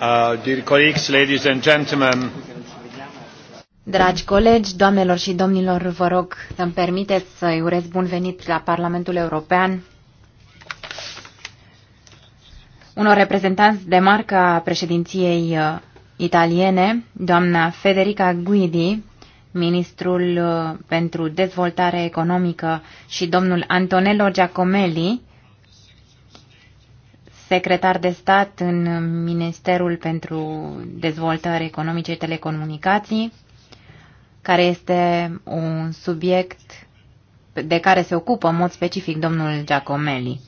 Uh, Dragi colegi, doamnelor și domnilor, vă rog să-mi permiteți să-i urez bun venit la Parlamentul European unor reprezentanți de marca a președinției uh, italiene, doamna Federica Guidi, ministrul uh, pentru dezvoltare economică și domnul Antonello Giacomelli, secretar de stat în Ministerul pentru Dezvoltare Economice și Telecomunicații, care este un subiect de care se ocupă în mod specific domnul Giacomelli.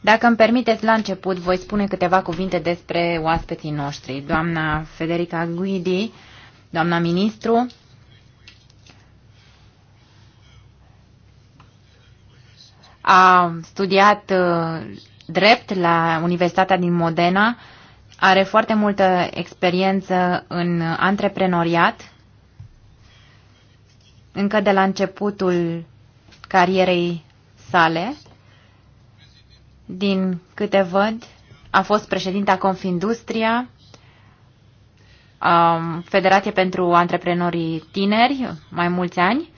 Dacă îmi permiteți, la început voi spune câteva cuvinte despre oaspeții noștri. Doamna Federica Guidi, doamna ministru, a studiat uh, drept la Universitatea din Modena, are foarte multă experiență în antreprenoriat, încă de la începutul carierei sale. Din câte văd, a fost președinta Confindustria, um, Federație pentru Antreprenorii Tineri, mai mulți ani,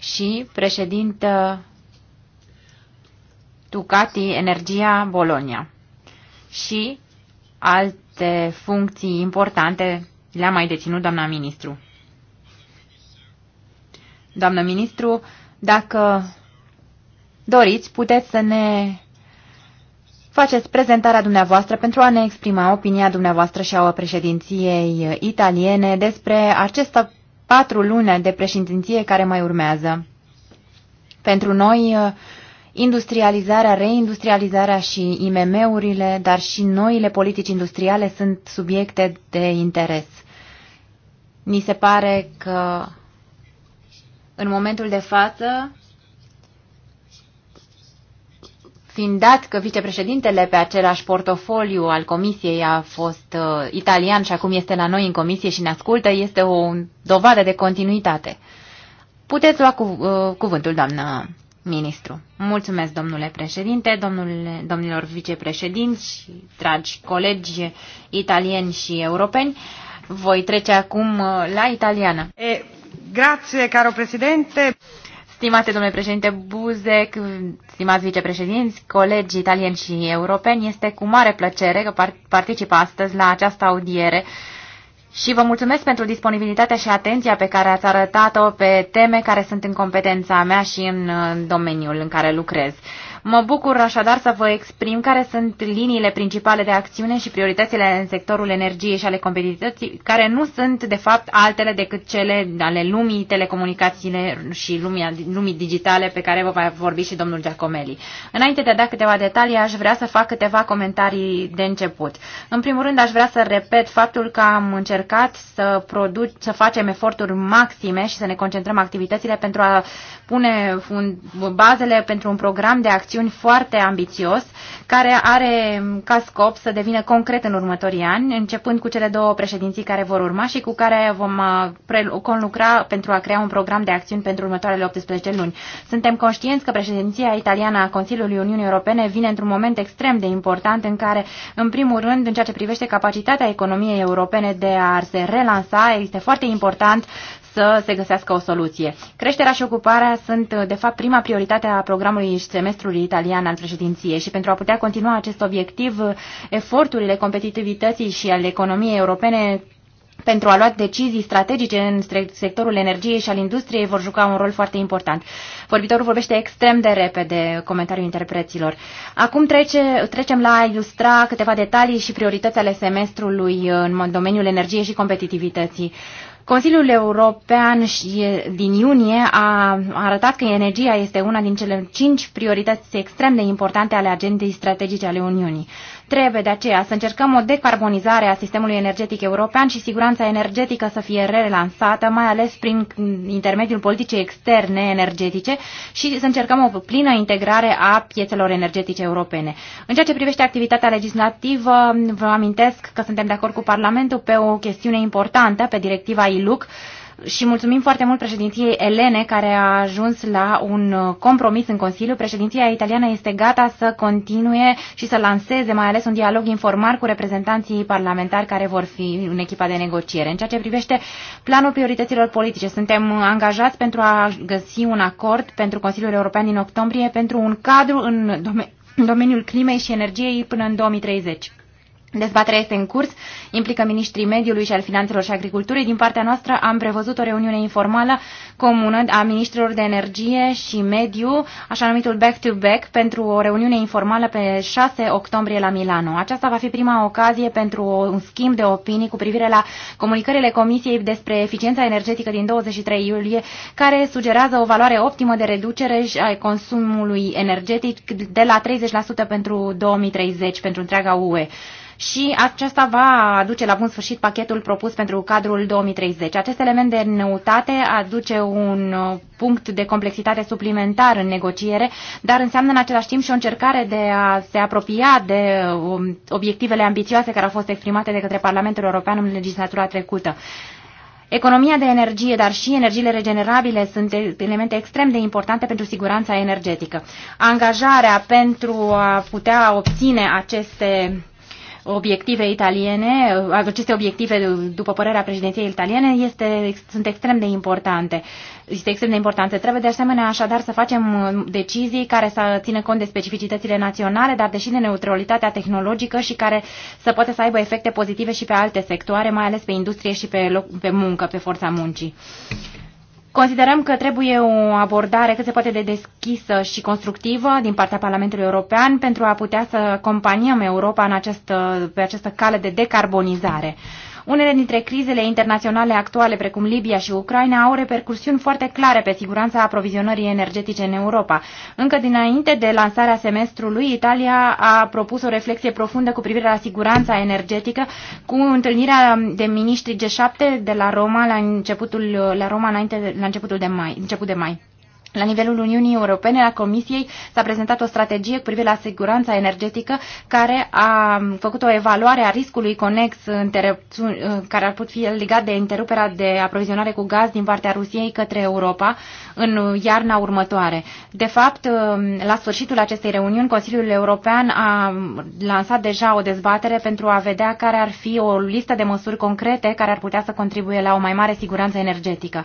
și președintă Ducati Energia Bologna și alte funcții importante le-a mai deținut doamna ministru. Doamnă ministru, dacă doriți, puteți să ne faceți prezentarea dumneavoastră pentru a ne exprima opinia dumneavoastră și a președinției italiene despre aceste patru luni de președinție care mai urmează. Pentru noi, Industrializarea, reindustrializarea și IMM-urile, dar și noile politici industriale sunt subiecte de interes. Mi se pare că în momentul de față, fiind dat că vicepreședintele pe același portofoliu al comisiei a fost uh, italian și acum este la noi în comisie și ne ascultă, este o dovadă de continuitate. Puteți lua cu, uh, cuvântul, doamnă ministru. Mulțumesc, domnule președinte, domnule, domnilor vicepreședinți, dragi colegi italieni și europeni. Voi trece acum uh, la italiană. E, grazie, caro președinte. Stimate domnule președinte Buzec, stimați vicepreședinți, colegi italieni și europeni, este cu mare plăcere că participă astăzi la această audiere uh, și vă mulțumesc pentru disponibilitatea și atenția pe care ați arătat-o pe teme care sunt în competența mea și în uh, domeniul în care lucrez. Mă bucur așadar să vă exprim care sunt liniile principale de acțiune și prioritățile în sectorul energiei și ale competitivității, care nu sunt, de fapt, altele decât cele ale lumii telecomunicațiile și lumii, lumii digitale pe care vă va vorbi și domnul Giacomelli. Înainte de a da câteva detalii, aș vrea să fac câteva comentarii de început. În primul rând, aș vrea să repet faptul că am încercat să, produc, să facem eforturi maxime și să ne concentrăm activitățile pentru a pune bazele pentru un program de acțiune acțiuni foarte ambițios, care are ca scop să devină concret în următorii ani, începând cu cele două președinții care vor urma și cu care vom uh, conlucra pentru a crea un program de acțiuni pentru următoarele 18 luni. Suntem conștienți că președinția italiană a Consiliului Uniunii Europene vine într-un moment extrem de important în care, în primul rând, în ceea ce privește capacitatea economiei europene de a se relansa, este foarte important să se găsească o soluție. Creșterea și ocuparea sunt, de fapt, prima prioritate a programului semestrului italian al președinției și pentru a putea continua acest obiectiv, eforturile competitivității și ale economiei europene pentru a lua decizii strategice în sectorul energiei și al industriei vor juca un rol foarte important. Vorbitorul vorbește extrem de repede comentariul interpreților. Acum trece, trecem la a ilustra câteva detalii și priorități ale semestrului în domeniul energiei și competitivității. Consiliul European din iunie a arătat că energia este una din cele cinci priorități extrem de importante ale agendei strategice ale Uniunii. Trebuie de aceea să încercăm o decarbonizare a sistemului energetic european și siguranța energetică să fie relansată, mai ales prin intermediul politicii externe energetice și să încercăm o plină integrare a piețelor energetice europene. În ceea ce privește activitatea legislativă, vă amintesc că suntem de acord cu Parlamentul pe o chestiune importantă, pe directiva ILUC, și mulțumim foarte mult președinției Elene care a ajuns la un uh, compromis în Consiliu. Președinția italiană este gata să continue și să lanseze mai ales un dialog informal cu reprezentanții parlamentari care vor fi în echipa de negociere. În ceea ce privește planul priorităților politice, suntem angajați pentru a găsi un acord pentru Consiliul European din octombrie pentru un cadru în domeniul climei și energiei până în 2030. Dezbaterea este în curs, implică ministrii mediului și al finanțelor și agriculturii. Din partea noastră am prevăzut o reuniune informală comună a ministrilor de energie și mediu, așa numitul back-to-back, -back, pentru o reuniune informală pe 6 octombrie la Milano. Aceasta va fi prima ocazie pentru un schimb de opinii cu privire la comunicările Comisiei despre eficiența energetică din 23 iulie, care sugerează o valoare optimă de reducere a consumului energetic de la 30% pentru 2030 pentru întreaga UE și aceasta va aduce la bun sfârșit pachetul propus pentru cadrul 2030. Acest element de neutate aduce un uh, punct de complexitate suplimentar în negociere, dar înseamnă în același timp și o încercare de a se apropia de um, obiectivele ambițioase care au fost exprimate de către Parlamentul European în legislatura trecută. Economia de energie, dar și energiile regenerabile sunt elemente extrem de importante pentru siguranța energetică. Angajarea pentru a putea obține aceste obiective italiene, aceste obiective, după părerea președinției italiene, este, sunt extrem de importante. Este extrem de importante. Trebuie de asemenea așadar să facem uh, decizii care să țină cont de specificitățile naționale, dar deși de neutralitatea tehnologică și care să poată să aibă efecte pozitive și pe alte sectoare, mai ales pe industrie și pe, loc, pe muncă, pe forța muncii. Considerăm că trebuie o abordare cât se poate de deschisă și constructivă din partea Parlamentului European pentru a putea să acompaniem Europa în această, pe această cale de decarbonizare. Unele dintre crizele internaționale actuale, precum Libia și Ucraina, au repercursiuni foarte clare pe siguranța aprovizionării energetice în Europa. Încă dinainte de lansarea semestrului, Italia a propus o reflexie profundă cu privire la siguranța energetică cu întâlnirea de miniștri G7 de la Roma la începutul, la Roma înainte, la începutul de mai, început de mai. La nivelul Uniunii Europene, la Comisiei, s-a prezentat o strategie cu privire la siguranța energetică care a făcut o evaluare a riscului conex uh, care ar putea fi legat de interuperea de aprovizionare cu gaz din partea Rusiei către Europa în iarna următoare. De fapt, uh, la sfârșitul acestei reuniuni, Consiliul European a lansat deja o dezbatere pentru a vedea care ar fi o listă de măsuri concrete care ar putea să contribuie la o mai mare siguranță energetică.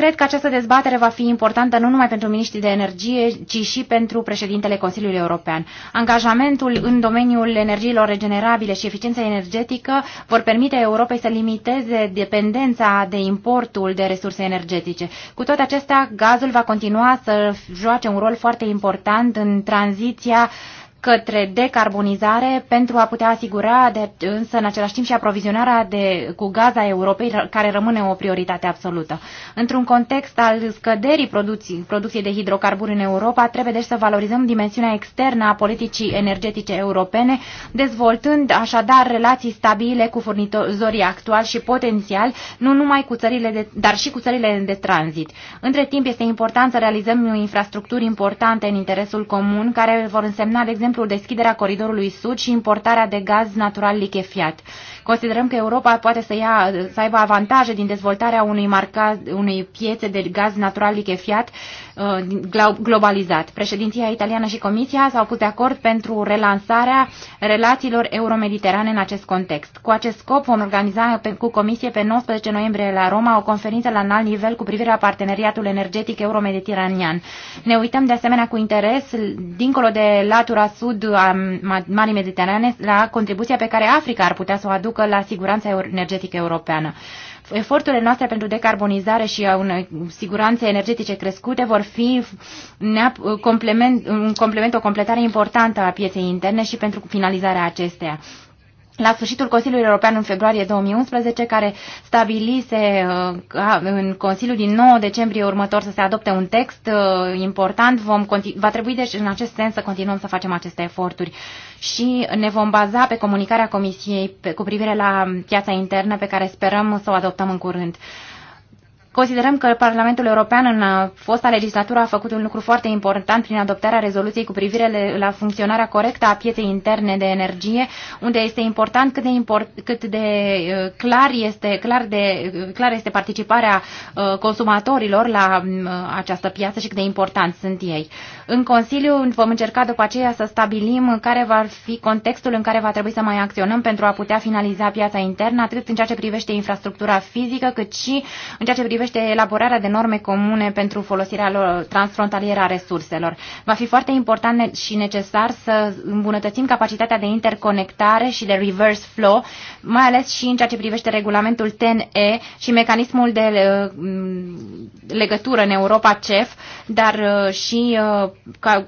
Cred că această dezbatere va fi importantă nu numai pentru miniștrii de energie, ci și pentru președintele Consiliului European. Angajamentul în domeniul energiilor regenerabile și eficiența energetică vor permite Europei să limiteze dependența de importul de resurse energetice. Cu toate acestea, gazul va continua să joace un rol foarte important în tranziția către decarbonizare pentru a putea asigura de, însă în același timp și aprovizionarea de, cu gaza a Europei, care rămâne o prioritate absolută. Într-un context al scăderii producției de hidrocarburi în Europa, trebuie deci să valorizăm dimensiunea externă a politicii energetice europene, dezvoltând așadar relații stabile cu furnizorii actuali și potențial, nu numai cu țările, de, dar și cu țările de tranzit. Între timp, este important să realizăm infrastructuri importante în interesul comun, care vor însemna, de exemplu, exemplu deschiderea coridorului sud și importarea de gaz natural lichefiat. Considerăm că Europa poate să, ia, să aibă avantaje din dezvoltarea unui, marca, unei piețe de gaz natural lichefiat uh, globalizat. Președinția italiană și Comisia s-au pus de acord pentru relansarea relațiilor euromediterane în acest context. Cu acest scop vom organiza cu Comisie pe 19 noiembrie la Roma o conferință la înalt nivel cu privire la parteneriatul energetic euromediteranian. Ne uităm de asemenea cu interes, dincolo de latura sud a Marii Mediterane, la contribuția pe care Africa ar putea să o aducă ducă la siguranța energetică europeană. Eforturile noastre pentru decarbonizare și a unei siguranțe energetice crescute vor fi complement, un complement, o completare importantă a pieței interne și pentru finalizarea acesteia la sfârșitul Consiliului European în februarie 2011, care stabilise uh, în Consiliul din 9 decembrie următor să se adopte un text uh, important, vom va trebui deci în acest sens să continuăm să facem aceste eforturi și ne vom baza pe comunicarea Comisiei cu privire la piața internă pe care sperăm să o adoptăm în curând. Considerăm că Parlamentul European în uh, fosta legislatură a făcut un lucru foarte important prin adoptarea rezoluției cu privire la funcționarea corectă a pieței interne de energie, unde este important cât de, import, cât de uh, clar este, clar de, uh, clar este participarea consumatorilor la mm, această piață și cât de important sunt ei. În Consiliu vom încerca după aceea să stabilim care va fi contextul în care va trebui să mai acționăm pentru a putea finaliza piața internă, atât în ceea ce privește infrastructura fizică, cât și în ceea ce privește privește elaborarea de norme comune pentru folosirea lor transfrontalieră a resurselor. Va fi foarte important și necesar să îmbunătățim capacitatea de interconectare și de reverse flow, mai ales și în ceea ce privește regulamentul TNE și mecanismul de uh, legătură în Europa CEF, dar uh, și uh, ca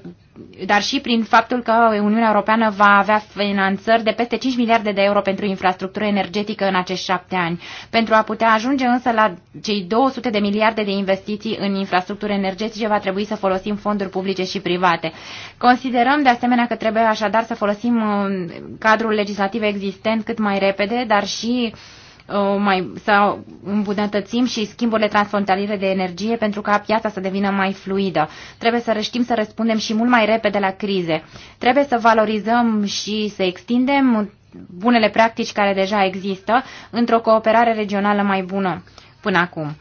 dar și prin faptul că Uniunea Europeană va avea finanțări de peste 5 miliarde de euro pentru infrastructură energetică în acești șapte ani. Pentru a putea ajunge însă la cei 200 de miliarde de investiții în infrastructură energetice, va trebui să folosim fonduri publice și private. Considerăm de asemenea că trebuie așadar să folosim uh, cadrul legislativ existent cât mai repede, dar și uh, mai, să îmbunătățim și schimburile transfrontaliere de energie pentru ca piața să devină mai fluidă. Trebuie să reștim să răspundem și mult mai repede la crize. Trebuie să valorizăm și să extindem bunele practici care deja există într-o cooperare regională mai bună până acum.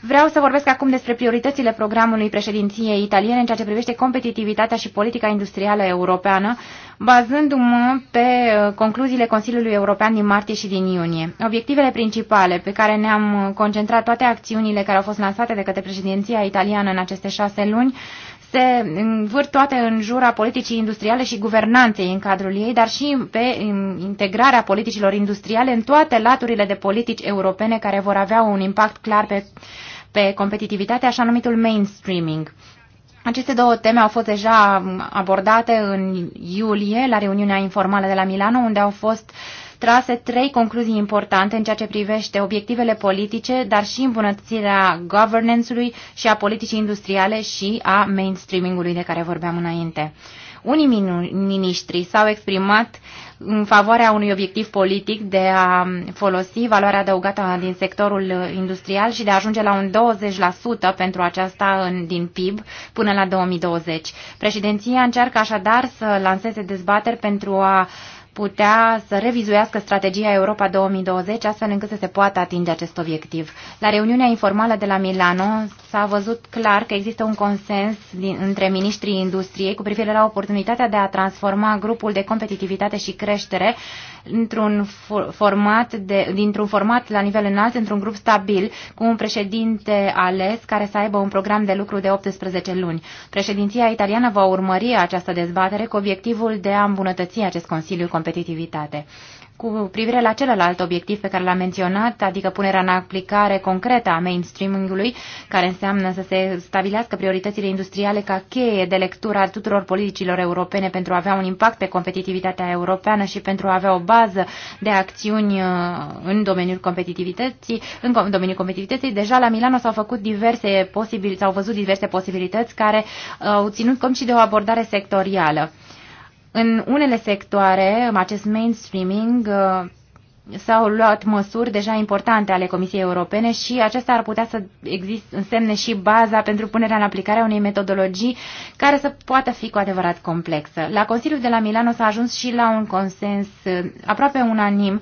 Vreau să vorbesc acum despre prioritățile programului președinției italiene în ceea ce privește competitivitatea și politica industrială europeană, bazându-mă pe uh, concluziile Consiliului European din martie și din iunie. Obiectivele principale pe care ne-am uh, concentrat toate acțiunile care au fost lansate de către președinția italiană în aceste șase luni se învâr toate în jura politicii industriale și guvernanței în cadrul ei, dar și pe integrarea politicilor industriale în toate laturile de politici europene care vor avea un impact clar pe, pe competitivitate, așa numitul mainstreaming. Aceste două teme au fost deja abordate în iulie la reuniunea informală de la Milano, unde au fost uh, trase trei concluzii importante în ceea ce privește obiectivele politice, dar și îmbunătățirea governance-ului și a politicii industriale și a mainstreaming-ului de care vorbeam înainte. Unii miniștri s-au exprimat în favoarea unui obiectiv politic de a folosi valoarea adăugată din sectorul industrial și de a ajunge la un 20% pentru aceasta în, din PIB până la 2020. Președinția încearcă așadar să lanseze dezbateri pentru a uh, putea să revizuiască strategia Europa 2020 astfel încât să se poată atinge acest obiectiv. La reuniunea informală de la Milano s-a văzut clar că există un consens din, între ministrii industriei cu privire la oportunitatea de a transforma grupul de competitivitate și creștere într-un format, de, dintr-un format la nivel înalt, într-un grup stabil, cu un președinte ales care să aibă un program de lucru de 18 luni. Președinția italiană va urmări această dezbatere cu obiectivul de a îmbunătăți acest Consiliu Competitivitate cu privire la celălalt obiectiv pe care l-am menționat, adică punerea în aplicare concretă a mainstreamingului, care înseamnă să se stabilească prioritățile industriale ca cheie de lectură a tuturor politicilor europene pentru a avea un impact pe competitivitatea europeană și pentru a avea o bază de acțiuni uh, în domeniul competitivității, în domeniul competitivității. Deja la Milano s-au făcut diverse posibilități, s-au văzut diverse posibilități care uh, au ținut cont și de o abordare sectorială. În unele sectoare, acest mainstreaming uh, s-au luat măsuri deja importante ale Comisiei Europene și acesta ar putea să exist, însemne și baza pentru punerea în aplicare a unei metodologii care să poată fi cu adevărat complexă. La Consiliul de la Milano s-a ajuns și la un consens uh, aproape unanim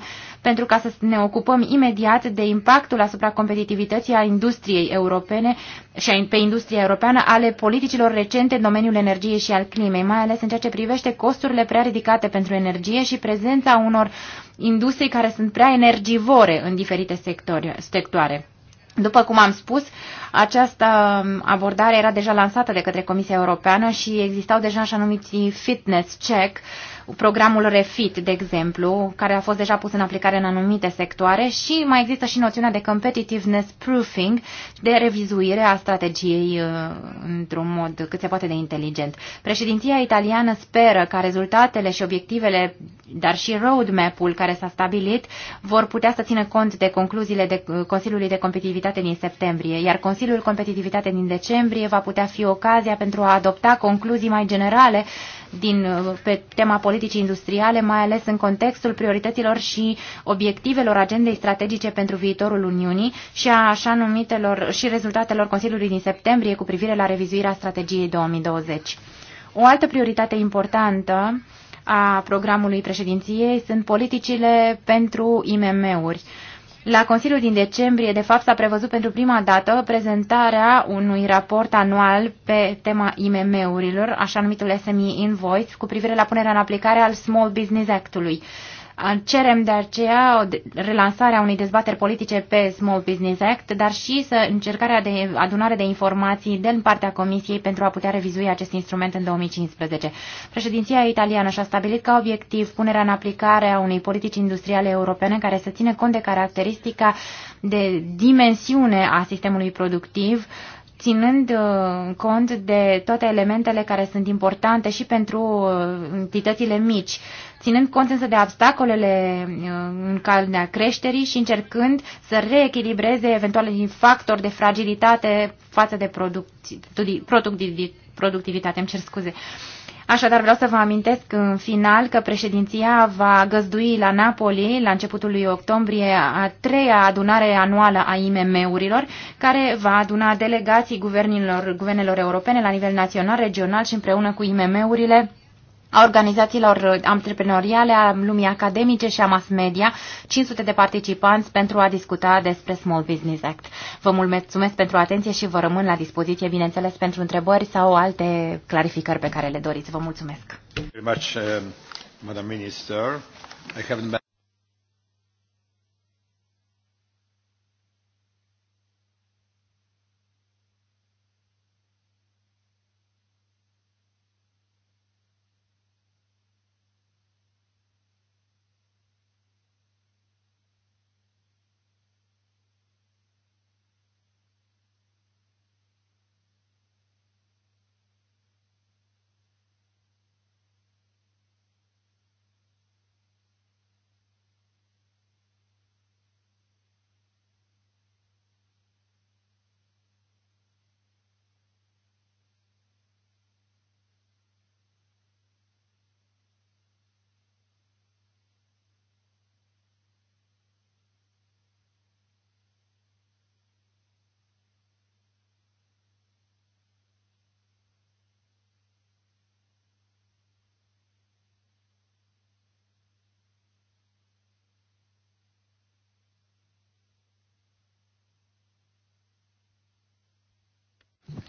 pentru ca să ne ocupăm imediat de impactul asupra competitivității a industriei europene și pe industria europeană ale politicilor recente în domeniul energiei și al climei, mai ales în ceea ce privește costurile prea ridicate pentru energie și prezența unor industrii care sunt prea energivore în diferite sectori, sectoare. După cum am spus, această um, abordare era deja lansată de către Comisia Europeană și existau deja așa numiți fitness check uh, programul REFIT, de exemplu, care a fost deja pus în aplicare în anumite sectoare și mai există și noțiunea de competitiveness proofing, de revizuire a strategiei uh, într-un mod cât se poate de inteligent. Președinția italiană speră ca rezultatele și obiectivele, dar și roadmap-ul care s-a stabilit, vor putea să țină cont de concluziile de uh, Consiliului de Competitivitate din septembrie, iar Consiliul Competitivitate din decembrie va putea fi ocazia pentru a adopta concluzii mai generale din, pe tema politicii industriale, mai ales în contextul priorităților și obiectivelor agendei strategice pentru viitorul Uniunii și a așa numitelor și rezultatelor Consiliului din septembrie cu privire la revizuirea strategiei 2020. O altă prioritate importantă a programului președinției sunt politicile pentru IMM-uri. La Consiliul din decembrie, de fapt, s-a prevăzut pentru prima dată prezentarea unui raport anual pe tema IMM-urilor, așa numitul SME Invoice, cu privire la punerea în aplicare al Small Business Act-ului. Cerem de aceea relansarea unei dezbateri politice pe Small Business Act, dar și să încercarea de adunare de informații din partea Comisiei pentru a putea revizui acest instrument în 2015. Președinția italiană și-a stabilit ca obiectiv punerea în aplicare a unei politici industriale europene care să ține cont de caracteristica de dimensiune a sistemului productiv, ținând uh, cont de toate elementele care sunt importante și pentru uh, entitățile mici ținând cont însă de obstacolele uh, în calea creșterii și încercând să reechilibreze eventuale factori de fragilitate față de productivitate. Îmi cer scuze. Așadar, vreau să vă amintesc în final că președinția va găzdui la Napoli, la începutul lui octombrie, a treia adunare anuală a IMM-urilor, care va aduna delegații guvernelor europene la nivel național, regional și împreună cu IMM-urile a organizațiilor antreprenoriale, a lumii academice și a mass media, 500 de participanți pentru a discuta despre Small Business Act. Vă mulțumesc pentru atenție și vă rămân la dispoziție, bineînțeles, pentru întrebări sau alte clarificări pe care le doriți. Vă mulțumesc! Very much, uh, Madam Minister. I haven't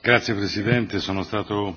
Grazie Presidente, sono stato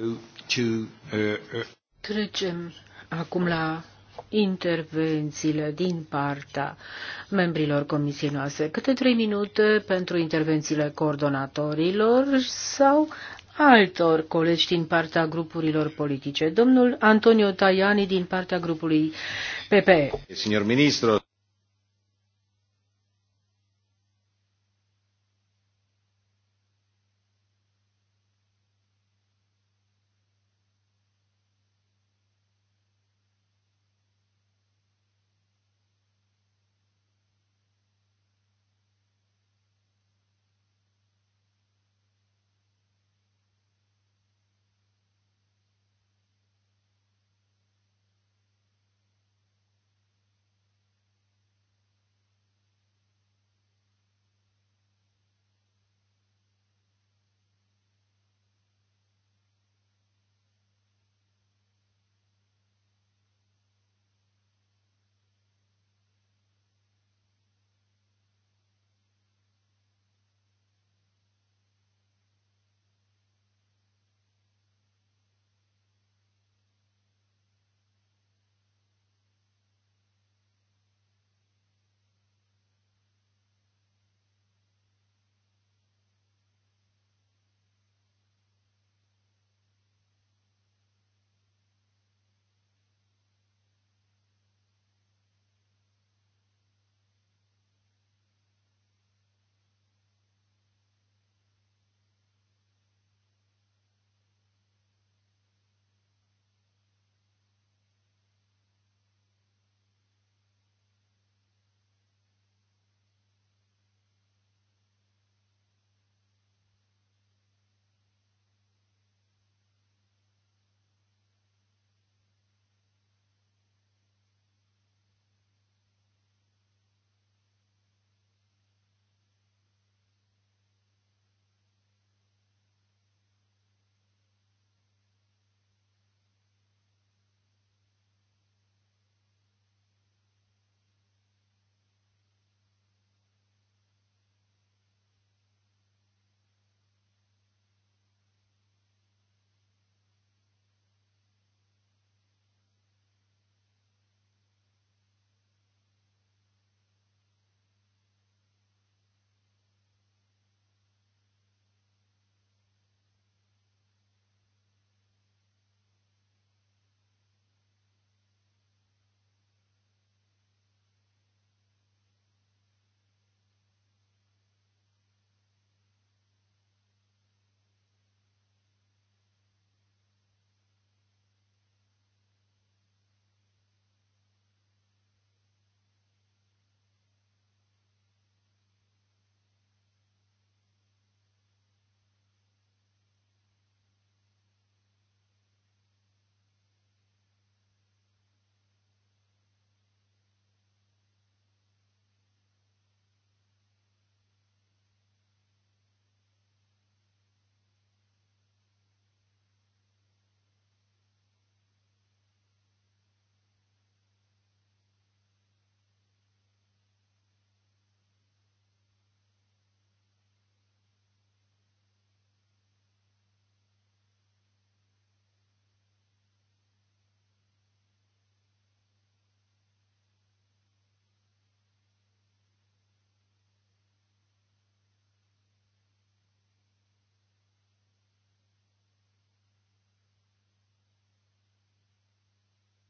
Uh, uh, Trecem acum la intervențiile din partea membrilor comisiei noastre. Câte trei minute pentru intervențiile coordonatorilor sau altor colegi din partea grupurilor politice. Domnul Antonio Tajani din partea grupului PPE. Signor ministru,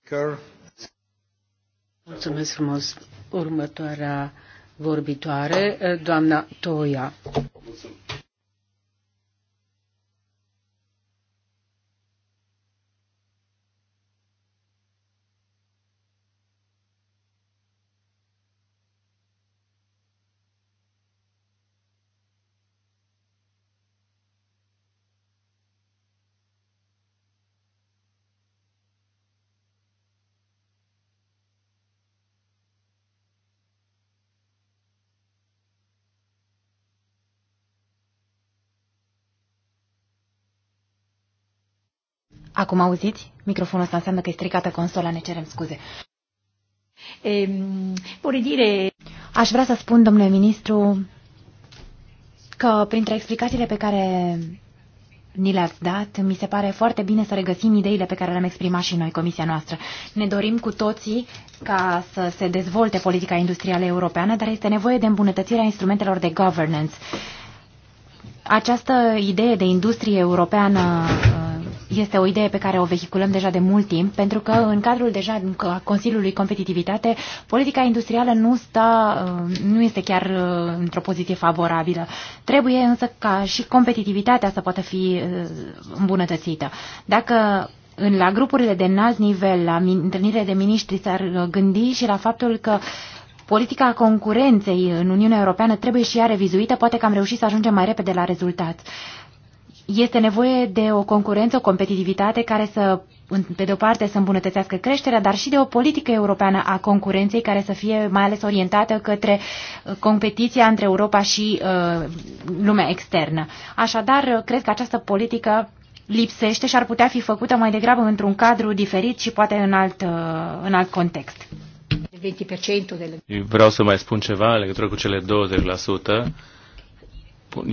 Kerr. Mulțumesc frumos. Următoarea vorbitoare, doamna Toia. Acum auziți? Microfonul ăsta înseamnă că e stricată consola, ne cerem scuze. E, ehm, pure dire... Aș vrea să spun, domnule ministru, că printre explicațiile pe care ni le-ați dat, mi se pare foarte bine să regăsim ideile pe care le-am exprimat și noi, comisia noastră. Ne dorim cu toții ca să se dezvolte politica industrială europeană, dar este nevoie de îmbunătățirea instrumentelor de governance. Această idee de industrie europeană este o idee pe care o vehiculăm deja de mult timp, pentru că în cadrul deja Consiliului Competitivitate, politica industrială nu, stă, uh, nu este chiar uh, într-o poziție favorabilă. Trebuie însă ca și competitivitatea să poată fi uh, îmbunătățită. Dacă în, la grupurile de înalt nivel, la întâlnirile de miniștri, s-ar gândi și la faptul că politica concurenței în Uniunea Europeană trebuie și ea revizuită, poate că am reușit să ajungem mai repede la rezultat. Este nevoie de o concurență, o competitivitate care să, pe de o parte, să îmbunătățească creșterea, dar și de o politică europeană a concurenței care să fie mai ales orientată către uh, competiția între Europa și uh, lumea externă. Așadar, uh, cred că această politică lipsește și ar putea fi făcută mai degrabă într-un cadru diferit și poate în alt, uh, în alt context. 20% Vreau să mai spun ceva în legătură cu cele 20%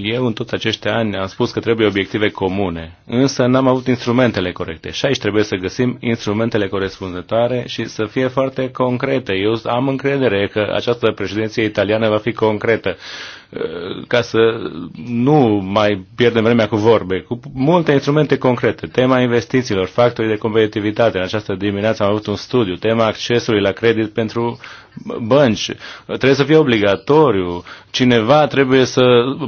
eu în toți acești ani am spus că trebuie obiective comune, însă n-am avut instrumentele corecte și aici trebuie să găsim instrumentele corespunzătoare și să fie foarte concrete. Eu am încredere că această președinție italiană va fi concretă Eh, ca să nu mai pierdem vremea cu vorbe, cu multe instrumente concrete. Tema investițiilor, factorii de competitivitate. În această dimineață am avut un studiu. Tema accesului la credit pentru bănci. Trebuie să fie obligatoriu. Cineva trebuie să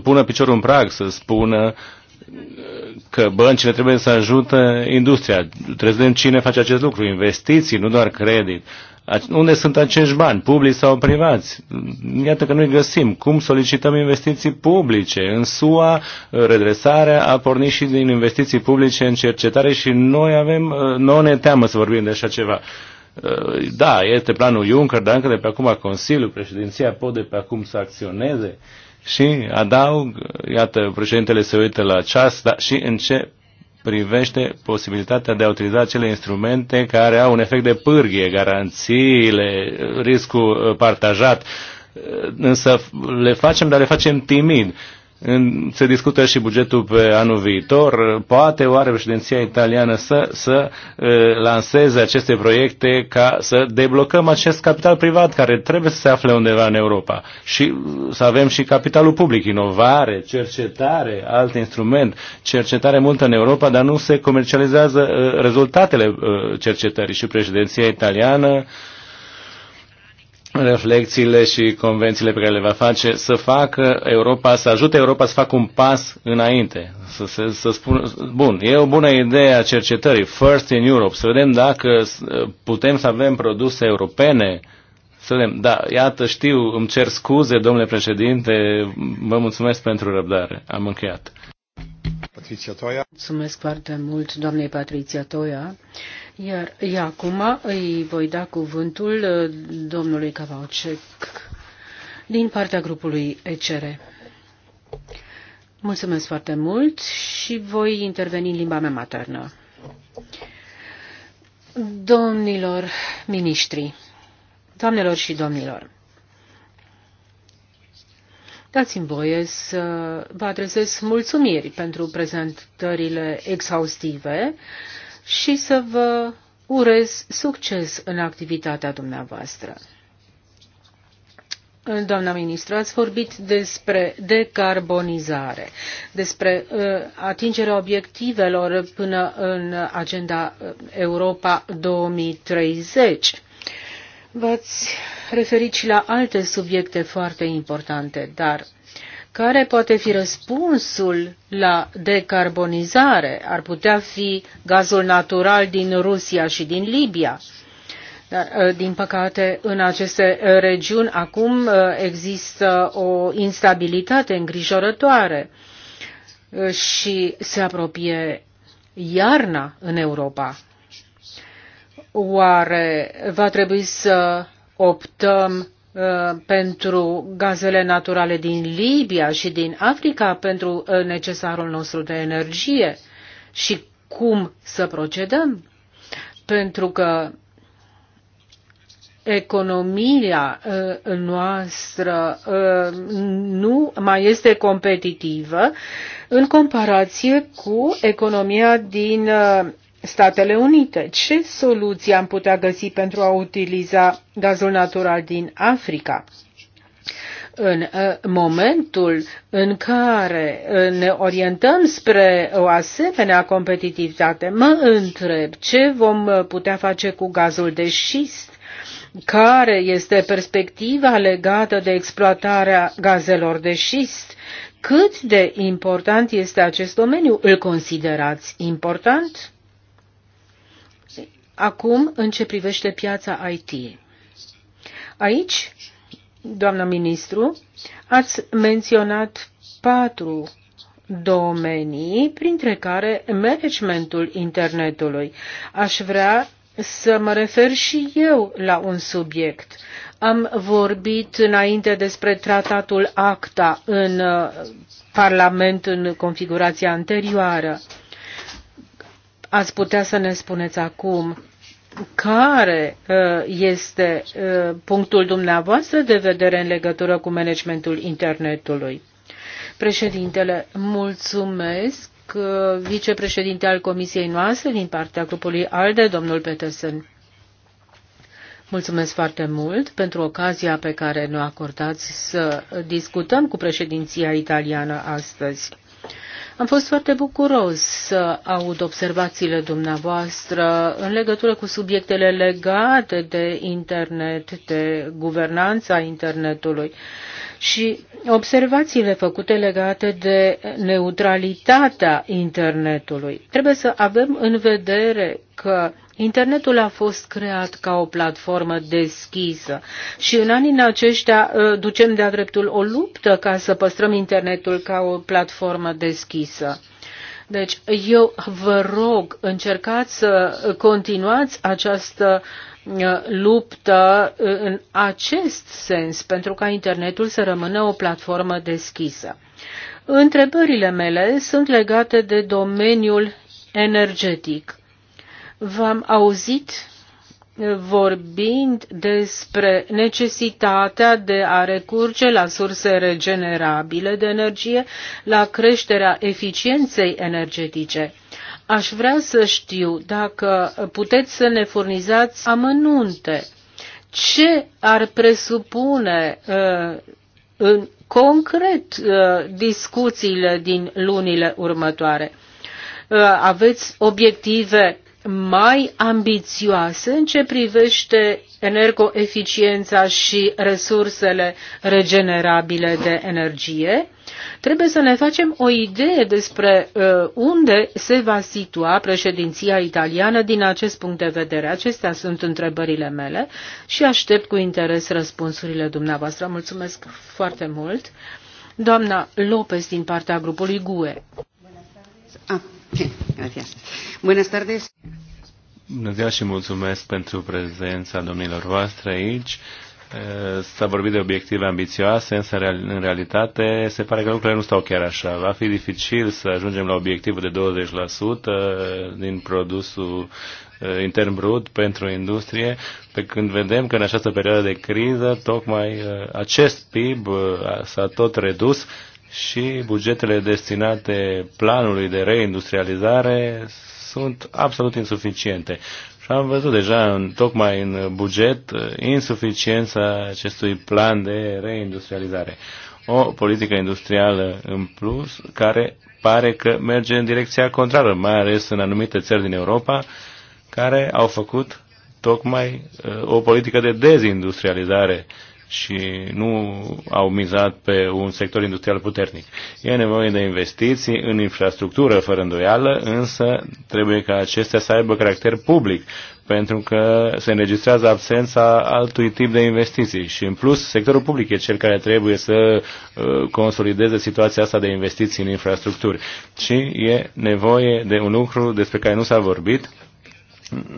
pună piciorul în prag, să spună eh, că băncile trebuie să ajută industria. Trebuie să vedem cine face acest lucru. Investiții, nu doar credit. Unde sunt acești bani, publici sau privați? Iată că noi găsim cum solicităm investiții publice. În SUA, redresarea a pornit și din investiții publice în cercetare și noi avem, nu ne teamă să vorbim de așa ceva. Da, este planul Juncker, dar încă de pe acum Consiliul, președinția pot de pe acum să acționeze. Și adaug, iată, președintele se uită la ceas, dar și ce? privește posibilitatea de a utiliza acele instrumente care au un efect de pârghie, garanțiile, riscul partajat, însă le facem, dar le facem timid se discută și bugetul pe anul viitor. Poate oare președinția italiană să, să lanseze aceste proiecte ca să deblocăm acest capital privat care trebuie să se afle undeva în Europa și să avem și capitalul public, inovare, cercetare, alt instrument, cercetare multă în Europa, dar nu se comercializează rezultatele cercetării și președinția italiană reflexiile și convențiile pe care le va face, să facă Europa, să ajute Europa să facă un pas înainte. Să, să, să spun, bun, e o bună idee a cercetării, first in Europe, să vedem dacă uh, putem să avem produse europene, să vedem, da, iată, știu, îmi cer scuze, domnule președinte, vă mulțumesc pentru răbdare. Am încheiat. Patricia Toia. Mulțumesc foarte mult, doamnei Patricia Toia. Iar ia, acum îi voi da cuvântul uh, domnului Cavaucec din partea grupului ECR. Mulțumesc foarte mult și voi interveni în limba mea maternă. Domnilor miniștri, doamnelor și domnilor, dați-mi voie să vă adresez mulțumiri pentru prezentările exhaustive și să vă urez succes în activitatea dumneavoastră. Doamna ministru, ați vorbit despre decarbonizare, despre uh, atingerea obiectivelor până în agenda uh, Europa 2030. V-ați referit și la alte subiecte foarte importante, dar care poate fi răspunsul la decarbonizare? Ar putea fi gazul natural din Rusia și din Libia. Dar, ă, din păcate, în aceste ă, regiuni acum ă, există o instabilitate îngrijorătoare și se apropie iarna în Europa. Oare va trebui să optăm Uh, pentru gazele naturale din Libia și din Africa pentru uh, necesarul nostru de energie și cum să procedăm. Pentru că economia uh, noastră nu mai este competitivă în comparație cu economia din Statele Unite. Ce soluții am putea găsi pentru a utiliza gazul natural din Africa? în uh, momentul în care uh, ne orientăm spre o asemenea competitivitate, mă întreb ce vom uh, putea face cu gazul de șist, care este perspectiva legată de exploatarea gazelor de șist, cât de important este acest domeniu, îl considerați important? Acum, în ce privește piața IT. Aici, doamnă ministru, ați menționat patru domenii, printre care managementul internetului. Aș vrea să mă refer și eu la un subiect. Am vorbit înainte despre tratatul ACTA în uh, Parlament în configurația anterioară ați putea să ne spuneți acum care uh, este uh, punctul dumneavoastră de vedere în legătură cu managementul internetului? Președintele, mulțumesc uh, vicepreședinte al comisiei noastre din partea grupului ALDE, domnul Petersen. Mulțumesc foarte mult pentru ocazia pe care ne-o acordați să discutăm cu președinția italiană astăzi. Am fost foarte bucuros să aud observațiile dumneavoastră în legătură cu subiectele legate de internet, de guvernanța internetului și observațiile făcute legate de neutralitatea internetului. Trebuie să avem în vedere că Internetul a fost creat ca o platformă deschisă și în anii aceștia ă, ducem de-a dreptul o luptă ca să păstrăm internetul ca o platformă deschisă. Deci eu vă rog, încercați să continuați această ă, luptă ă, în acest sens pentru ca internetul să rămână o platformă deschisă. Întrebările mele sunt legate de domeniul energetic. V-am auzit vorbind despre necesitatea de a recurge la surse regenerabile de energie, la creșterea eficienței energetice. Aș vrea să știu dacă puteți să ne furnizați amănunte. Ce ar presupune uh, în concret uh, discuțiile din lunile următoare? Uh, aveți obiective mai ambițioase în ce privește energoeficiența și resursele regenerabile de energie, trebuie să ne facem o idee despre uh, unde se va situa președinția italiană din acest punct de vedere. Acestea sunt întrebările mele și aștept cu interes răspunsurile dumneavoastră. Mulțumesc foarte mult. Doamna Lopez din partea grupului GUE. Ah. Gracias. Buenas tardes. Bună ziua și mulțumesc pentru prezența domnilor voastre aici. Eh, s-a vorbit de obiective ambițioase, însă în realitate se pare că lucrurile nu stau chiar așa. Va fi dificil să ajungem la obiectivul de 20% eh, din produsul eh, intern brut pentru industrie, pe când vedem că în această perioadă de criză tocmai acest PIB s-a tot redus și bugetele destinate planului de reindustrializare sunt absolut insuficiente. Și am văzut deja, în, tocmai în buget, uh, insuficiența acestui plan de reindustrializare. O politică industrială în plus care pare că merge în direcția contrară, mai ales în anumite țări din Europa care au făcut tocmai uh, o politică de dezindustrializare și nu au mizat pe un sector industrial puternic. E nevoie de investiții în infrastructură, fără îndoială, însă trebuie ca acestea să aibă caracter public, pentru că se înregistrează absența altui tip de investiții. Și în plus, sectorul public e cel care trebuie să uh, consolideze situația asta de investiții în infrastructuri. Și e nevoie de un lucru despre care nu s-a vorbit,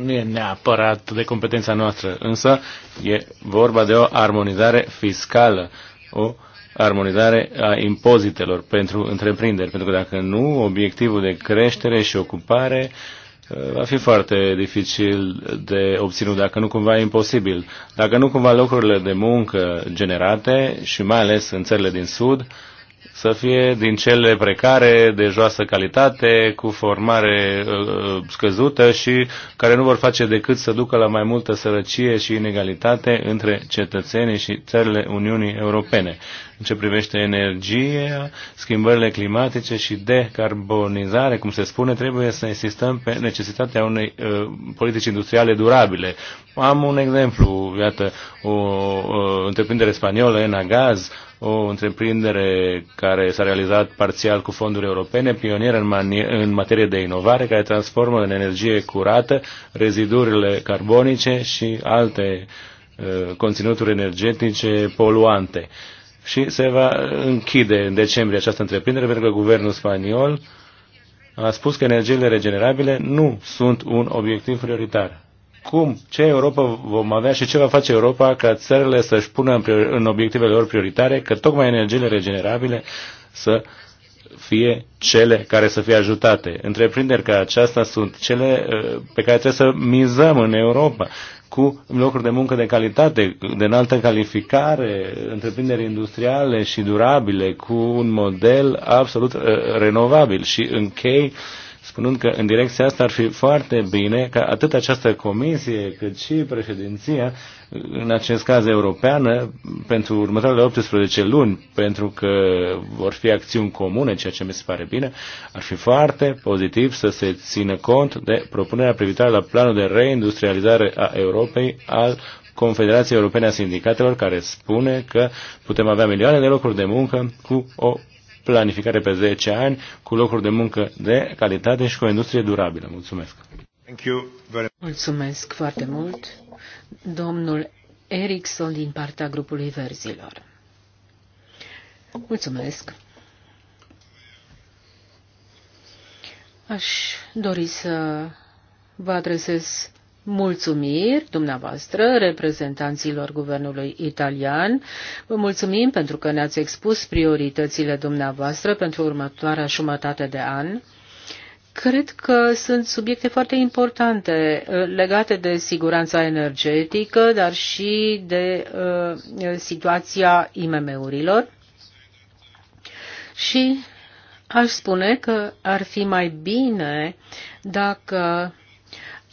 nu e neapărat de competența noastră, însă e vorba de o armonizare fiscală, o armonizare a impozitelor pentru întreprinderi, pentru că dacă nu, obiectivul de creștere și ocupare uh, va fi foarte dificil de obținut, dacă nu cumva imposibil. Dacă nu cumva locurile de muncă generate și mai ales în țările din Sud, să fie din cele precare, de joasă calitate, cu formare uh, uh, scăzută și care nu vor face decât să ducă la mai multă sărăcie și inegalitate între cetățenii și țările Uniunii Europene. În ce privește energie, schimbările climatice și decarbonizare, cum se spune, trebuie să insistăm pe necesitatea unei uh, politici industriale durabile. Am un exemplu, iată, o uh, întreprindere spaniolă, Enagaz, o întreprindere care s-a realizat parțial cu fonduri europene, pionieră în, în materie de inovare, care transformă în energie curată rezidurile carbonice și alte uh, conținuturi energetice poluante. Și se va închide în decembrie această întreprindere pentru că guvernul spaniol a spus că energiile regenerabile nu sunt un obiectiv prioritar cum, ce Europa vom avea și ce va face Europa ca țările să-și pună în, priori, în obiectivele lor prioritare că tocmai energiile regenerabile să fie cele care să fie ajutate. Întreprinderi ca aceasta sunt cele uh, pe care trebuie să mizăm în Europa cu locuri de muncă de calitate, de înaltă calificare, întreprinderi industriale și durabile, cu un model absolut uh, renovabil. Și închei uh, spunând că în direcția asta ar fi foarte bine ca atât această comisie cât și președinția, în acest caz europeană, pentru următoarele 18 luni, pentru că vor fi acțiuni comune, ceea ce mi se pare bine, ar fi foarte pozitiv să se țină cont de propunerea privitoare la planul de reindustrializare a Europei al Confederației Europene a Sindicatelor, care spune că putem avea milioane de locuri de muncă cu o planificare pe 10 ani, cu locuri de muncă de calitate și cu o industrie durabilă. Mulțumesc! Thank you very much. Mulțumesc foarte mult, domnul Erickson din partea grupului Verzilor. Mulțumesc! Aș dori să vă adresez mulțumiri dumneavoastră, reprezentanților guvernului italian. Vă mulțumim pentru că ne-ați expus prioritățile dumneavoastră pentru următoarea jumătate de an. Cred că sunt subiecte foarte importante uh, legate de siguranța energetică, dar și de uh, situația IMM-urilor. Și aș spune că ar fi mai bine dacă uh,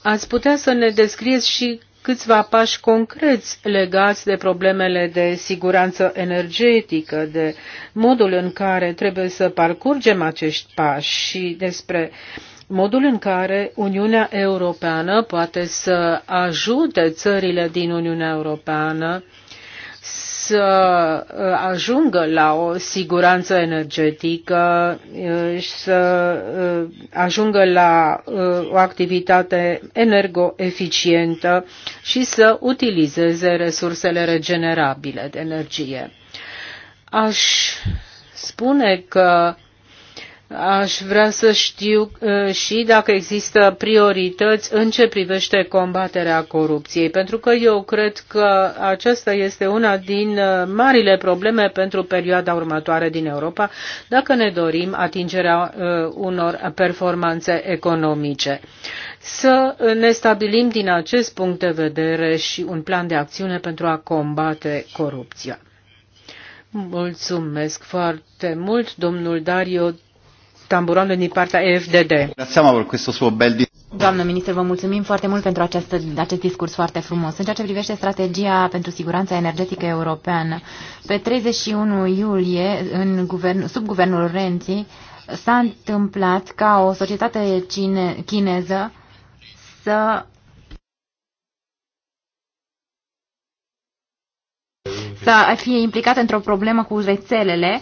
ați putea să ne descrieți și câțiva pași concreți legați de problemele de siguranță energetică, de modul în care trebuie să parcurgem acești pași și despre modul în care Uniunea Europeană poate să ajute țările din Uniunea Europeană să uh, ajungă la o siguranță energetică uh, și să uh, ajungă la o activitate energoeficientă și să utilizeze resursele regenerabile de energie. Aș spune că Aș vrea să știu și dacă există priorități în ce privește combaterea corupției, pentru că eu cred că aceasta este una din marile probleme pentru perioada următoare din Europa, dacă ne dorim atingerea unor performanțe economice. Să ne stabilim din acest punct de vedere și un plan de acțiune pentru a combate corupția. Mulțumesc foarte mult, domnul Dario tamburoanele din partea EFDD. Doamnă ministru, vă mulțumim foarte mult pentru această, acest discurs foarte frumos. În ceea ce privește strategia pentru siguranța energetică europeană, pe 31 iulie, în guvern, sub guvernul Renzi, s-a întâmplat ca o societate cine, chineză să să fie implicat într-o problemă cu rețelele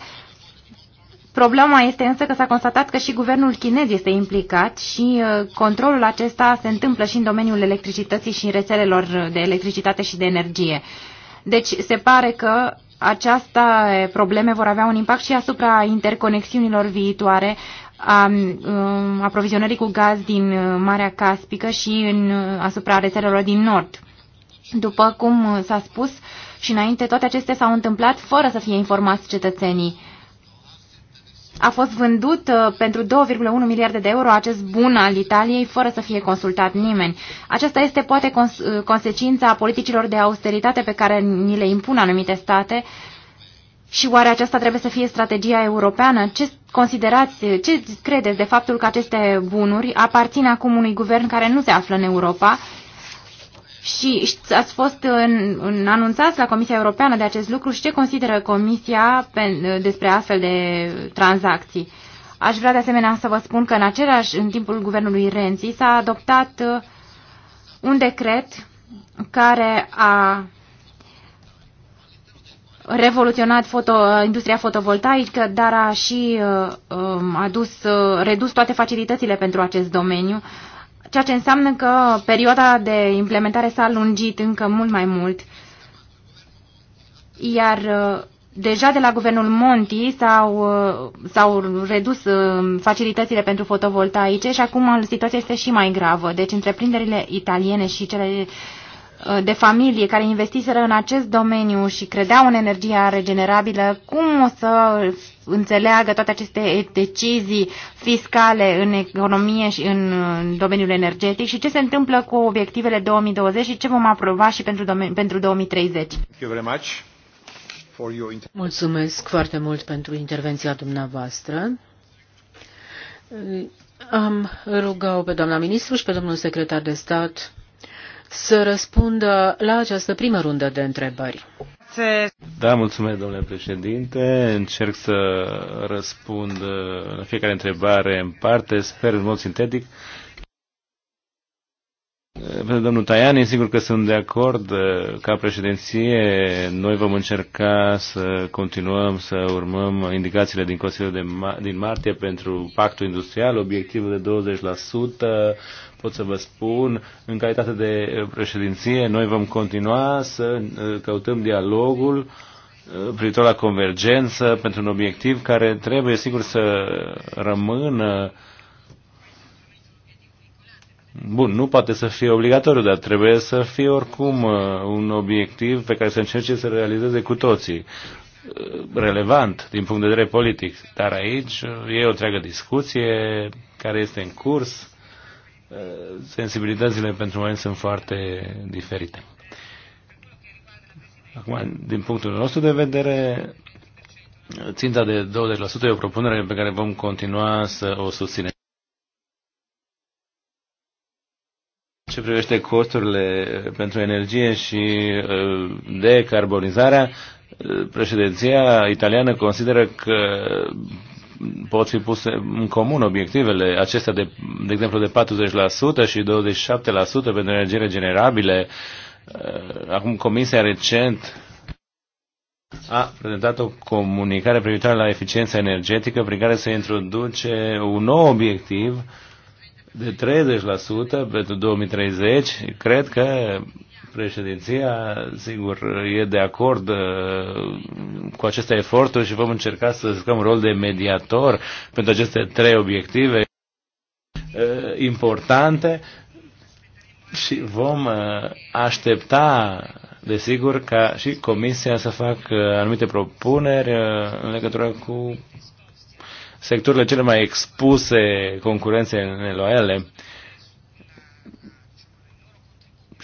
Problema este însă că s-a constatat că și guvernul chinez este implicat și uh, controlul acesta se întâmplă și în domeniul electricității și în rețelelor de electricitate și de energie. Deci se pare că aceste probleme vor avea un impact și asupra interconexiunilor viitoare a um, aprovizionării cu gaz din uh, Marea Caspică și în, uh, asupra rețelelor din Nord. După cum s-a spus și înainte, toate acestea s-au întâmplat fără să fie informați cetățenii a fost vândut uh, pentru 2,1 miliarde de euro acest bun al Italiei fără să fie consultat nimeni. Aceasta este poate cons uh, consecința politicilor de austeritate pe care ni le impun anumite state și oare aceasta trebuie să fie strategia europeană? Ce considerați, ce credeți de faptul că aceste bunuri aparțin acum unui guvern care nu se află în Europa și ați fost în, în anunțați la Comisia Europeană de acest lucru și ce consideră Comisia pe, despre astfel de tranzacții. Aș vrea de asemenea să vă spun că în același, în timpul guvernului Renzi, s-a adoptat uh, un decret care a revoluționat foto, industria fotovoltaică, dar a și uh, um, adus, uh, redus toate facilitățile pentru acest domeniu. Uh, ceea ce înseamnă că perioada de implementare s-a lungit încă mult mai mult. Iar uh, deja de la guvernul Monti s-au, uh, s-au redus uh, facilitățile pentru fotovoltaice și acum situația este și mai gravă. Deci întreprinderile italiene și cele de familie care investiseră în acest domeniu și credeau în energia regenerabilă, cum o să înțeleagă toate aceste decizii fiscale în economie și în domeniul energetic și ce se întâmplă cu obiectivele 2020 și ce vom aproba și pentru, pentru 2030. Mulțumesc foarte mult pentru intervenția dumneavoastră. Am rugat-o pe doamna ministru și pe domnul secretar de stat să răspundă la această primă rundă de întrebări. Da, mulțumesc, domnule președinte. Încerc să răspund uh, la fiecare întrebare în parte, sper în mod sintetic. Uh, pentru domnul Tajani, sigur că sunt de acord. Uh, ca președinție, noi vom încerca să continuăm să urmăm indicațiile din Consiliul de din martie pentru pactul industrial, obiectivul de 20% pot să vă spun, în calitate de președinție, noi vom continua să uh, căutăm dialogul uh, privitor la convergență pentru un obiectiv care trebuie, sigur, să rămână Bun, nu poate să fie obligatoriu, dar trebuie să fie oricum uh, un obiectiv pe care să încerce să realizeze cu toții. Relevant din punct de vedere politic. Dar aici e o întreagă discuție care este în curs Eh, sensibilitățile pentru moment sunt foarte diferite. Acum, din punctul nostru de vedere, ținta de 20% e o propunere pe care vom continua să o susținem. Ce privește costurile pentru energie și eh, decarbonizarea, eh, președinția italiană consideră că pot fi puse în comun obiectivele acestea de, de exemplu, de 40% și 27% pentru energie regenerabile. Uh, acum Comisia recent a prezentat o comunicare privitoare la eficiența energetică prin care se introduce un nou obiectiv de 30% pentru 2030. Cred că Președinția, sigur, e de acord uh, cu aceste eforturi și vom încerca să jucăm rol de mediator pentru aceste trei obiective uh, importante și vom uh, aștepta, desigur, ca și Comisia să facă anumite propuneri în legătură cu sectorile cele mai expuse concurenței neloiale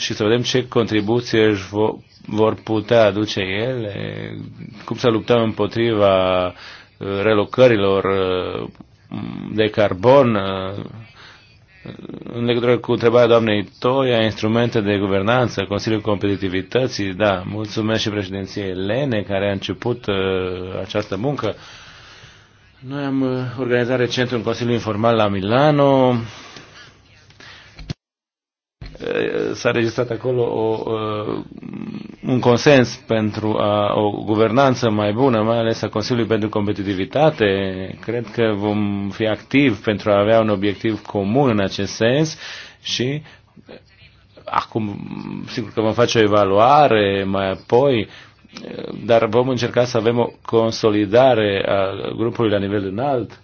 și să vedem ce contribuție își vor putea aduce ele, cum să luptăm împotriva uh, relocărilor uh, de carbon. Uh, în legătură cu întrebarea doamnei Toia, instrumente de guvernanță, Consiliul Competitivității, da, mulțumesc și președinției Lene care a început uh, această muncă. Noi am organizat recent un Consiliu Informal la Milano, s-a registrat acolo o, un consens pentru a, o guvernanță mai bună, mai ales a Consiliului pentru Competitivitate. Cred că vom fi activi pentru a avea un obiectiv comun în acest sens și acum sigur că vom face o evaluare mai apoi, dar vom încerca să avem o consolidare a grupului la nivel înalt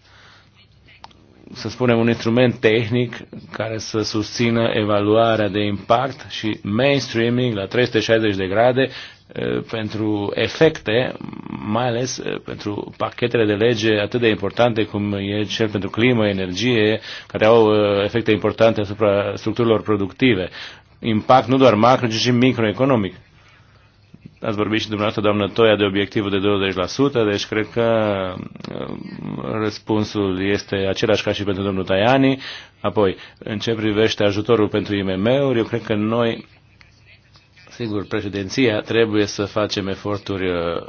să spunem, un instrument tehnic care să susțină evaluarea de impact și mainstreaming la 360 de grade eh, pentru efecte, mai ales eh, pentru pachetele de lege atât de importante cum e cel pentru climă, energie, care au eh, efecte importante asupra structurilor productive. Impact nu doar macro, ci și microeconomic ați vorbit și dumneavoastră, doamnă Toia, de obiectivul de 20%, deci cred că uh, răspunsul este același ca și pentru domnul Tajani. Apoi, în ce privește ajutorul pentru IMM-uri, eu cred că noi, sigur, președinția trebuie să facem eforturi uh,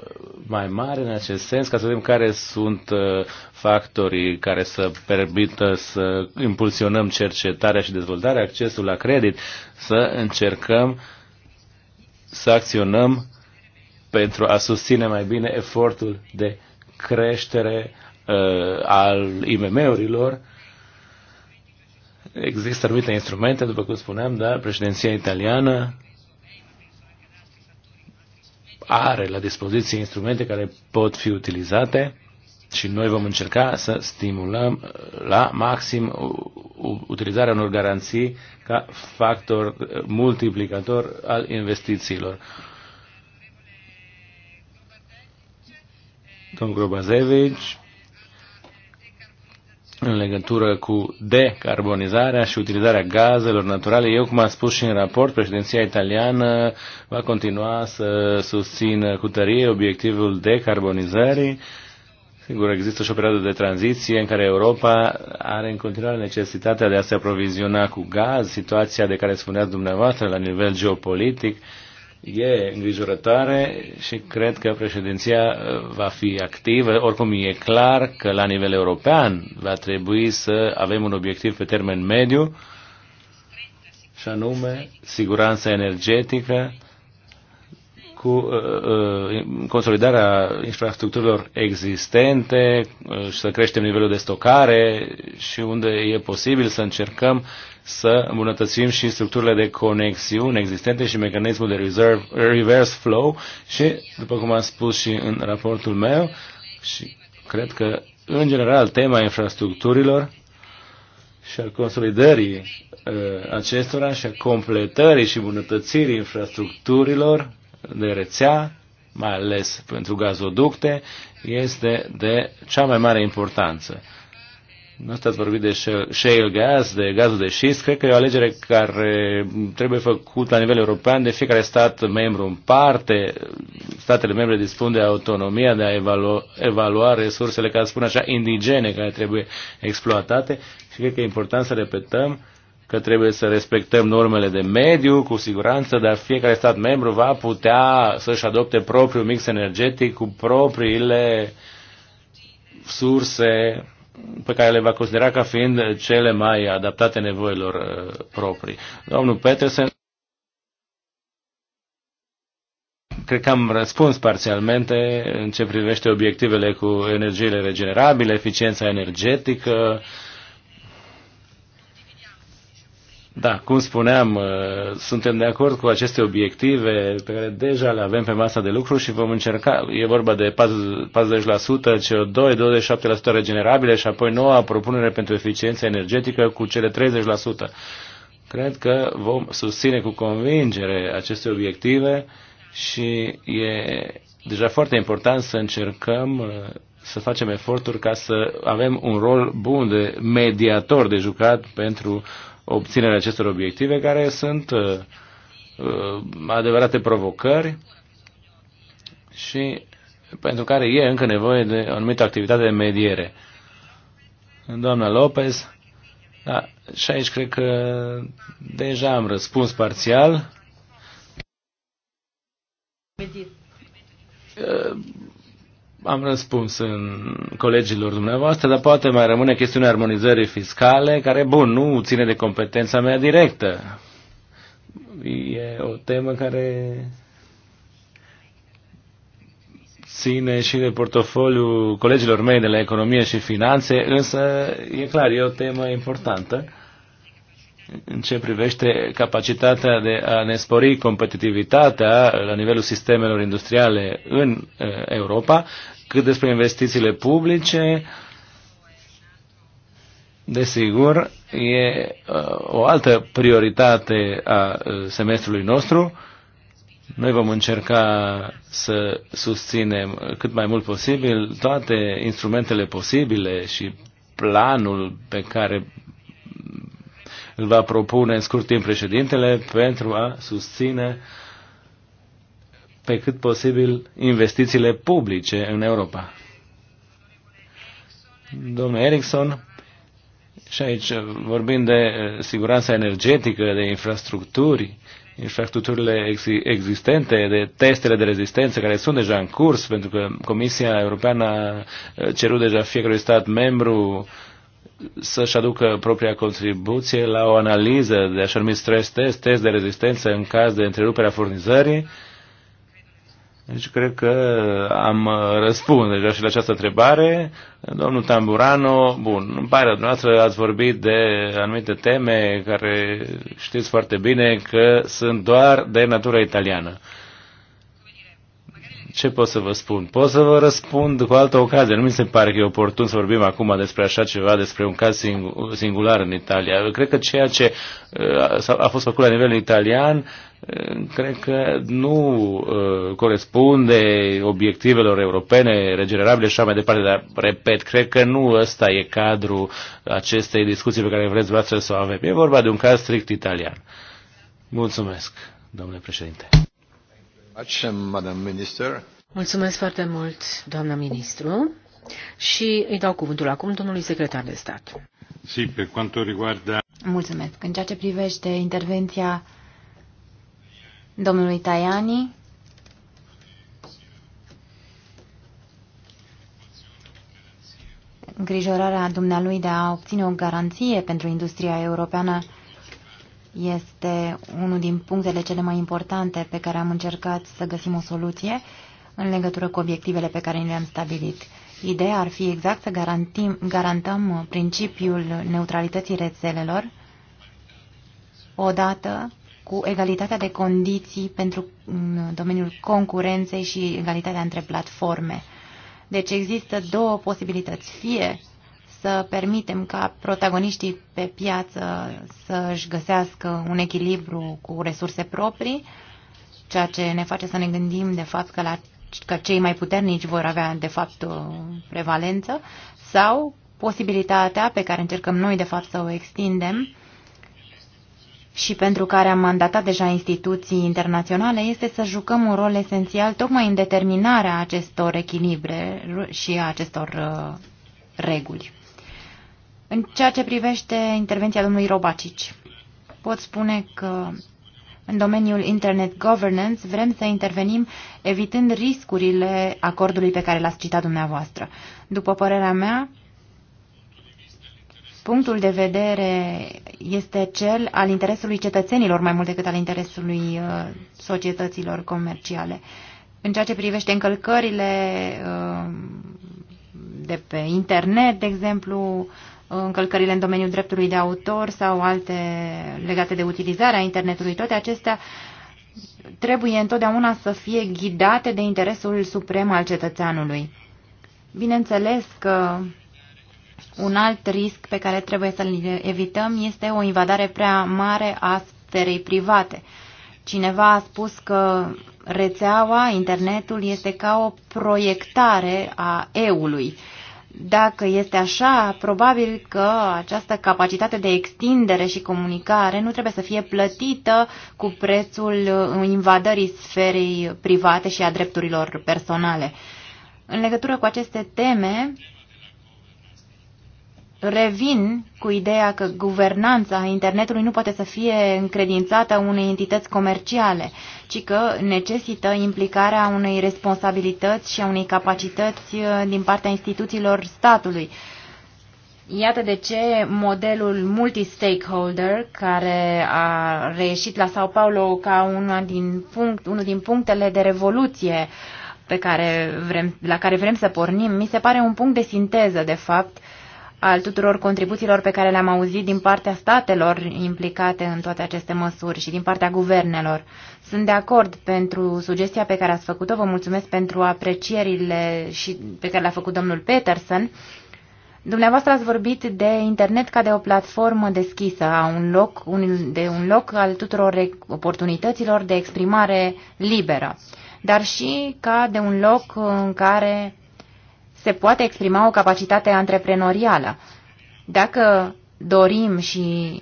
mai mari în acest sens, ca să vedem care sunt uh, factorii care să permită să impulsionăm cercetarea și dezvoltarea, accesul la credit, să încercăm să acționăm pentru a susține mai bine efortul de creștere uh, al IMM-urilor. Există anumite instrumente, după cum spuneam, dar președinția italiană are la dispoziție instrumente care pot fi utilizate și noi vom încerca să stimulăm la maxim utilizarea unor garanții ca factor multiplicator al investițiilor. domnul Grobazevici în legătură cu decarbonizarea și utilizarea gazelor naturale. Eu, cum am spus și în raport, președinția italiană va continua să susțină cu tărie obiectivul decarbonizării. Sigur, există și o perioadă de tranziție în care Europa are în continuare necesitatea de a se aproviziona cu gaz, situația de care spuneați dumneavoastră la nivel geopolitic e îngrijorătoare și cred că președinția uh, va fi activă. Oricum e clar că la nivel european va trebui să avem un obiectiv pe termen mediu și anume siguranța energetică cu uh, uh, consolidarea infrastructurilor existente uh, și să creștem nivelul de stocare și unde e posibil să încercăm să îmbunătățim și structurile de conexiune existente și mecanismul de reserve, reverse flow și, după cum am spus și în raportul meu, și cred că, în general, tema infrastructurilor și a consolidării uh, acestora și a completării și îmbunătățirii infrastructurilor de rețea, mai ales pentru gazoducte, este de cea mai mare importanță. Nu ați vorbit de shale gas, de gazul de șist. Cred că e o alegere care trebuie făcută la nivel european de fiecare stat membru în parte. Statele membre dispun de autonomia de a evalua, evalua resursele, ca să spun așa, indigene care trebuie exploatate și cred că e important să repetăm că trebuie să respectăm normele de mediu, cu siguranță, dar fiecare stat membru va putea să-și adopte propriul mix energetic cu propriile surse pe care le va considera ca fiind cele mai adaptate nevoilor uh, proprii. Domnul Petersen, cred că am răspuns parțialmente în ce privește obiectivele cu energiile regenerabile, eficiența energetică, uh, Da, cum spuneam, uh, suntem de acord cu aceste obiective pe care deja le avem pe masa de lucru și vom încerca, e vorba de 40% CO2, 27% regenerabile și apoi noua propunere pentru eficiență energetică cu cele 30%. Cred că vom susține cu convingere aceste obiective și e deja foarte important să încercăm uh, să facem eforturi ca să avem un rol bun de mediator de jucat pentru obținerea acestor obiective, care sunt uh, uh, adevărate provocări și pentru care e încă nevoie de o anumită activitate de mediere. Doamna Lopez, da, și aici cred că deja am răspuns parțial am răspuns în colegilor dumneavoastră, dar poate mai rămâne chestiunea armonizării fiscale, care, bun, nu ține de competența mea directă. E o temă care ține și de portofoliu colegilor mei de la economie și finanțe, însă e clar, e o temă importantă în ce privește capacitatea de a ne spori competitivitatea la nivelul sistemelor industriale în uh, Europa cât despre investițiile publice, desigur, e uh, o altă prioritate a uh, semestrului nostru. Noi vom încerca să susținem cât mai mult posibil toate instrumentele posibile și planul pe care îl va propune în scurt timp președintele pentru a susține uh, pe cât posibil investițiile publice în Europa. Domnul Erickson, și aici vorbim de eh, siguranța energetică, de infrastructuri, infrastructurile existente, de testele de rezistență care sunt deja în curs, pentru că Comisia Europeană a eh, cerut deja fiecărui stat membru să-și aducă propria contribuție la o analiză de așa numit stress test, test de rezistență în caz de întreruperea furnizării deci cred că am uh, răspuns deja și la această întrebare. Domnul Tamburano, bun, îmi pare dumneavoastră ați vorbit de anumite teme care știți foarte bine că sunt doar de natură italiană. Ce pot să vă spun? Pot să vă răspund cu altă ocazie. Nu mi se pare că e oportun să vorbim acum despre așa ceva, despre un caz singular în Italia. Eu cred că ceea ce uh, a fost făcut la nivel italian cred că nu uh, corespunde obiectivelor europene, regenerabile și așa mai departe, dar, repet, cred că nu ăsta e cadrul acestei discuții pe care vreți să o avem. E vorba de un caz strict italian. Mulțumesc, domnule președinte. Mulțumesc foarte mult, doamna ministru. Și îi dau cuvântul acum domnului secretar de stat. Si, pe riguarda... Mulțumesc. În ceea ce privește intervenția domnului Tajani îngrijorarea dumnealui de a obține o garanție pentru industria europeană este unul din punctele cele mai importante pe care am încercat să găsim o soluție în legătură cu obiectivele pe care le-am stabilit. Ideea ar fi exact să garantim, garantăm principiul neutralității rețelelor odată cu egalitatea de condiții pentru domeniul concurenței și egalitatea între platforme. Deci există două posibilități. Fie să permitem ca protagoniștii pe piață să-și găsească un echilibru cu resurse proprii, ceea ce ne face să ne gândim de fapt că, la, că cei mai puternici vor avea de fapt o prevalență, sau posibilitatea pe care încercăm noi de fapt să o extindem, și pentru care am mandatat deja instituții internaționale este să jucăm un rol esențial tocmai în determinarea acestor echilibre și a acestor uh, reguli. În ceea ce privește intervenția domnului Robacici, pot spune că în domeniul Internet Governance vrem să intervenim evitând riscurile acordului pe care l-ați citat dumneavoastră. După părerea mea, punctul de vedere este cel al interesului cetățenilor mai mult decât al interesului uh, societăților comerciale. În ceea ce privește încălcările uh, de pe internet, de exemplu, uh, încălcările în domeniul dreptului de autor sau alte legate de utilizarea internetului, toate acestea trebuie întotdeauna să fie ghidate de interesul suprem al cetățeanului. Bineînțeles că un alt risc pe care trebuie să-l evităm este o invadare prea mare a sferei private. Cineva a spus că rețeaua, internetul, este ca o proiectare a eului. Dacă este așa, probabil că această capacitate de extindere și comunicare nu trebuie să fie plătită cu prețul invadării sferei private și a drepturilor personale. În legătură cu aceste teme, revin cu ideea că guvernanța internetului nu poate să fie încredințată unei entități comerciale, ci că necesită implicarea unei responsabilități și a unei capacități uh, din partea instituțiilor statului. Iată de ce modelul multi-stakeholder, care a reieșit la Sao Paulo ca una din punct, unul din punctele de revoluție pe care vrem, la care vrem să pornim, mi se pare un punct de sinteză, de fapt, uh, al tuturor contribuțiilor pe care le-am auzit din partea statelor implicate în toate aceste măsuri și din partea guvernelor. Sunt de acord pentru sugestia pe care ați făcut-o, vă mulțumesc pentru aprecierile și pe care le-a făcut domnul Peterson. Dumneavoastră ați vorbit de internet ca de o platformă deschisă, a un loc, un, de un loc al tuturor oportunităților de exprimare liberă, dar și ca de un loc în care se poate exprima o capacitate antreprenorială. Dacă dorim și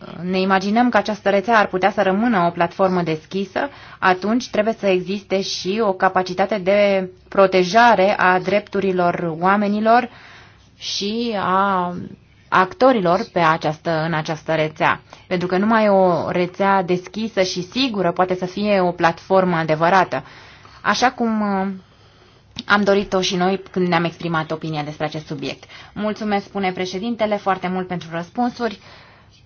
uh, ne imaginăm că această rețea ar putea să rămână o platformă deschisă, atunci trebuie să existe și o capacitate de protejare a drepturilor oamenilor și a actorilor pe această, în această rețea. Pentru că numai o rețea deschisă și sigură poate să fie o platformă adevărată. Așa cum uh, am dorit-o și noi când ne-am exprimat opinia despre acest subiect. Mulțumesc, spune președintele, foarte mult pentru răspunsuri.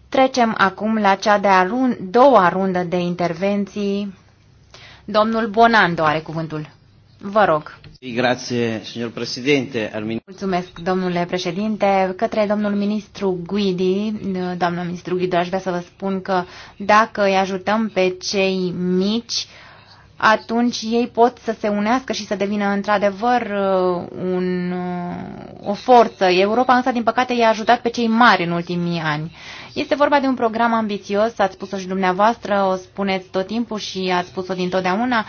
Trecem acum la cea de-a rund, doua rundă de intervenții. Domnul Bonando are cuvântul. Vă rog. Grazie, signor Mulțumesc, domnule președinte. Către domnul ministru Guidi, Domnul ministru Guidi, aș vrea să vă spun că dacă îi ajutăm pe cei mici, atunci ei pot să se unească și să devină într-adevăr uh, un, uh, o forță. Europa însă, din păcate, i-a ajutat pe cei mari în ultimii ani. Este vorba de un program ambițios, ați spus-o și dumneavoastră, o spuneți tot timpul și ați spus-o dintotdeauna,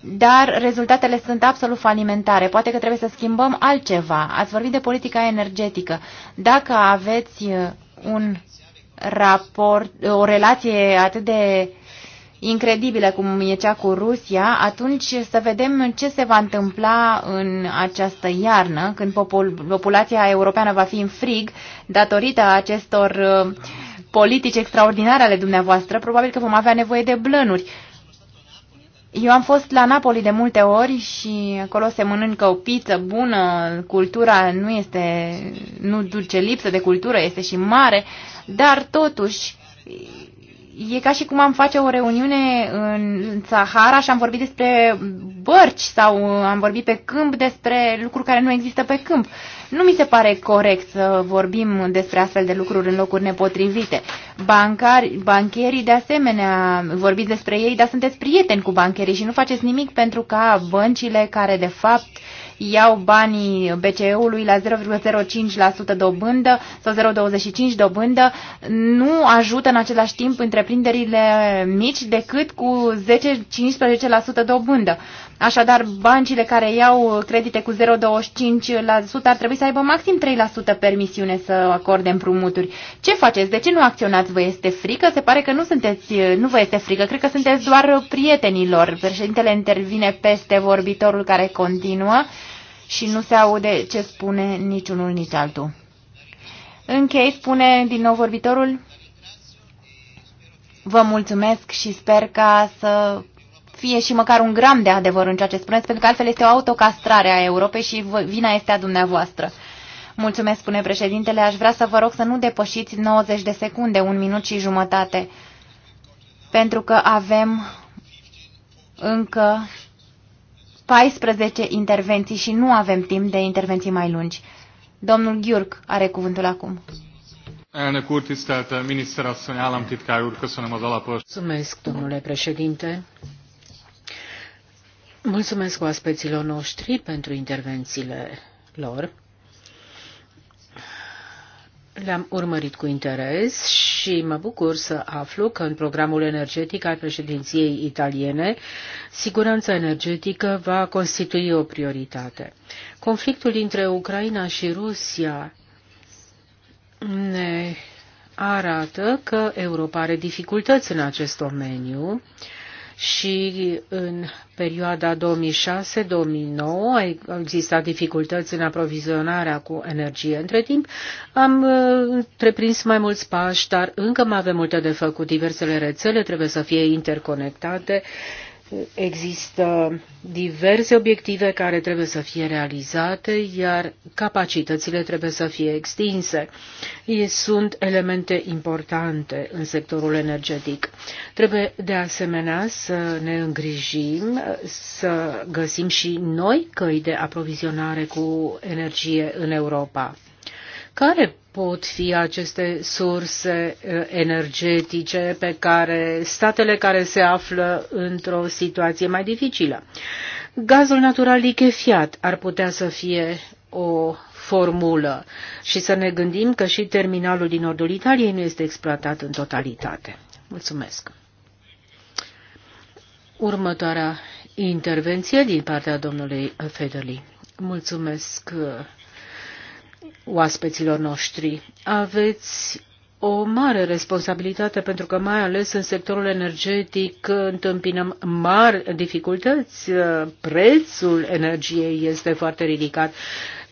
dar rezultatele sunt absolut falimentare. Poate că trebuie să schimbăm altceva. Ați vorbit de politica energetică. Dacă aveți uh, un raport, o relație atât de incredibile cum e cea cu Rusia, atunci să vedem ce se va întâmpla în această iarnă, când popul- populația europeană va fi în frig datorită acestor uh, politici extraordinare ale dumneavoastră. Probabil că vom avea nevoie de blănuri. Eu am fost la Napoli de multe ori și acolo se mănâncă o pizza bună, cultura nu este, nu duce lipsă de cultură, este și mare, dar totuși E ca și cum am face o reuniune în Sahara și am vorbit despre bărci sau uh, am vorbit pe câmp despre lucruri care nu există pe câmp. Nu mi se pare corect să vorbim despre astfel de lucruri în locuri nepotrivite. Bancari, bancherii, de asemenea, vorbiți despre ei, dar sunteți prieteni cu bancherii și nu faceți nimic pentru ca băncile care, de fapt, iau banii BCE-ului la 0,05% dobândă sau 0,25% dobândă, nu ajută în același timp întreprinderile mici decât cu 10-15% dobândă. Așadar, bancile care iau credite cu 0,25% ar trebui să aibă maxim 3% permisiune să acorde împrumuturi. Ce faceți? De ce nu acționați? Vă este frică? Se pare că nu, sunteți, nu vă este frică. Cred că sunteți doar prietenilor. Președintele intervine peste vorbitorul care continuă și nu se aude ce spune niciunul nici altul. Închei, spune din nou vorbitorul. Vă mulțumesc și sper ca să fie și măcar un gram de adevăr în ceea ce spuneți, pentru că altfel este o autocastrare a Europei și vina este a dumneavoastră. Mulțumesc, spune președintele. Aș vrea să vă rog să nu depășiți 90 de secunde, un minut și jumătate, pentru că avem încă 14 intervenții și nu avem timp de intervenții mai lungi. Domnul Ghiurc are cuvântul acum. Elnök úr, tisztelt miniszterasszony, államtitkár úr, köszönöm az alapos. Mulțumesc, domnule președinte. Mulțumesc oaspeților noștri pentru intervențiile lor. Le-am urmărit cu interes și mă bucur să aflu că în programul energetic al președinției italiene, siguranța energetică va constitui o prioritate. Conflictul dintre Ucraina și Rusia ne arată că Europa are dificultăți în acest domeniu și în perioada 2006-2009 au existat dificultăți în aprovizionarea cu energie. Între timp am uh, întreprins mai mulți pași, dar încă mai avem multe de făcut. Diversele rețele trebuie să fie interconectate Există diverse obiective care trebuie să fie realizate, iar capacitățile trebuie să fie extinse. Sunt elemente importante în sectorul energetic. Trebuie de asemenea să ne îngrijim să găsim și noi căi de aprovizionare cu energie în Europa. Care pot fi aceste surse uh, energetice pe care statele care se află într-o situație mai dificilă? Gazul natural lichefiat ar putea să fie o formulă și să ne gândim că și terminalul din nordul Italiei nu este exploatat în totalitate. Mulțumesc. Următoarea intervenție din partea domnului Federli. Mulțumesc uh, oaspeților noștri. Aveți o mare responsabilitate pentru că mai ales în sectorul energetic întâmpinăm mari dificultăți. Prețul energiei este foarte ridicat.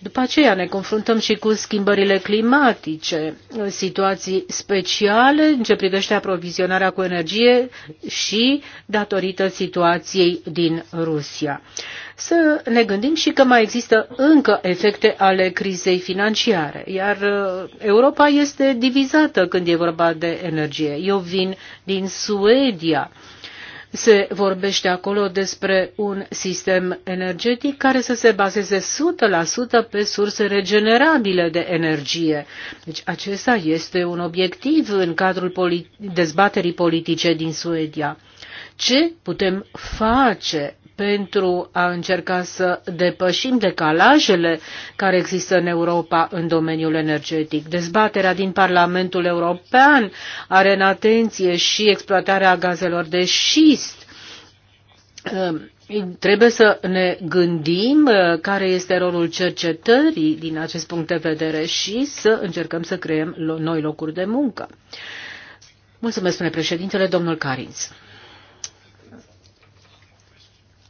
După aceea ne confruntăm și cu schimbările climatice, situații speciale în ce privește aprovizionarea cu energie și datorită situației din Rusia să ne gândim și că mai există încă efecte ale crizei financiare, iar uh, Europa este divizată când e vorba de energie. Eu vin din Suedia. Se vorbește acolo despre un sistem energetic care să se bazeze 100% pe surse regenerabile de energie. Deci acesta este un obiectiv în cadrul poli- dezbaterii politice din Suedia. Ce putem face pentru a încerca să depășim decalajele care există în Europa în domeniul energetic. Dezbaterea din Parlamentul European are în atenție și exploatarea gazelor de șist. Ehm, trebuie să ne gândim eh, care este rolul cercetării din acest punct de vedere și să încercăm să creăm noi locuri de muncă. Mulțumesc, spune președintele, domnul Carinț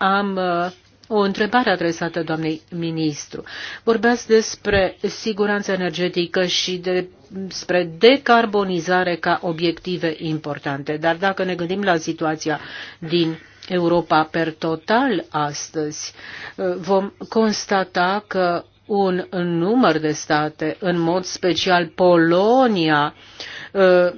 am uh, o întrebare adresată doamnei ministru. Vorbeați despre siguranță energetică și de, despre decarbonizare ca obiective importante, dar dacă ne gândim la situația din Europa per total astăzi, uh, vom constata că un număr de state, în mod special Polonia, uh,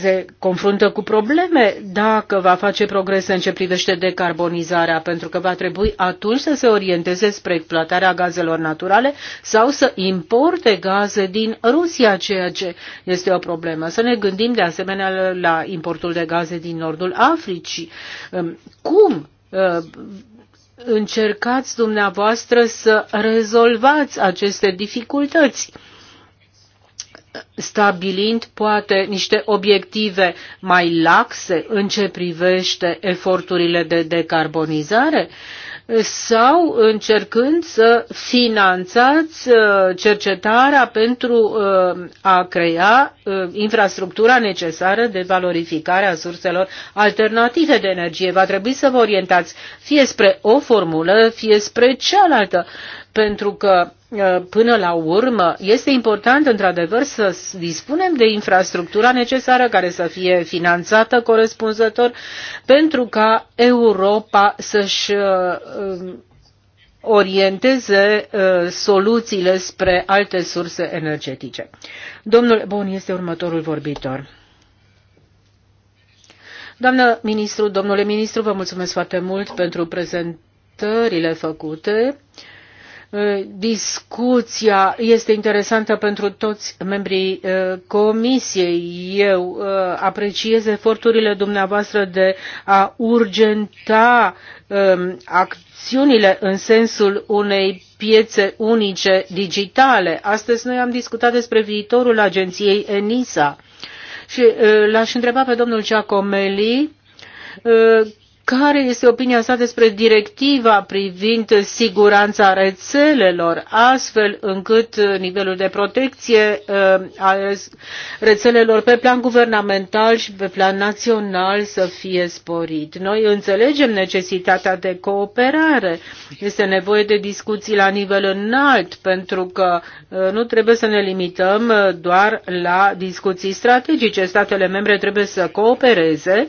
se confruntă cu probleme dacă va face progrese în ce privește decarbonizarea, pentru că va trebui atunci să se orienteze spre exploatarea gazelor naturale sau să importe gaze din Rusia, ceea ce este o problemă. Să ne gândim de asemenea la importul de gaze din nordul Africii. Ehm, cum ehm, încercați dumneavoastră să rezolvați aceste dificultăți? stabilind poate niște obiective mai laxe în ce privește eforturile de decarbonizare sau încercând să finanțați uh, cercetarea pentru uh, a crea uh, infrastructura necesară de valorificare a surselor alternative de energie. Va trebui să vă orientați fie spre o formulă, fie spre cealaltă, pentru că Eh, până la urmă, este important, într-adevăr, să dispunem de infrastructura necesară care să fie finanțată corespunzător pentru ca Europa să-și eh, um, orienteze eh, soluțiile spre alte surse energetice. Domnul Bun este următorul vorbitor. Doamnă ministru, domnule ministru, vă mulțumesc foarte mult pentru prezentările făcute. Uh, Uh, discuția este interesantă pentru toți membrii uh, comisiei. Eu uh, apreciez eforturile dumneavoastră de a urgenta um, acțiunile în sensul unei piețe unice digitale. Astăzi noi am discutat despre viitorul agenției ENISA și l-aș întreba pe domnul Giacomelli care este opinia sa despre directiva privind siguranța rețelelor, astfel încât nivelul de protecție uh, a rețelelor pe plan guvernamental și pe plan național să fie sporit. Noi înțelegem necesitatea de cooperare. Este nevoie de discuții la nivel înalt, pentru că uh, nu trebuie să ne limităm uh, doar la discuții strategice. Statele membre trebuie să coopereze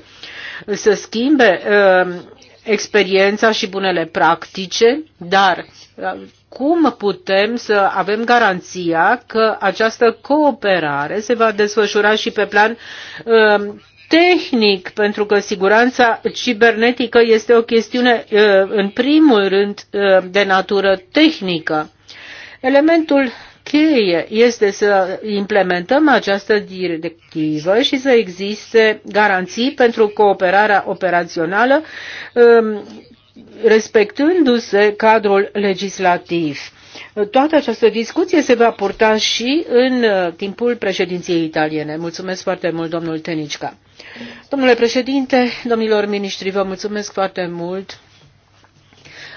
să schimbe um, experiența și bunele practice, dar um, cum putem să avem garanția că această cooperare se va desfășura și pe plan um, tehnic, pentru că siguranța cibernetică este o chestiune uh, în primul rând uh, de natură tehnică. Elementul cheie este să implementăm această directivă și să existe garanții pentru cooperarea operațională um, respectându-se cadrul legislativ. Toată această discuție se va purta și în uh, timpul președinției italiene. Mulțumesc foarte mult, domnul Tenicca. Domnule președinte, domnilor miniștri, vă mulțumesc foarte mult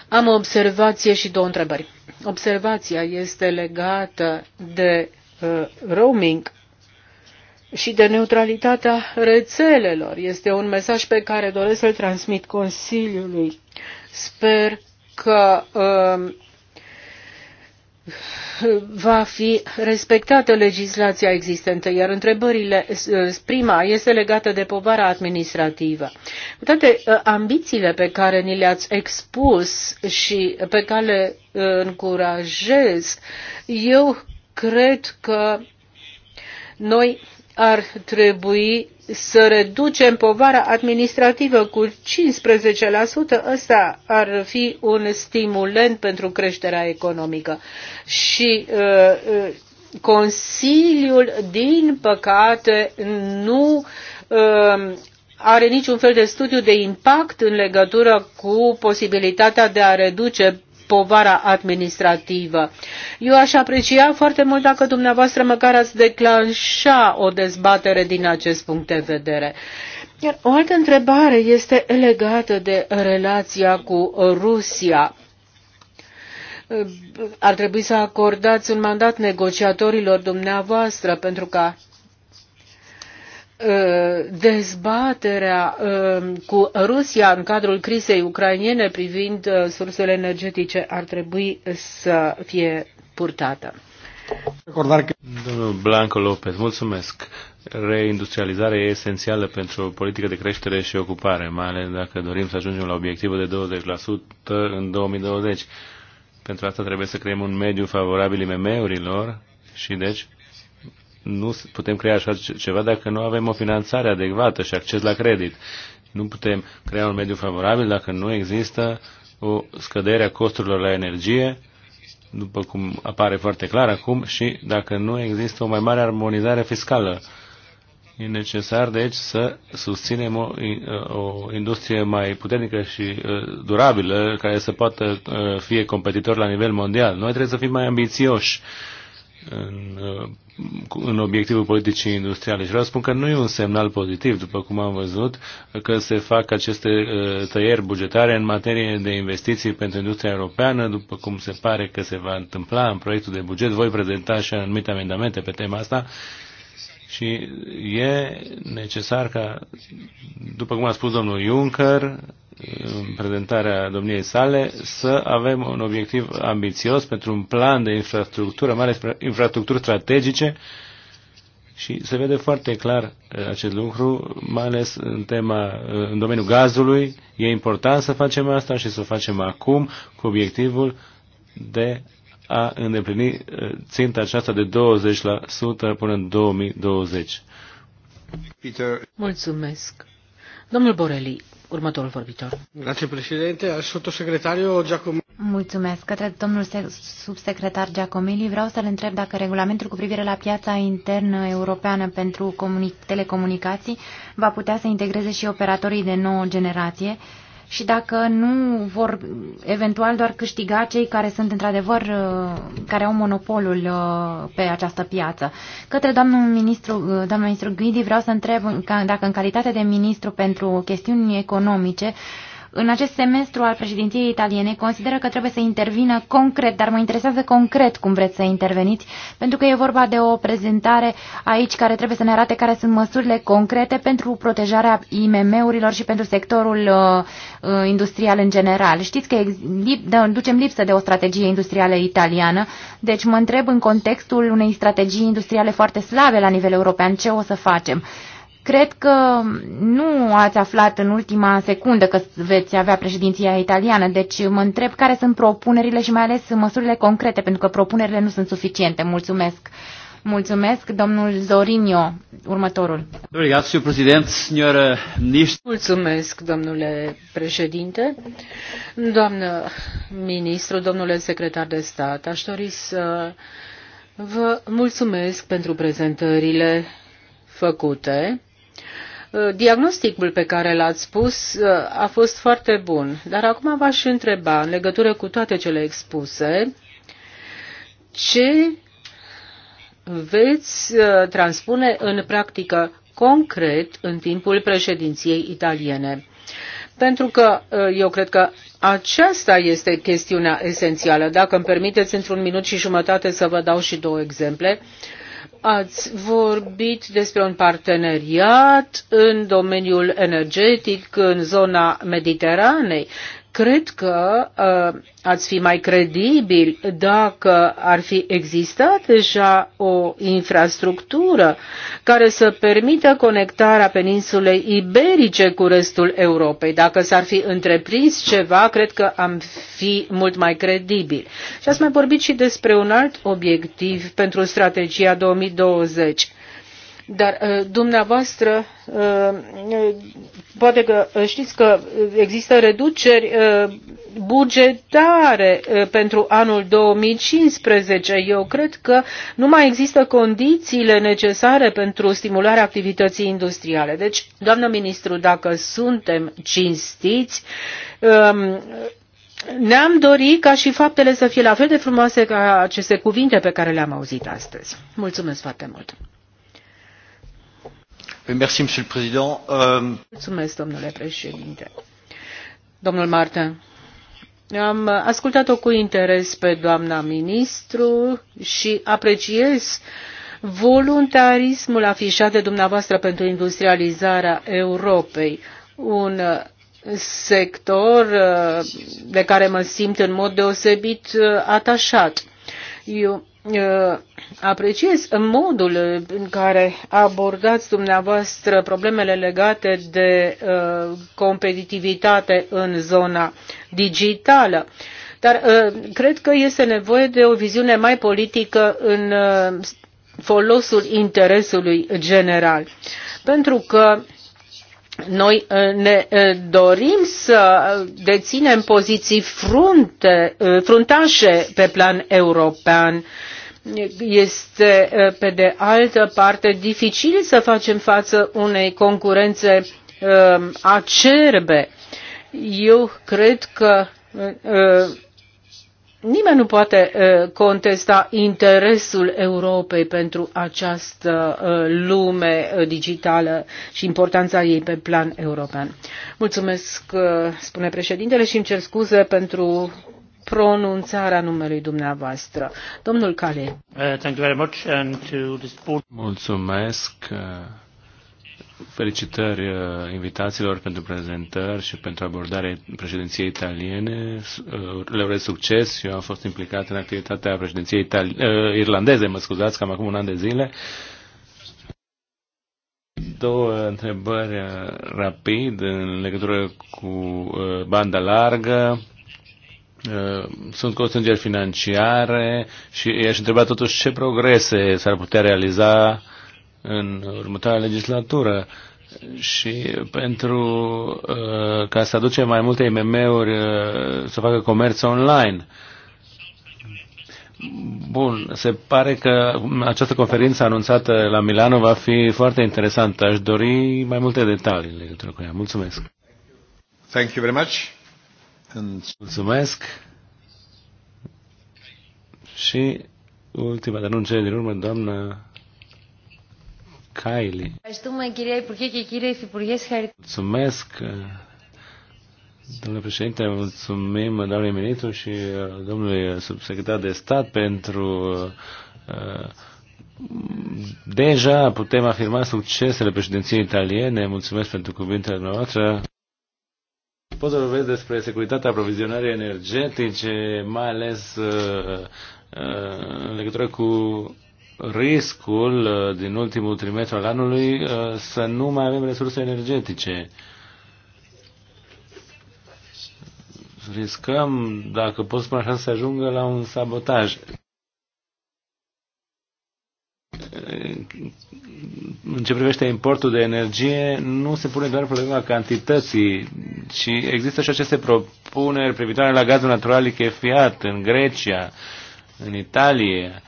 am o observație și două întrebări. Observația este legată de uh, roaming și de neutralitatea rețelelor. Este un mesaj pe care doresc să-l transmit Consiliului. Sper că uh, va fi respectată legislația existentă, iar întrebările, prima este legată de povara administrativă. Cu toate ă, ambițiile pe care ni le-ați expus și pe care le ă, încurajez, eu cred că noi ar trebui să reducem povara administrativă cu 15%, ăsta ar fi un stimulent pentru creșterea economică. Și uh, uh, Consiliul, din păcate, nu uh, are niciun fel de studiu de impact în legătură cu posibilitatea de a reduce povara administrativă. Eu aș aprecia foarte mult dacă dumneavoastră măcar ați declanșa o dezbatere din acest punct de vedere. Iar o altă întrebare este legată de relația cu Rusia ar trebui să acordați un mandat negociatorilor dumneavoastră pentru ca Ă, dezbaterea ă, cu Rusia în cadrul crizei ucrainiene privind ă, sursele energetice ar trebui să fie purtată. Domnul Blanco Lopez, mulțumesc. Reindustrializarea e esențială pentru o politică de creștere și ocupare, mai ales dacă dorim să ajungem la obiectivul de 20% în 2020. Pentru asta trebuie să creăm un mediu favorabil IMM-urilor și deci nu putem crea așa ceva dacă nu avem o finanțare adecvată și acces la credit. Nu putem crea un mediu favorabil dacă nu există o scădere a costurilor la energie, după cum apare foarte clar acum, și dacă nu există o mai mare armonizare fiscală. E necesar, deci, să susținem o, o industrie mai puternică și uh, durabilă, care să poată uh, fi competitor la nivel mondial. Noi trebuie să fim mai ambițioși în, uh, în obiectivul politicii industriale. Și vreau să spun că nu e un semnal pozitiv, după cum am văzut, că se fac aceste uh, tăieri bugetare în materie de investiții pentru industria europeană, după cum se pare că se va întâmpla în proiectul de buget. Voi prezenta și anumite amendamente pe tema asta. Și e necesar ca, după cum a spus domnul Juncker, prezentarea domniei sale, să avem un obiectiv ambițios pentru un plan de infrastructură, mai ales infrastructuri strategice, și se vede foarte clar uh, acest lucru, mai ales în tema, uh, în domeniul gazului. E important să facem asta și să o facem acum cu obiectivul de a îndeplini uh, ținta aceasta de 20% până în 2020. Peter. Mulțumesc. Domnul Borelli, Următorul vorbitor. Grazie, președinte. Mulțumesc. Către domnul subsecretar Giacomili vreau să-l întreb dacă regulamentul cu privire la piața internă europeană pentru telecomunicații va putea să integreze și operatorii de nouă generație, și dacă nu vor eventual doar câștiga cei care sunt într-adevăr, uh, care au monopolul uh, pe această piață. Către domnul ministru, uh, domnul ministru Ghidi vreau să întreb dacă în calitate de ministru pentru chestiuni economice în acest semestru al președinției italiene consideră că trebuie să intervină concret, dar mă interesează concret cum vreți să interveniți, pentru că e vorba de o prezentare aici care trebuie să ne arate care sunt măsurile concrete pentru protejarea IMM-urilor și pentru sectorul uh, uh industrial în general. Știți că lip, da, ducem lipsă de o strategie industrială italiană, deci mă întreb în contextul unei strategii industriale foarte slabe la nivel european ce o să facem. Cred că nu ați aflat în ultima secundă că veți avea președinția italiană, deci mă întreb care sunt propunerile și mai ales măsurile concrete, pentru că propunerile nu sunt suficiente. Mulțumesc! Mulțumesc, domnul Zorinio, următorul. Eh, mulțumesc, domnule președinte. Doamnă ministru, domnule secretar de stat, aș dori să vă mulțumesc pentru prezentările făcute Uh, diagnosticul pe care l-ați spus uh, a fost foarte bun, dar acum v-aș întreba, în legătură cu toate cele expuse, ce veți uh, transpune în practică concret în timpul președinției italiene? Pentru că eu cred că aceasta este chestiunea esențială. Dacă îmi permiteți într-un minut și jumătate să vă dau și două exemple, Ați vorbit despre un parteneriat în domeniul energetic, în zona Mediteranei, Cred că uh, ați fi mai credibil dacă ar fi existat deja o infrastructură care să permită conectarea peninsulei iberice cu restul Europei. Dacă s-ar fi întreprins ceva, cred că am fi mult mai credibil. Și ați mai vorbit și despre un alt obiectiv pentru strategia 2020 dar uh, dumneavoastră, uh, poate că uh, știți că există reduceri bugetare pentru anul 2015. Eu cred că nu mai există condițiile necesare pentru stimularea activității industriale. Deci, doamnă ministru, dacă suntem cinstiți, um, ne-am dorit ca și faptele să fie la fel de frumoase ca aceste cuvinte pe care le-am auzit astăzi. Mulțumesc foarte mult! Euh, Mulțumesc, domnule președinte. domnule Martin. Am ascultat-o cu interes pe doamna ministru și apreciez voluntarismul afișat de dumneavoastră pentru industrializarea Europei, un sector uh, de care mă simt în mod deosebit uh, atașat. Eu Uh, apreciez modul în care abordați dumneavoastră problemele legate de uh, competitivitate în zona digitală. Dar uh, cred că este nevoie de o viziune mai politică în folosul interesului general. Pentru că noi ne dorim să deținem poziții frunte, fruntașe pe plan european este pe de altă parte dificil să facem față unei concurențe acerbe. Eu cred că nimeni nu poate contesta interesul Europei pentru această lume digitală și importanța ei pe plan european. Mulțumesc, spune președintele, și îmi cer scuze pentru pronunțarea numelui dumneavoastră. Domnul Cale. Mulțumesc. Felicitări invitațiilor pentru prezentări și pentru abordarea președinției italiene. Uh, le urez succes. Eu am fost implicat în activitatea președinției itali- uh, irlandeze, mă scuzați, cam acum un an de zile. Două întrebări uh, rapid în legătură cu banda largă Uh, sunt constrângeri financiare și i-aș întreba totuși ce progrese s-ar putea realiza în următoarea legislatură și pentru uh, ca să aduce mai multe IMM-uri uh, să facă comerț online. Bun, se pare că această conferință anunțată la Milano va fi foarte interesantă. Aș dori mai multe detalii în legătură cu ea. Mulțumesc. Thank you very much. Mulțumesc. Și ultima, dar nu în cele din urmă, doamna Kylie. Mulțumesc, domnule președinte, mulțumim doamnei ministru și uh, domnului subsecretar de stat pentru uh, deja putem afirma succesele președinției italiene. Mulțumesc pentru cuvintele noastre. Poți să vorbesc despre securitatea aprovizionării energetice, mai ales uh, uh, în legătură cu riscul uh, din ultimul trimestru al anului să nu mai avem resurse energetice. Riscăm, dacă pot spune așa, să ajungă la un sabotaj în ce privește importul de energie, nu se pune doar problema cantității, ci există și aceste propuneri privitoare la gazul natural lichefiat în Grecia, în Italia,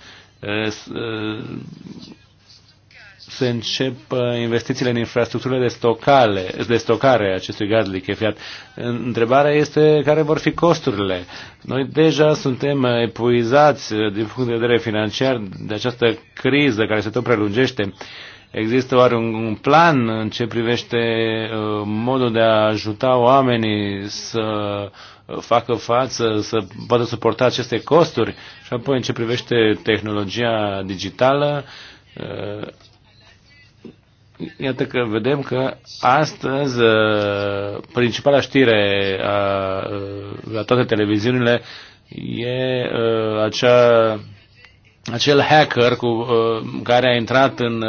să încep uh, investițiile în infrastructurile de, stocale, de stocare a acestui gaz lichefiat. Întrebarea este care vor fi costurile. Noi deja suntem epuizați uh, din punct de vedere financiar de această criză care se tot prelungește. Există oare un, plan în ce privește uh, modul de a ajuta oamenii să facă față, să poată suporta aceste costuri? Și apoi în ce privește tehnologia digitală, Iată că vedem că astăzi uh, principala știre a, uh, la toate televiziunile e uh, acea acel hacker cu, care a intrat în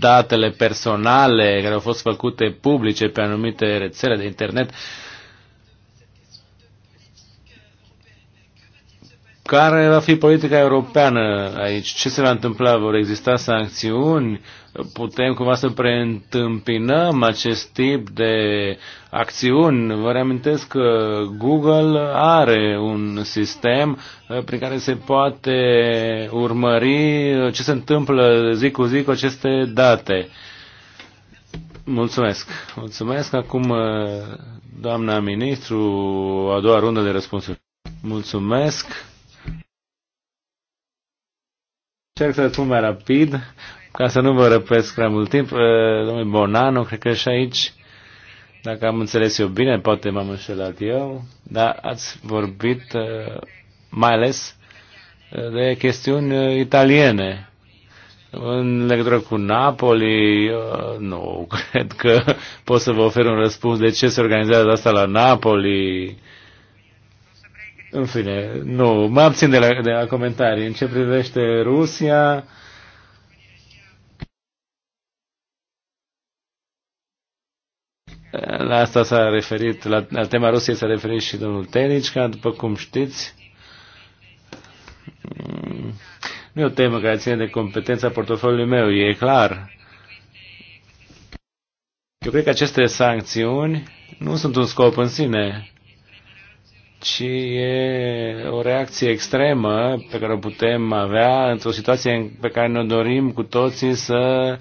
datele personale care au fost făcute publice pe anumite rețele de internet Care va fi politica europeană aici? Ce se va întâmpla? Vor exista sancțiuni? Putem cumva să preîntâmpinăm acest tip de acțiuni? Vă reamintesc că Google are un sistem uh, prin care se poate urmări uh, ce se întâmplă zi cu zi cu aceste date. Mulțumesc. Mulțumesc. Acum, uh, doamna ministru, a doua rundă de răspunsuri. Mulțumesc. Încerc să spun mai rapid, ca să nu vă răpesc prea mult timp. Uh, domnul Bonano, cred că și aici, dacă am înțeles eu bine, poate m-am înșelat eu, dar ați vorbit uh, mai ales uh, de chestiuni italiene. În legătură cu Napoli, nu cred că pot să vă ofer un răspuns de ce se organizează asta la Napoli în fine, nu, mă abțin de la, de la comentarii. În ce privește Rusia, la asta s-a referit, la, la tema Rusiei s-a referit și domnul Telicca, după cum știți. Nu e o temă care ține de competența portofoliului meu, e clar. Eu cred că aceste sancțiuni nu sunt un scop în sine ci e o reacție extremă pe care o putem avea într-o situație pe care ne dorim cu toții să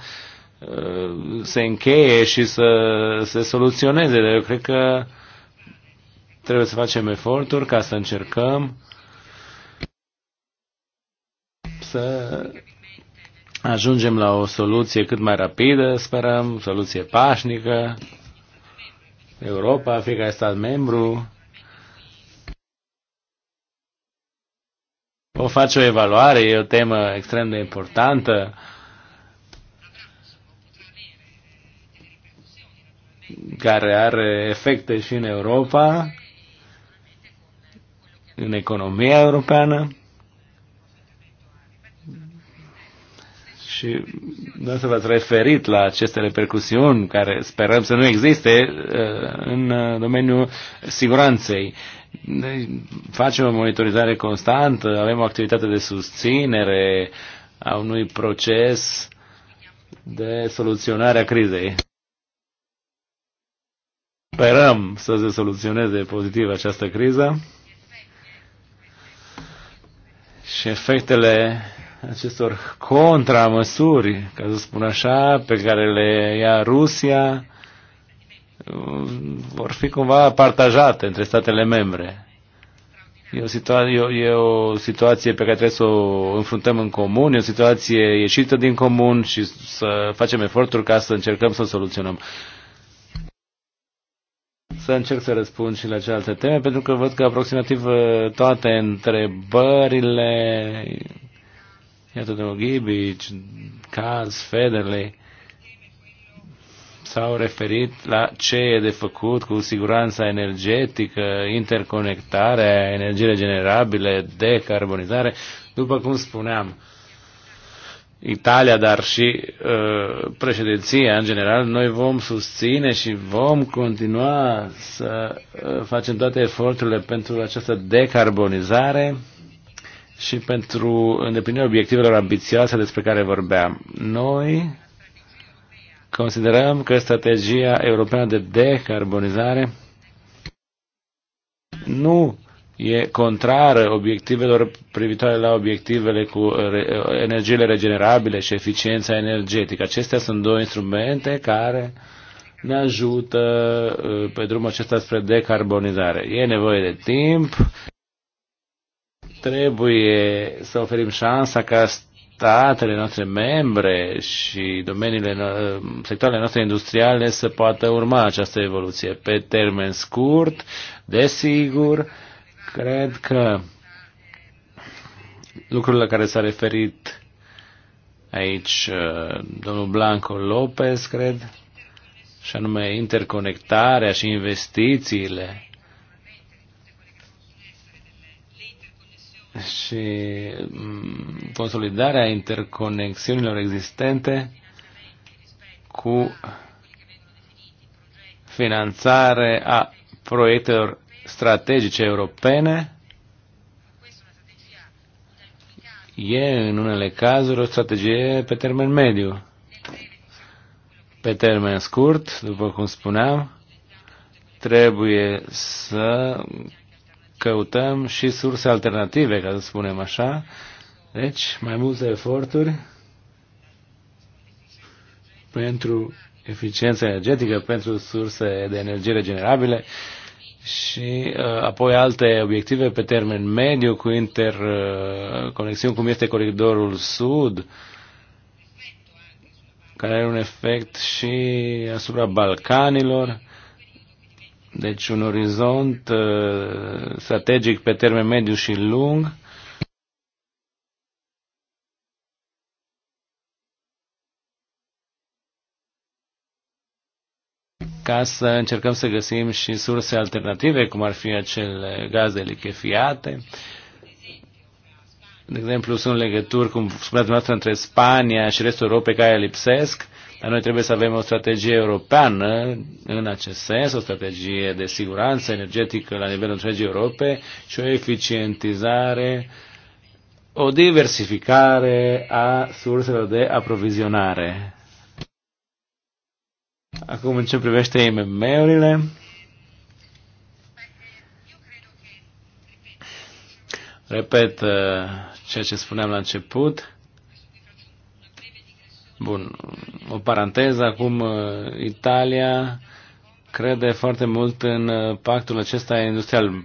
uh, se încheie și să se soluționeze. Dar eu cred că trebuie să facem eforturi ca să încercăm să ajungem la o soluție cât mai rapidă, sperăm, soluție pașnică. Europa, fiecare stat membru Vom face o evaluare, e o temă extrem de importantă. care are efecte și în Europa, în economia europeană. Și să v-ați referit la aceste repercusiuni care sperăm să nu existe uh, în uh, domeniul siguranței. Noi facem o monitorizare constantă, avem o activitate de susținere a unui proces de soluționare a crizei. Sperăm să se soluționeze pozitiv această criză și efectele acestor contramăsuri, ca să spun așa, pe care le ia Rusia, vor fi cumva partajate între statele membre. E o, situa- e, o, e o situație pe care trebuie să o înfruntăm în comun, e o situație ieșită din comun și să facem eforturi ca să încercăm să o soluționăm. Să încerc să răspund și la cealaltă teme, pentru că văd că aproximativ uh, toate întrebările, iată de Ghibici, Caz, Federley, s-au referit la ce e de făcut cu siguranța energetică, interconectarea, energie regenerabile, decarbonizare. După cum spuneam, Italia, dar și uh, președinția în general, noi vom susține și vom continua să uh, facem toate eforturile pentru această decarbonizare și pentru îndeplinirea obiectivelor ambițioase despre care vorbeam. Noi Considerăm că strategia europeană de decarbonizare nu e contrară obiectivelor privitoare la obiectivele cu energiile regenerabile și eficiența energetică. Acestea sunt două instrumente care ne ajută uh, pe drumul acesta spre decarbonizare. E nevoie de timp, trebuie să oferim șansa ca statele noastre membre și domeniile, sectoarele noastre industriale să poată urma această evoluție. Pe termen scurt, desigur, cred că lucrurile la care s-a referit aici uh, domnul Blanco Lopez, cred, și anume interconectarea și investițiile și mm, consolidarea interconexiunilor existente cu finanțare a proiectelor strategice europene e în unele cazuri o strategie pe termen mediu. Pe termen scurt, după cum spuneam, trebuie să căutăm și surse alternative, ca să spunem așa. Deci, mai multe eforturi pentru eficiența energetică, pentru surse de energie regenerabile și uh, apoi alte obiective pe termen mediu cu interconexiuni, uh, cum este coridorul sud, care are un efect și asupra Balcanilor deci un orizont uh, strategic pe termen mediu și lung ca să încercăm să găsim și surse alternative, cum ar fi acele gaze lichefiate. De exemplu, sunt legături, cum spuneați dumneavoastră, între Spania și restul Europei care lipsesc. Dar noi trebuie să avem o strategie europeană în acest sens, o strategie de siguranță energetică la nivelul întregii Europe și o eficientizare, o diversificare a surselor de aprovizionare. Acum, în ce privește IMM-urile, repet uh, ceea ce spuneam la început, Bun, o paranteză acum, uh, Italia crede foarte mult în uh, pactul acesta industrial,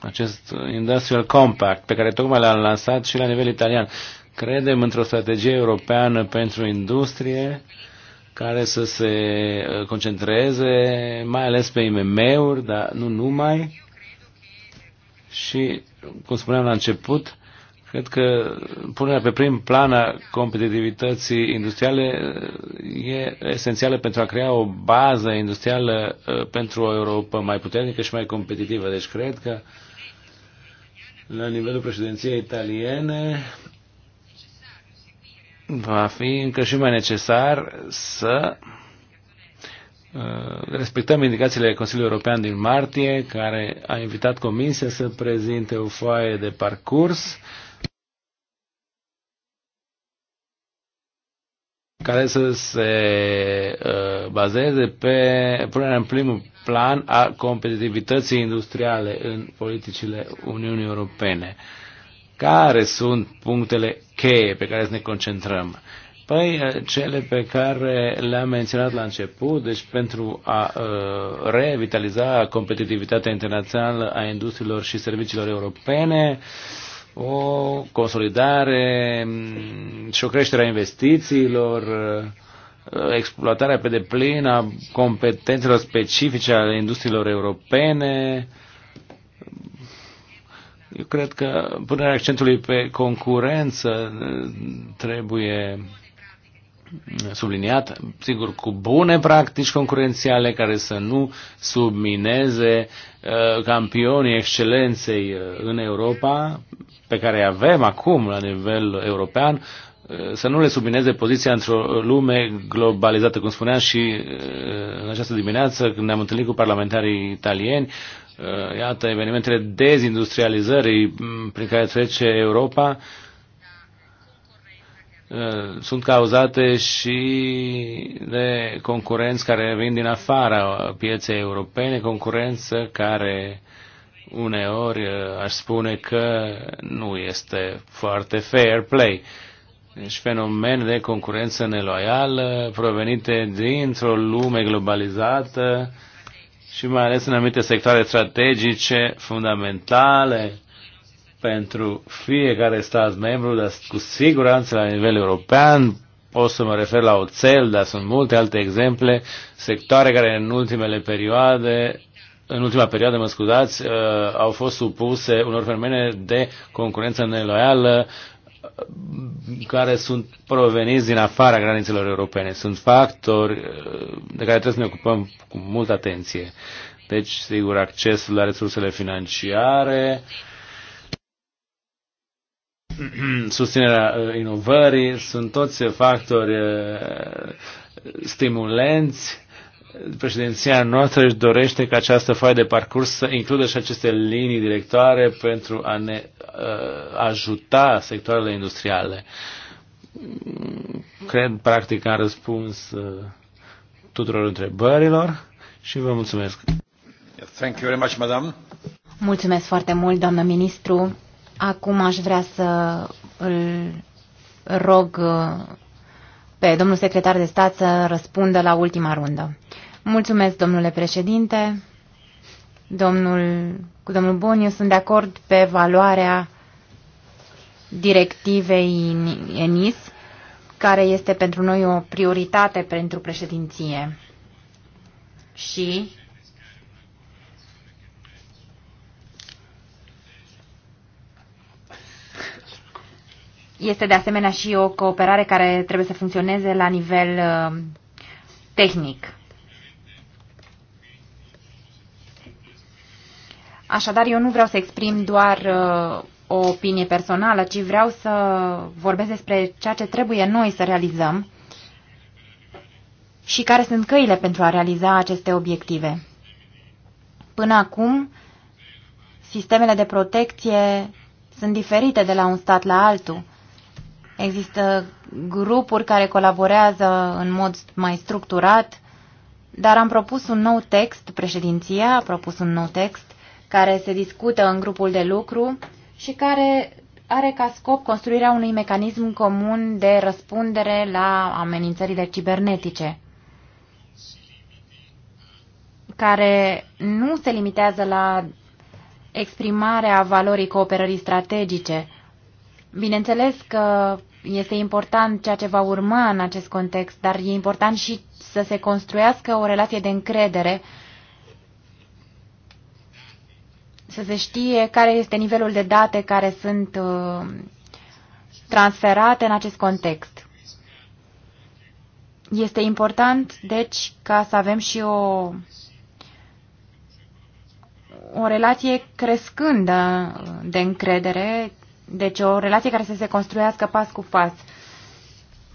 acest industrial compact pe care tocmai l-am lansat și la nivel italian. Credem într-o strategie europeană pentru industrie care să se uh, concentreze mai ales pe IMM-uri, dar nu numai. Și, cum spuneam la început, Cred că punerea pe prim plan a competitivității industriale uh, e esențială pentru a crea o bază industrială uh, pentru o Europa mai puternică și mai competitivă. Deci cred că la nivelul președinției italiene va fi încă și mai necesar să uh, respectăm indicațiile Consiliului European din martie, care a invitat Comisia să prezinte o foaie de parcurs uh, care să se uh, bazeze pe punerea în primul plan a competitivității industriale în politicile Uniunii Europene. Care sunt punctele cheie pe care să ne concentrăm? Păi uh, cele pe care le-am menționat la început, deci pentru a uh, revitaliza competitivitatea internațională a industriilor și serviciilor europene, uh, o consolidare și o creștere a investițiilor, exploatarea pe deplin a competențelor specifice ale industriilor europene. Eu cred că punerea accentului pe concurență trebuie subliniat, sigur, cu bune practici concurențiale care să nu submineze uh, campionii excelenței uh, în Europa, pe care avem acum la nivel european, uh, să nu le submineze poziția într-o lume globalizată, cum spuneam și în această dimineață când ne-am întâlnit cu parlamentarii italieni, iată evenimentele dezindustrializării prin care trece Europa, Uh, sunt cauzate și de concurenți care vin din afara pieței europene, concurență care uneori uh, aș spune că nu este foarte fair play. Deci fenomen de concurență neloială provenite dintr-o lume globalizată și mai ales în anumite sectoare strategice fundamentale pentru fiecare stat membru, dar cu siguranță la nivel european, pot să mă refer la oțel, dar sunt multe alte exemple, sectoare care în ultimele perioade în ultima perioadă, mă scuzați, uh, au fost supuse unor fenomene de concurență neloială care sunt proveniți din afara granițelor europene. Sunt factori uh, de care trebuie să ne ocupăm cu multă atenție. Deci, sigur, accesul la resursele financiare, uh, susținerea uh, inovării, sunt toți factori uh, stimulenți. Președinția noastră își dorește ca această foaie de parcurs să includă și aceste linii directoare pentru a ne uh, ajuta sectoarele industriale. Cred, practic, am răspuns tuturor întrebărilor și vă mulțumesc. Thank you very much, madam. Mulțumesc foarte mult, doamnă ministru. Acum aș vrea să îl rog uh, pe domnul secretar de stat să răspundă la ultima rundă. Mulțumesc, domnule președinte. Domnul, cu domnul Bun, eu sunt de acord pe valoarea directivei ENIS, care este pentru noi o prioritate pentru președinție. Și Este de asemenea și o cooperare care trebuie să funcționeze la nivel uh, tehnic. Așadar, eu nu vreau să exprim doar uh, o opinie personală, ci vreau să vorbesc despre ceea ce trebuie noi să realizăm și care sunt căile pentru a realiza aceste obiective. Până acum, sistemele de protecție sunt diferite de la un stat la altul Există grupuri care colaborează în mod mai structurat, dar am propus un nou text, președinția a propus un nou text care se discută în grupul de lucru și care are ca scop construirea unui mecanism comun de răspundere la amenințările cibernetice, care nu se limitează la exprimarea valorii cooperării strategice, Bineînțeles că este important ceea ce va urma în acest context, dar e important și să se construiască o relație de încredere, să se știe care este nivelul de date care sunt uh, transferate în acest context. Este important, deci, ca să avem și o, o relație crescândă de încredere deci o relație care să se construiască pas cu pas.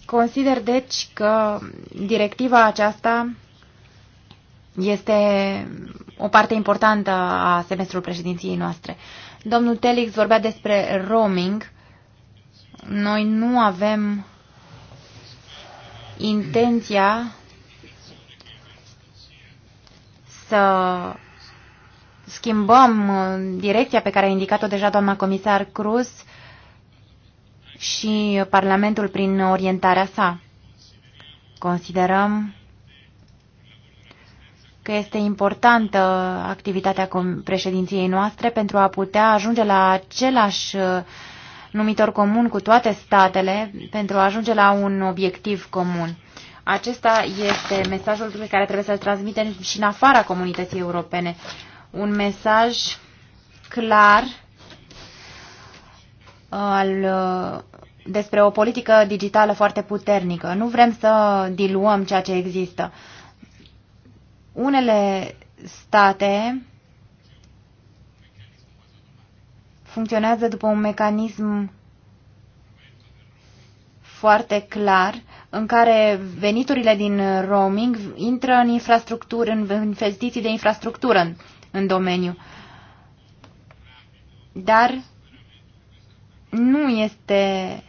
Consider deci că directiva aceasta este o parte importantă a semestrului președinției noastre. Domnul Telix vorbea despre roaming. Noi nu avem intenția să schimbăm uh, direcția pe care a indicat-o deja doamna comisar Cruz și Parlamentul prin orientarea sa. Considerăm că este importantă activitatea președinției noastre pentru a putea ajunge la același uh, numitor comun cu toate statele, pentru a ajunge la un obiectiv comun. Acesta este mesajul pe care trebuie să-l transmitem și în afara comunității europene un mesaj clar uh, al, uh, despre o politică digitală foarte puternică. Nu vrem să diluăm ceea ce există. Unele state funcționează după un mecanism foarte clar în care veniturile din roaming intră în infrastructură, în investiții de infrastructură, în domeniu. Dar nu este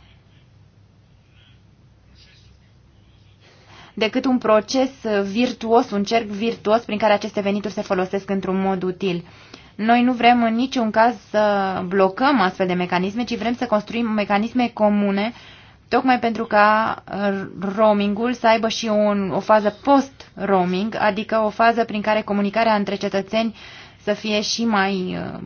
decât un proces virtuos, un cerc virtuos prin care aceste venituri se folosesc într-un mod util. Noi nu vrem în niciun caz să blocăm astfel de mecanisme, ci vrem să construim mecanisme comune uh, tocmai pentru ca uh, roamingul să aibă și un, o fază post-roaming, adică o fază prin care comunicarea între cetățeni să fie și mai uh,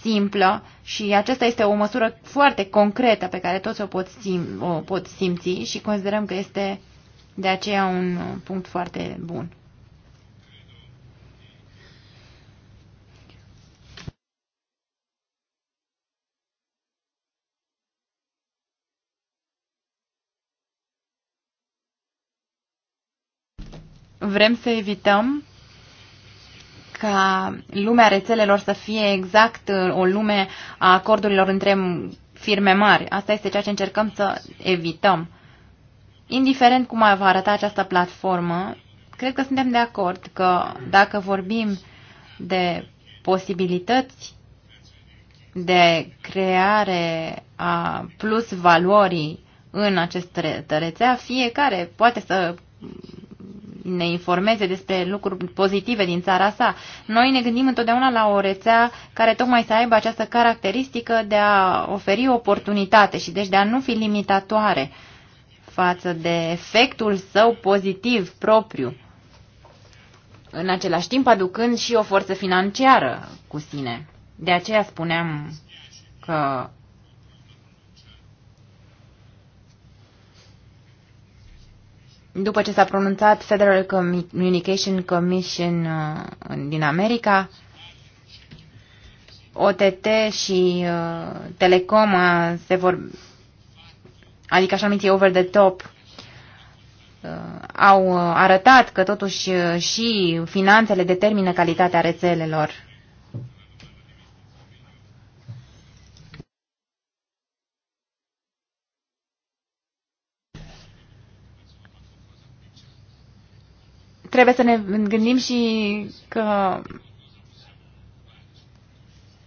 simplă și aceasta este o măsură foarte concretă pe care toți o pot, sim, o pot simți și considerăm că este de aceea un uh, punct foarte bun. Vrem să evităm ca lumea rețelelor să fie exact uh, o lume a acordurilor între firme mari. Asta este ceea ce încercăm să evităm. Indiferent cum va arăta această platformă, cred că suntem de acord că dacă vorbim de posibilități de creare a plus valorii în această rețea, fiecare poate să ne informeze despre lucruri pozitive din țara sa. Noi ne gândim întotdeauna la o rețea care tocmai să aibă această caracteristică de a oferi oportunitate și deci de a nu fi limitatoare față de efectul său pozitiv propriu, în același timp aducând și o forță financiară cu sine. De aceea spuneam că după ce s-a pronunțat Federal Communication Commission uh, din America, OTT și uh, Telecom uh, se vor, adică așa numiții over the top, uh, au uh, arătat că totuși uh, și finanțele determină calitatea rețelelor trebuie să ne gândim și că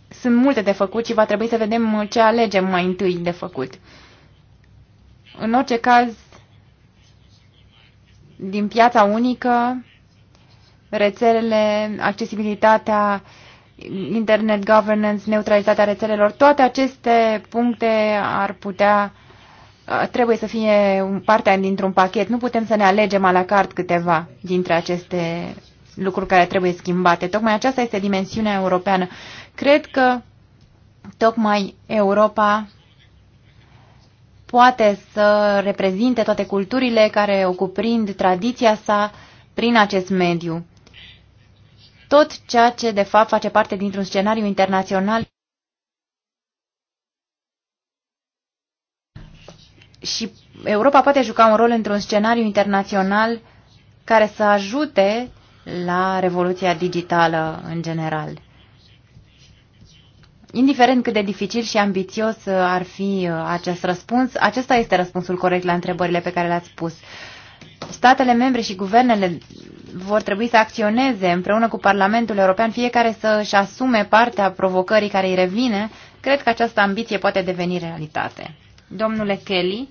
sunt multe de făcut și va trebui să vedem ce alegem mai întâi de făcut. În orice caz, din piața unică, rețelele, accesibilitatea, internet governance, neutralitatea rețelelor, toate aceste puncte ar putea trebuie să fie partea dintr-un pachet. Nu putem să ne alegem a la cart câteva dintre aceste lucruri care trebuie schimbate. Tocmai aceasta este dimensiunea europeană. Cred că tocmai Europa poate să reprezinte toate culturile care o cuprind tradiția sa prin acest mediu. Tot ceea ce de fapt face parte dintr-un scenariu internațional și Europa poate juca un rol într-un scenariu internațional care să ajute la revoluția digitală în general. Indiferent cât de dificil și ambițios ar fi acest răspuns, acesta este răspunsul corect la întrebările pe care le-ați pus. Statele membre și guvernele vor trebui să acționeze împreună cu Parlamentul European, fiecare să-și asume partea provocării care îi revine. Cred că această ambiție poate deveni realitate. Domnule Kelly,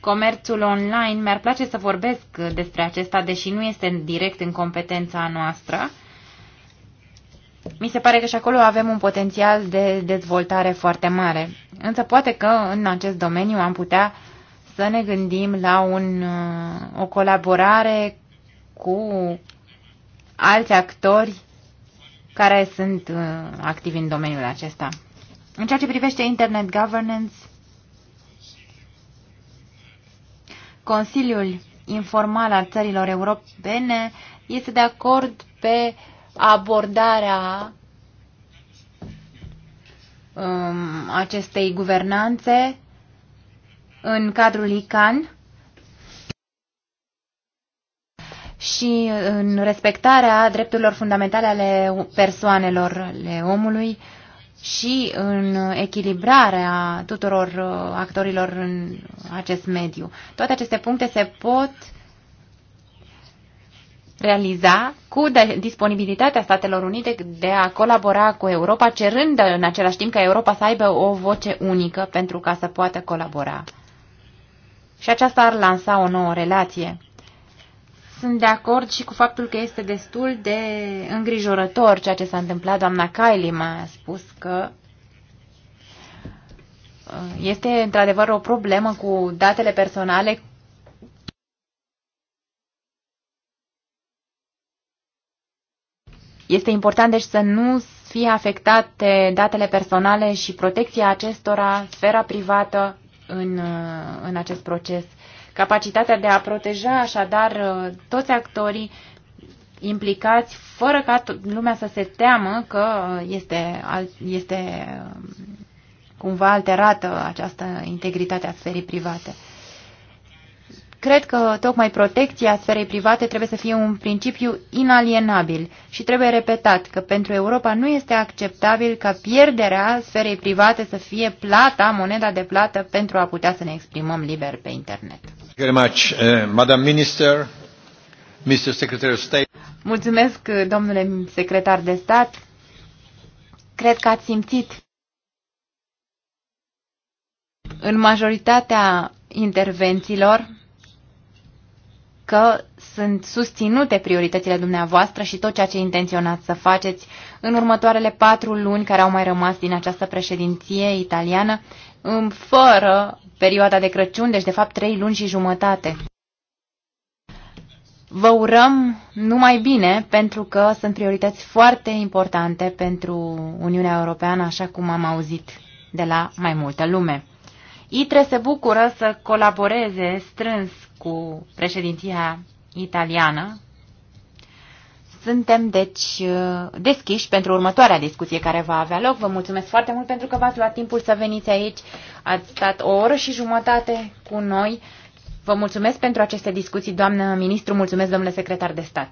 comerțul online. Mi-ar place să vorbesc despre acesta, deși nu este direct în competența noastră. Mi se pare că și acolo avem un potențial de dezvoltare foarte mare. Însă poate că în acest domeniu am putea să ne gândim la un, o colaborare cu alți actori care sunt uh, activi în domeniul acesta. În ceea ce privește Internet Governance, Consiliul informal al țărilor europene este de acord pe abordarea um, acestei guvernanțe în cadrul ICAN și în respectarea drepturilor fundamentale ale persoanelor, ale omului, și în echilibrarea tuturor uh, actorilor în acest mediu. Toate aceste puncte se pot realiza cu disponibilitatea Statelor Unite de a colabora cu Europa, cerând în același timp ca Europa să aibă o voce unică pentru ca să poată colabora. Și aceasta ar lansa o nouă relație. Sunt de acord și cu faptul că este destul de îngrijorător ceea ce s-a întâmplat. Doamna Kylie m-a spus că uh, este într-adevăr o problemă cu datele personale Este important deci să nu fie afectate datele personale și protecția acestora, sfera privată în, uh, în acest proces. Capacitatea de a proteja așadar uh, toți actorii implicați fără ca lumea să se teamă că uh, este, este um, cumva alterată această integritate a sferii private. Cred că tocmai protecția sferei private trebuie să fie un principiu inalienabil și trebuie repetat că pentru Europa nu este acceptabil ca pierderea sferei private să fie plata, moneda de plată pentru a putea să ne exprimăm liber pe internet. Very much, uh, Madam Minister, Mr. Secretary of State. Mulțumesc, domnule secretar de stat. Cred că ați simțit în majoritatea intervențiilor că sunt susținute prioritățile dumneavoastră și tot ceea ce intenționați să faceți în următoarele patru luni care au mai rămas din această președinție italiană, în fără perioada de Crăciun, deci de fapt trei luni și jumătate. Vă urăm numai bine pentru că sunt priorități foarte importante pentru Uniunea Europeană, așa cum am auzit de la mai multă lume. ITRE se bucură să colaboreze strâns cu președinția italiană. Suntem, deci, uh, deschiși pentru următoarea discuție care va avea loc. Vă mulțumesc foarte mult pentru că v-ați luat timpul să veniți aici. Ați stat o oră și jumătate cu noi. Vă mulțumesc pentru aceste discuții, doamnă ministru, mulțumesc, domnule secretar de stat.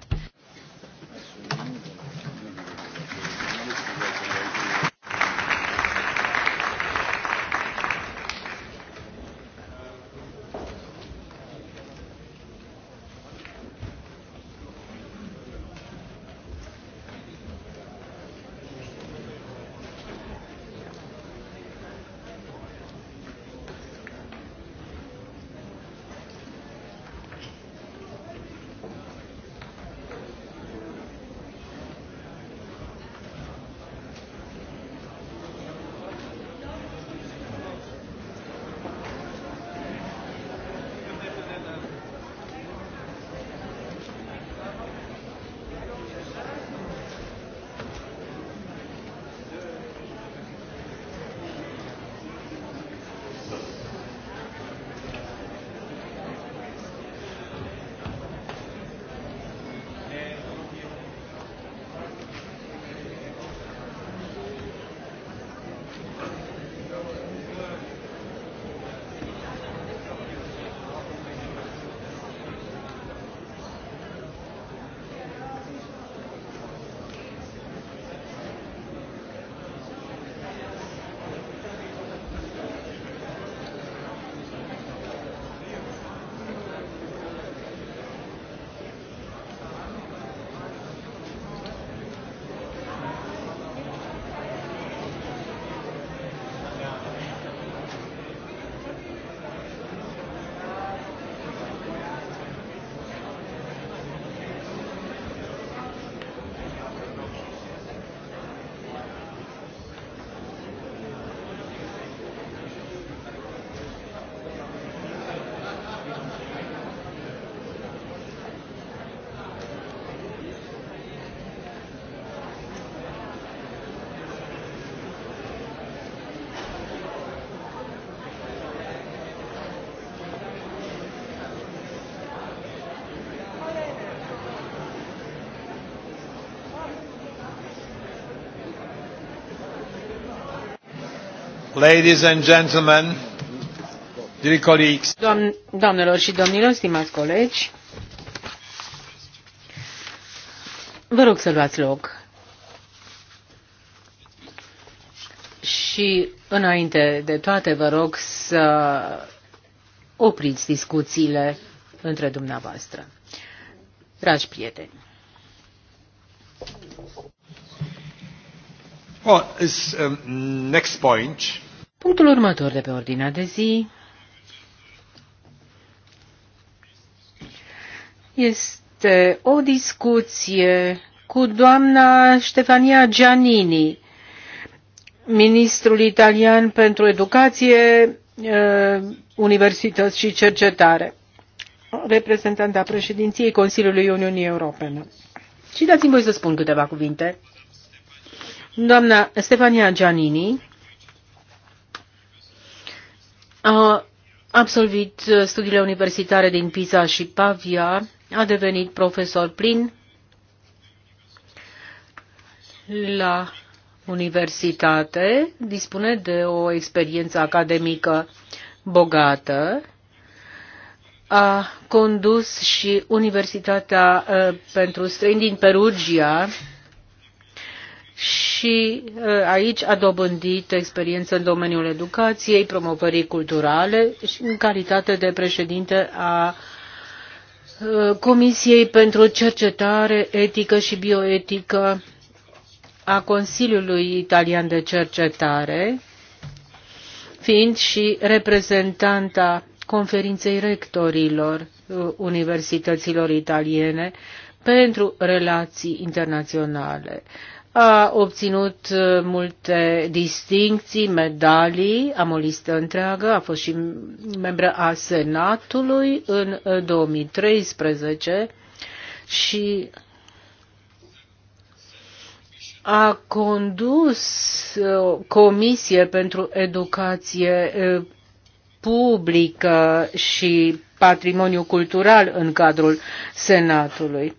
Ladies and gentlemen, dear colleagues. doamnelor și domnilor, stimați colegi, vă rog să luați loc. Și înainte de toate, vă rog să opriți discuțiile între dumneavoastră. Dragi prieteni, Well, this um, next point Punctul următor de pe ordinea de zi este o discuție cu doamna Ștefania Giannini, ministrul italian pentru educație, uh, universități și cercetare, reprezentanta președinției Consiliului Uniunii Europene. Și dați-mi voi să spun câteva cuvinte. Doamna Stefania Giannini a absolvit studiile universitare din Pisa și Pavia, a devenit profesor plin la universitate, dispune de o experiență academică bogată, a condus și Universitatea uh, pentru Străini din Perugia, și uh, aici a dobândit experiență în domeniul educației, promovării culturale și în calitate de președinte a uh, Comisiei pentru Cercetare Etică și Bioetică a Consiliului Italian de Cercetare, fiind și reprezentanta conferinței rectorilor uh, universităților italiene pentru relații internaționale a obținut uh, multe distincții, medalii, am o listă întreagă, a fost și membră a Senatului în 2013 uh, și a condus uh, o comisie pentru educație publică și patrimoniu cultural în cadrul Senatului.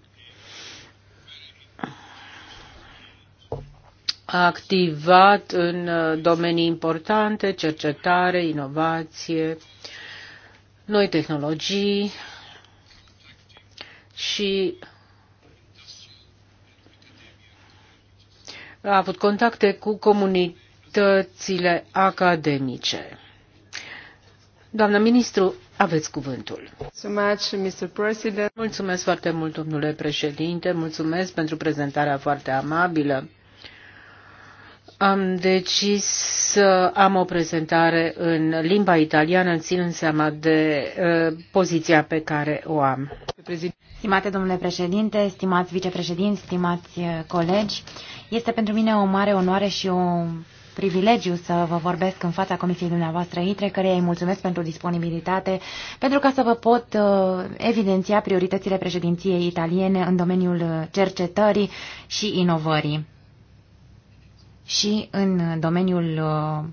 a activat în uh, domenii importante, cercetare, inovație, noi tehnologii și a avut contacte cu comunitățile academice. Doamna ministru, aveți cuvântul. Mulțumesc foarte mult, domnule președinte, mulțumesc pentru prezentarea foarte amabilă am decis să am o prezentare în limba italiană, ținând seama de uh, poziția pe care o am. Stimate domnule președinte, stimați vicepreședinți, stimați uh, colegi, este pentru mine o mare onoare și o privilegiu să vă vorbesc în fața comisiei dumneavoastră ITRE, care îi mulțumesc pentru disponibilitate, pentru ca să vă pot uh, evidenția prioritățile președinției italiene în domeniul uh, cercetării și inovării și în domeniul uh,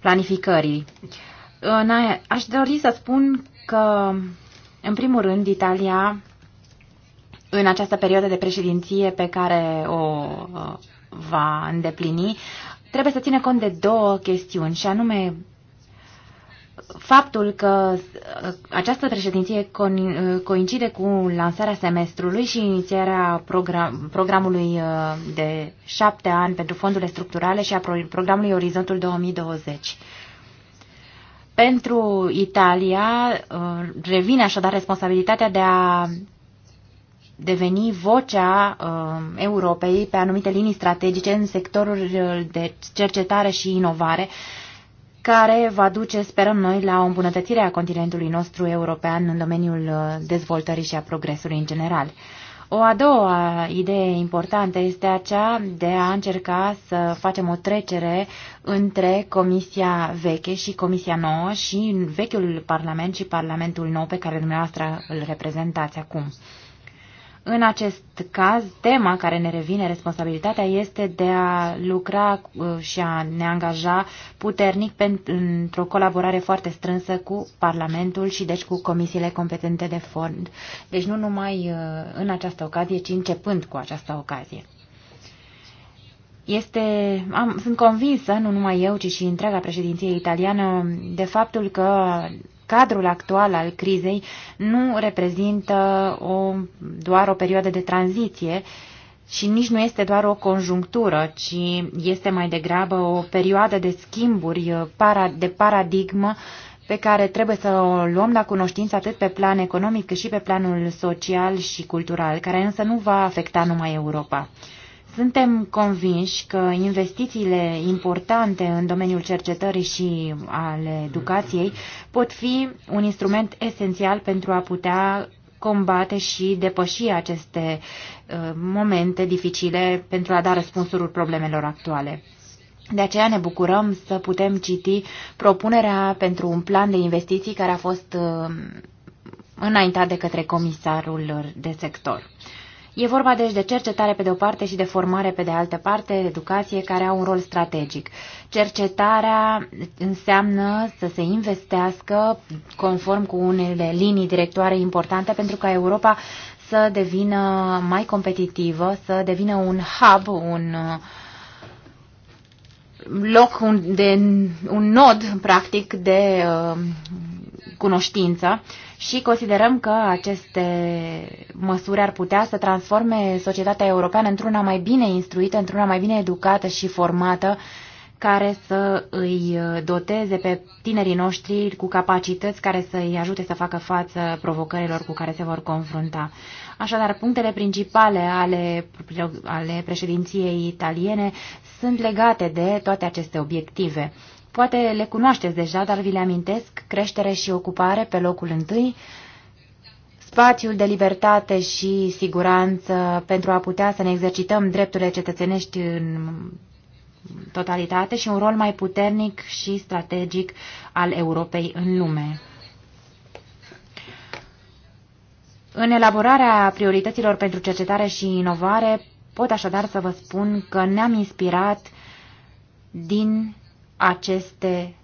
planificării. Uh, aș dori să spun că, în primul rând, Italia, în această perioadă de președinție pe care o uh, va îndeplini, trebuie să ține cont de două chestiuni, și anume faptul că uh, această președinție uh, coincide cu lansarea semestrului și inițierea program, programului uh, de șapte ani pentru fondurile structurale și a programului Orizontul 2020. Pentru Italia revine așadar responsabilitatea de a deveni vocea Europei pe anumite linii strategice în sectorul de cercetare și inovare, care va duce, sperăm noi, la o îmbunătățire a continentului nostru european în domeniul uh, dezvoltării și a progresului în general. O a doua idee importantă este aceea de a încerca să facem o trecere între Comisia veche și Comisia nouă și vechiul Parlament și Parlamentul nou pe care dumneavoastră îl reprezentați acum. În acest caz, tema care ne revine, responsabilitatea, este de a lucra uh, și a ne angaja puternic într-o colaborare foarte strânsă cu Parlamentul și deci cu comisiile competente de fond. Deci nu numai uh, în această ocazie, ci începând cu această ocazie. Este, am, sunt convinsă, nu numai eu, ci și întreaga președinție italiană, de faptul că cadrul actual al crizei nu reprezintă o, doar o perioadă de tranziție și nici nu este doar o conjunctură, ci este mai degrabă o perioadă de schimburi uh, de paradigmă pe care trebuie să o luăm la cunoștință atât pe plan economic cât și pe planul social și cultural, care însă nu va afecta numai Europa. Suntem convinși că investițiile importante în domeniul cercetării și al educației pot fi un instrument esențial pentru a putea combate și depăși aceste uh, momente dificile pentru a da răspunsuri problemelor actuale. De aceea ne bucurăm să putem citi propunerea pentru un plan de investiții care a fost uh, înaintat de către comisarul de sector. E vorba deci de cercetare pe de o parte și de formare pe de altă parte, educație, care au un rol strategic. Cercetarea înseamnă să se investească conform cu unele linii directoare importante pentru ca Europa să devină mai competitivă, să devină un hub, un uh, loc, un, de, un nod, practic, de uh, cunoștință și considerăm că aceste măsuri ar putea să transforme societatea europeană într-una mai bine instruită, într-una mai bine educată și formată, care să îi doteze pe tinerii noștri cu capacități care să îi ajute să facă față provocărilor cu care se vor confrunta. Așadar, punctele principale ale, ale președinției italiene sunt legate de toate aceste obiective. Poate le cunoașteți deja, dar vi le amintesc, creștere și ocupare pe locul întâi, spațiul de libertate și siguranță pentru a putea să ne exercităm drepturile cetățenești în totalitate și un rol mai puternic și strategic al Europei în lume. În elaborarea priorităților pentru cercetare și inovare, pot așadar să vă spun că ne-am inspirat din aceste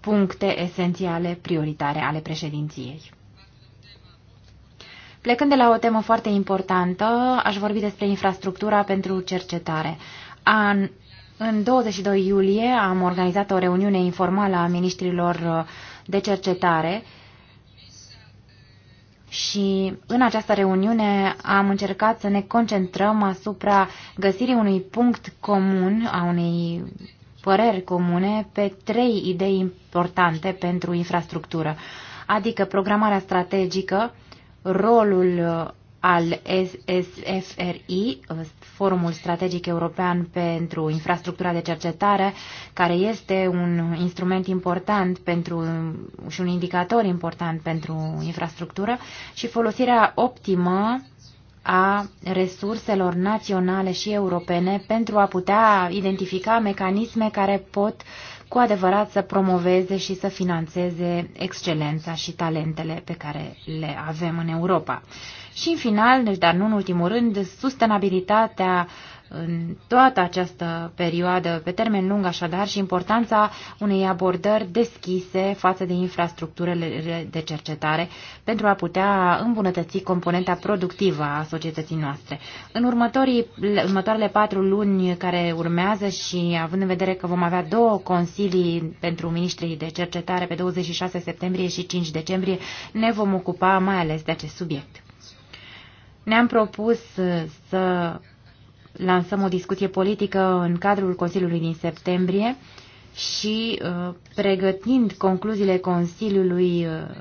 puncte esențiale prioritare ale președinției. Plecând de la o temă foarte importantă, aș vorbi despre infrastructura pentru cercetare. An, în 22 iulie am organizat o reuniune informală a ministrilor uh, de cercetare și în această reuniune am încercat să ne concentrăm asupra găsirii unui punct comun, a unei păreri comune pe trei idei importante pentru infrastructură, adică programarea strategică, rolul uh, al SSFRI, uh, Forumul Strategic European pentru Infrastructura de Cercetare, care este un instrument important pentru, și un indicator important pentru infrastructură, și folosirea optimă a resurselor naționale și europene pentru a putea identifica mecanisme care pot cu adevărat să promoveze și să financeze excelența și talentele pe care le avem în Europa. Și în final, deci dar nu în ultimul rând, sustenabilitatea în toată această perioadă, pe termen lung așadar, și importanța unei abordări deschise față de infrastructurile de cercetare pentru a putea îmbunătăți componenta productivă a societății noastre. În următorii, următoarele patru luni care urmează și având în vedere că vom avea două consilii pentru ministrii de cercetare pe 26 septembrie și 5 decembrie, ne vom ocupa mai ales de acest subiect. Ne-am propus să lansăm o discuție politică în cadrul Consiliului din septembrie și uh, pregătind concluziile Consiliului uh,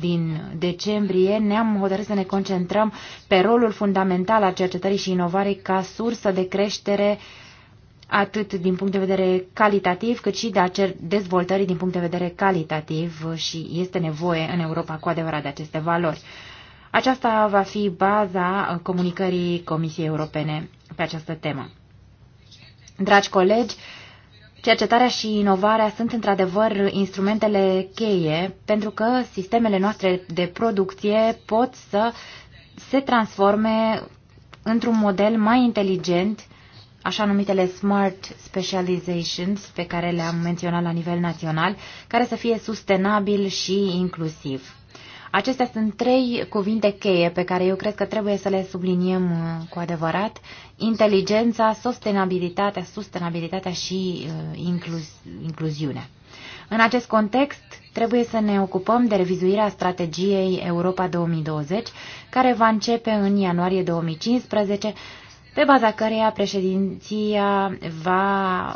din decembrie, ne-am hotărât să ne concentrăm pe rolul fundamental al cercetării și inovării ca sursă de creștere atât din punct de vedere calitativ, cât și de dezvoltării din punct de vedere calitativ și este nevoie în Europa cu adevărat de aceste valori. Aceasta va fi baza uh, comunicării Comisiei Europene pe această temă. Dragi colegi, cercetarea și inovarea sunt într-adevăr instrumentele cheie pentru că sistemele noastre de producție pot să se transforme într-un model mai inteligent, așa numitele smart specializations pe care le-am menționat la nivel național, care să fie sustenabil și inclusiv. Acestea sunt trei cuvinte cheie pe care eu cred că trebuie să le subliniem uh, cu adevărat. Inteligența, sustenabilitatea, sustenabilitatea și uh, incluz, incluziunea. În acest context, trebuie să ne ocupăm de revizuirea strategiei Europa 2020, care va începe în ianuarie 2015, pe baza căreia președinția va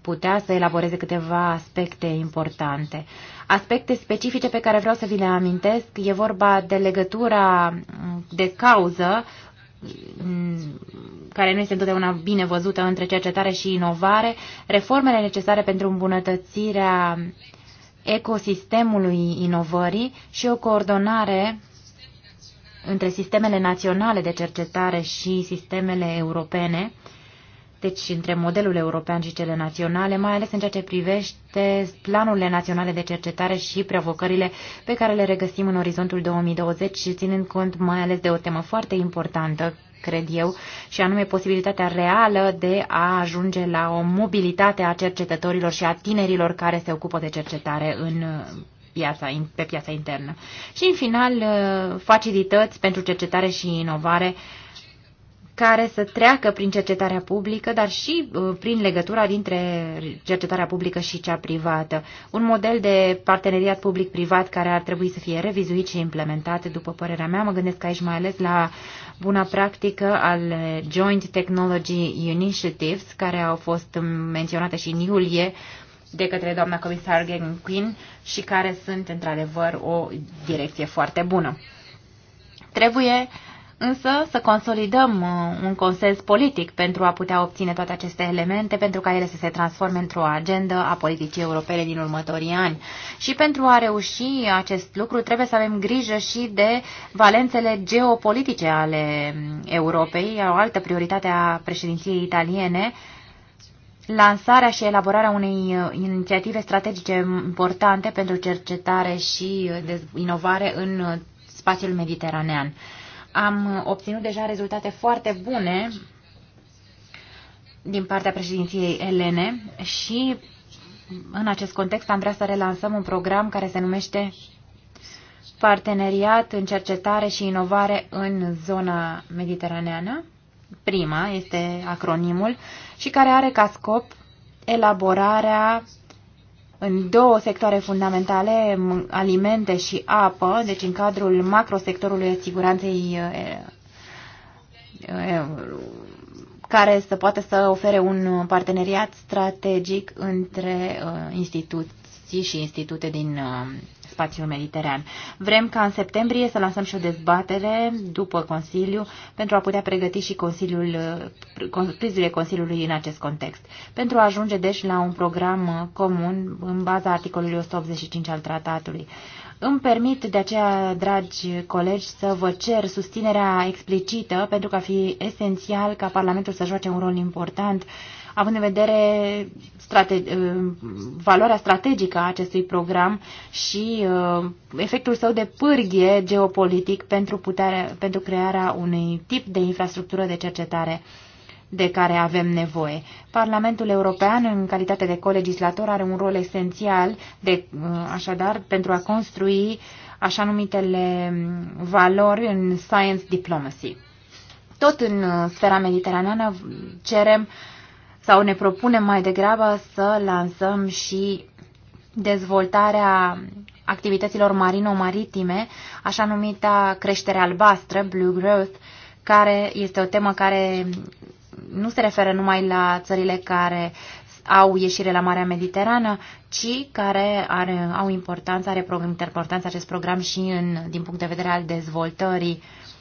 putea să elaboreze câteva aspecte importante. Aspecte specifice pe care vreau să vi le amintesc, e vorba de legătura de cauză mm, care nu este întotdeauna bine văzută între cercetare și inovare, reformele necesare pentru îmbunătățirea ecosistemului inovării și o coordonare între sistemele naționale de cercetare și sistemele europene, deci între modelul european și cele naționale, mai ales în ceea ce privește planurile naționale de cercetare și provocările pe care le regăsim în orizontul 2020 și ținând cont mai ales de o temă foarte importantă, cred eu, și anume posibilitatea reală de a ajunge la o mobilitate a cercetătorilor și a tinerilor care se ocupă de cercetare în uh, piața, pe piața internă. Și, în final, uh, facilități pentru cercetare și inovare care să treacă prin cercetarea publică, dar și uh, prin legătura dintre cercetarea publică și cea privată. Un model de parteneriat public-privat care ar trebui să fie revizuit și implementat, după părerea mea. Mă gândesc aici mai ales la buna practică al Joint Technology Initiatives, care au fost menționate și în iulie de către doamna comisar Gang Quinn și care sunt într-adevăr o direcție foarte bună. Trebuie uh, însă să consolidăm uh, un consens politic pentru a putea obține toate aceste elemente, pentru ca ele să se transforme într-o agendă a politicii europene din următorii ani. Și pentru a reuși acest lucru trebuie să avem grijă și de valențele geopolitice ale mm, Europei, o altă prioritate a președinției italiene, lansarea și elaborarea unei uh, inițiative strategice importante pentru cercetare și uh, inovare în spațiul mediteranean am obținut deja rezultate foarte bune din partea președinției Elene și în acest context am vrea să relansăm un program care se numește Parteneriat în cercetare și inovare în zona mediteraneană. Prima este acronimul și care are ca scop elaborarea în două sectoare fundamentale, alimente și apă, deci în cadrul macrosectorului siguranței care să poată să ofere un parteneriat strategic între instituții și institute din spațiul mediteran. Vrem ca în septembrie să lansăm și o dezbatere după Consiliu pentru a putea pregăti și Consiliul, concluziile eh, Consiliului în acest context, pentru a ajunge deci la un program eh, comun în baza articolului 185 al tratatului. Îmi permit de aceea, dragi colegi, să vă cer susținerea explicită pentru că a fi esențial ca Parlamentul să joace un rol important uh, având în vedere strate eh, valoarea strategică a acestui program și eh, efectul său de pârghie geopolitic pentru, putere, pentru crearea unui tip de infrastructură de cercetare de care avem nevoie. Parlamentul European, în calitate de colegislator, are un rol esențial de, eh, așadar, pentru a construi așa numitele mm, valori în science diplomacy. Tot în sfera mediteraneană cerem uh, sau ne propunem mai degrabă să lansăm și dezvoltarea activităților marino-maritime, așa numita creștere albastră, Blue Growth, care este o temă care nu se referă numai la țările care au ieșire la Marea Mediterană, ci care are, au importanță, are importanță acest program și în, din punct de vedere al dezvoltării uh,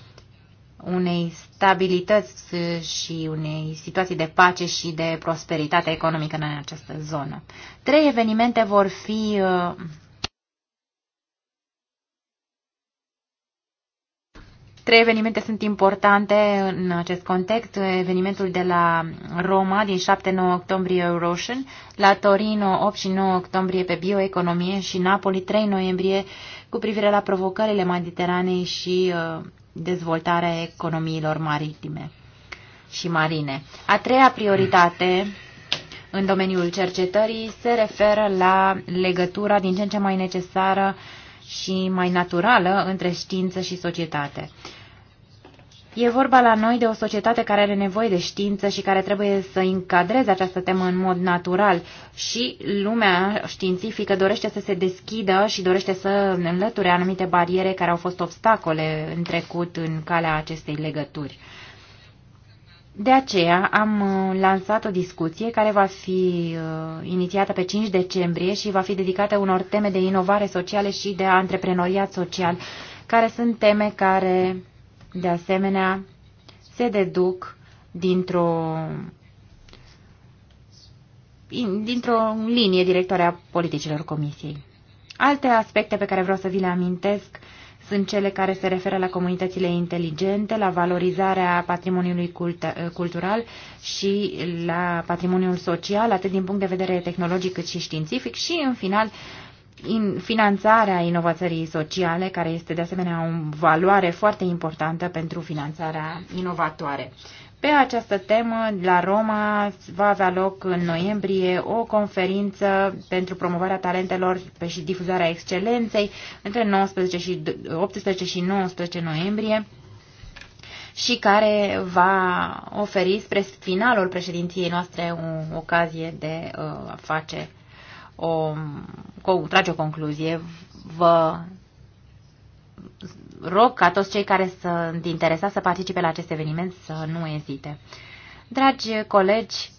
unei stabilități și unei situații de pace și de prosperitate economică în această zonă. Trei evenimente vor fi uh, Trei evenimente sunt importante în acest context. Evenimentul de la Roma din 7-9 octombrie Eurotion, la Torino 8 și 9 octombrie pe bioeconomie și Napoli 3 noiembrie cu privire la provocările Mediteranei și uh, dezvoltarea economiilor maritime și marine. A treia prioritate în domeniul cercetării se referă la legătura din ce în ce mai necesară și mai naturală între știință și societate. E vorba la noi de o societate care are nevoie de știință și care trebuie să încadreze această temă în mod natural și lumea științifică dorește să se deschidă și dorește să înlăture anumite bariere care au fost obstacole în trecut în calea acestei legături. De aceea am uh, lansat o discuție care va fi uh, inițiată pe 5 decembrie și va fi dedicată unor teme de inovare sociale și de antreprenoriat social, care sunt teme care, de asemenea, se deduc dintr-o dintr linie directoare a politicilor Comisiei. Alte aspecte pe care vreau să vi le amintesc sunt cele care se referă la comunitățile inteligente, la valorizarea patrimoniului cult eh, cultural și la patrimoniul social, atât din punct de vedere tehnologic cât și științific și, în final, in finanțarea inovațării sociale, care este de asemenea o valoare foarte importantă pentru finanțarea inovatoare. Pe această temă, la Roma va avea loc în noiembrie o conferință pentru promovarea talentelor și difuzarea excelenței între 19 și 18 și 19 noiembrie și care va oferi spre finalul președinției noastre o ocazie de uh, a face o, trage o concluzie. Vă rog ca toți cei care sunt interesați să participe la acest eveniment să nu ezite. Dragi colegi,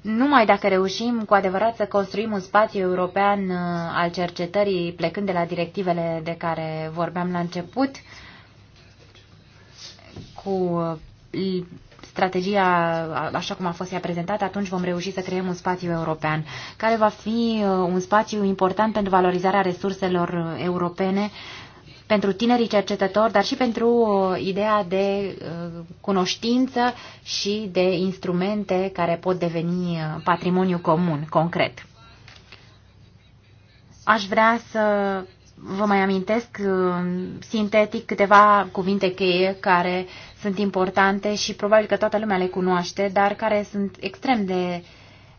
numai dacă reușim cu adevărat să construim un spațiu european uh, al cercetării, plecând de la directivele de care vorbeam la început, cu uh, strategia așa cum a fost ea prezentată, atunci vom reuși să creăm un spațiu european, care va fi uh, un spațiu important pentru valorizarea resurselor uh, europene, pentru tinerii cercetători, dar și pentru uh, ideea de cunoștință și de instrumente care pot deveni patrimoniu comun, concret. Aș vrea să Vă mai amintesc uh, sintetic câteva cuvinte cheie care sunt importante și probabil că toată lumea le cunoaște, dar care sunt extrem de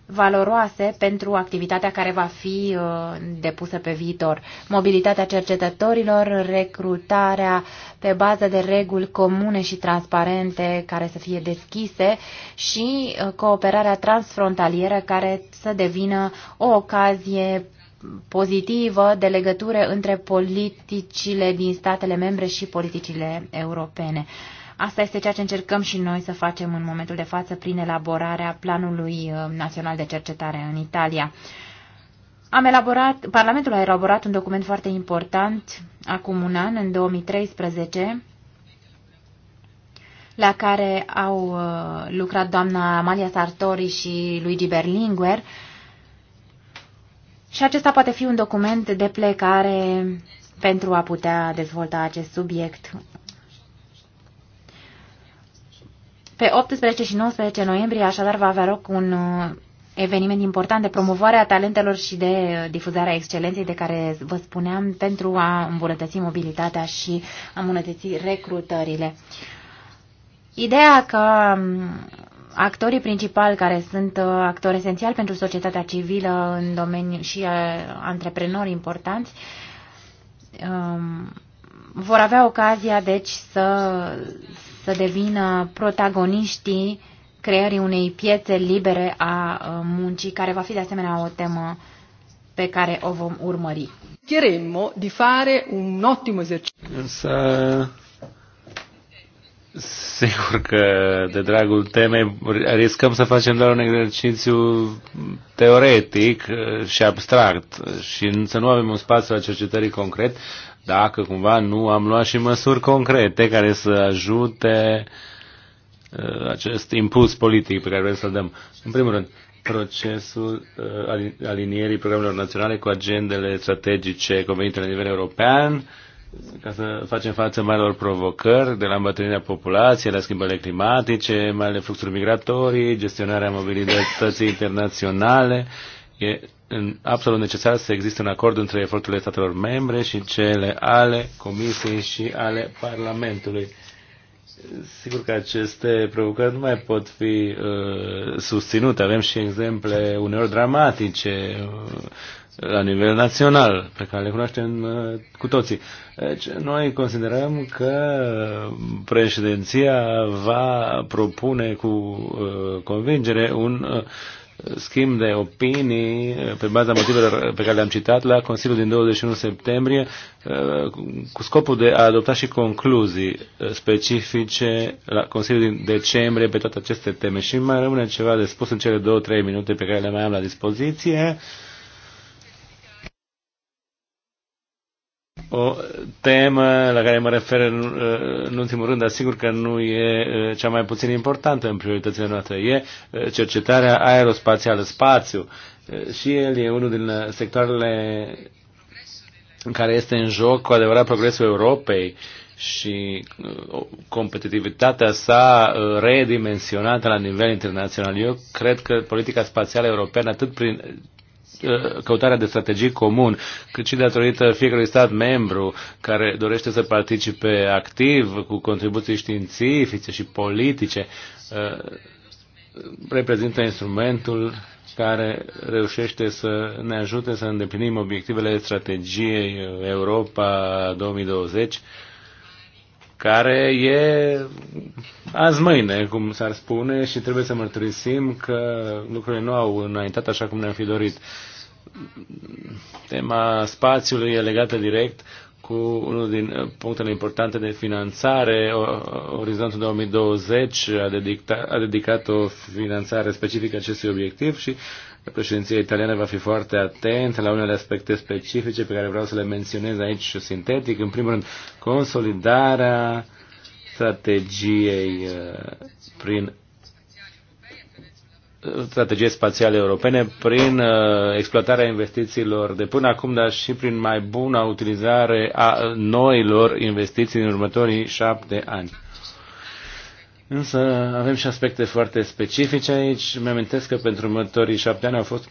valoroase pentru activitatea care va fi uh, depusă pe viitor. Mobilitatea cercetătorilor, recrutarea pe bază de reguli comune și transparente care să fie deschise și uh, cooperarea transfrontalieră care să devină o ocazie pozitivă de legătură între politicile din statele membre și politicile europene. Asta este ceea ce încercăm și noi să facem în momentul de față prin elaborarea Planului uh, Național de Cercetare în Italia. Am elaborat, Parlamentul a elaborat un document foarte important acum un an, în 2013, la care au uh, lucrat doamna Amalia Sartori și Luigi Berlinguer, și acesta poate fi un document de plecare pentru a putea dezvolta acest subiect. Pe 18 și 19 noiembrie așadar va avea loc un uh, eveniment important de promovare a talentelor și de uh, difuzarea excelenței de care vă spuneam pentru a îmbunătăți mobilitatea și a îmbunătăți recrutările. Ideea că um, Actorii principali care sunt uh, actori esențiali pentru societatea civilă în domeniu și uh, antreprenori importanți um, vor avea ocazia, deci, să, să devină protagoniștii creării unei piețe libere a uh, muncii, care va fi de asemenea o temă pe care o vom urmări. Ceremmo di fare un ottimo esercizio. Însă Sigur că, de dragul temei, riscăm să facem doar un exercițiu teoretic uh, și abstract și să nu avem un spațiu al cercetării concret dacă cumva nu am luat și măsuri concrete care să ajute uh, acest impuls politic pe care vrem să-l dăm. În primul rând, procesul uh, alinierii programelor naționale cu agendele strategice convenite la nivel european, ca să facem față marilor provocări, de la îmbătrânirea populației, la schimbările climatice, mai ales fluxuri migratorii, gestionarea mobilității internaționale. E absolut necesar să existe un acord între eforturile statelor membre și cele ale Comisiei și ale Parlamentului. Sigur că aceste provocări nu mai pot fi uh, susținute. Avem și exemple uneori dramatice. Uh, la nivel național, pe care le cunoaștem uh, cu toții. Deci, noi considerăm că președinția va propune cu uh, convingere un uh, schimb de opinii pe baza motivelor pe care le-am citat la Consiliul din 21 septembrie cu scopul de a adopta și concluzii specifice la Consiliul din decembrie pe toate aceste teme. Și mai rămâne ceva de spus în cele două-trei minute pe care le mai am la dispoziție. o temă la care mă refer în, în ultimul rând, dar sigur că nu e uh, cea mai puțin importantă în prioritățile noastre, e uh, cercetarea aerospațială, spațiu. Uh, și el e unul din sectoarele în care este în joc cu adevărat progresul Europei și competitivitatea sa redimensionată la nivel internațional. Eu cred că politica spațială europeană, atât prin Uh, căutarea de strategii comun, cât și datorită fiecărui stat membru care dorește să participe activ cu contribuții științifice și politice, uh, reprezintă instrumentul care reușește să ne ajute să îndeplinim obiectivele strategiei Europa 2020 care e azi mâine, cum s-ar spune, și trebuie să mărturisim că lucrurile nu au înaintat așa cum ne-am fi dorit. Tema spațiului e legată direct cu unul din punctele importante de finanțare. Orizontul 2020 a, dedicat, a dedicat o finanțare specifică acestui obiectiv și Președinția italiană va fi foarte atentă la unele aspecte specifice pe care vreau să le menționez aici sintetic. În primul rând, consolidarea strategiei uh, prin uh, strategie spațiale europene prin uh, exploatarea investițiilor de până acum, dar și prin mai bună utilizare a noilor investiții în următorii șapte ani. Însă avem și aspecte foarte specifice aici. Mă amintesc că pentru următorii șapte ani au fost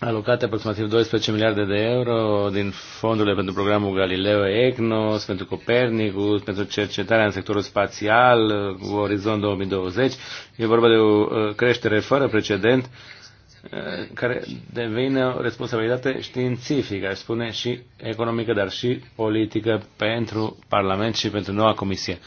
alocate aproximativ 12 miliarde de euro din fondurile pentru programul Galileo EGNOS, pentru Copernicus, pentru cercetarea în sectorul spațial, cu Orizont 2020. E vorba de o uh, creștere fără precedent uh, care devine o responsabilitate științifică, aș spune, și economică, dar și politică pentru Parlament și pentru noua Comisie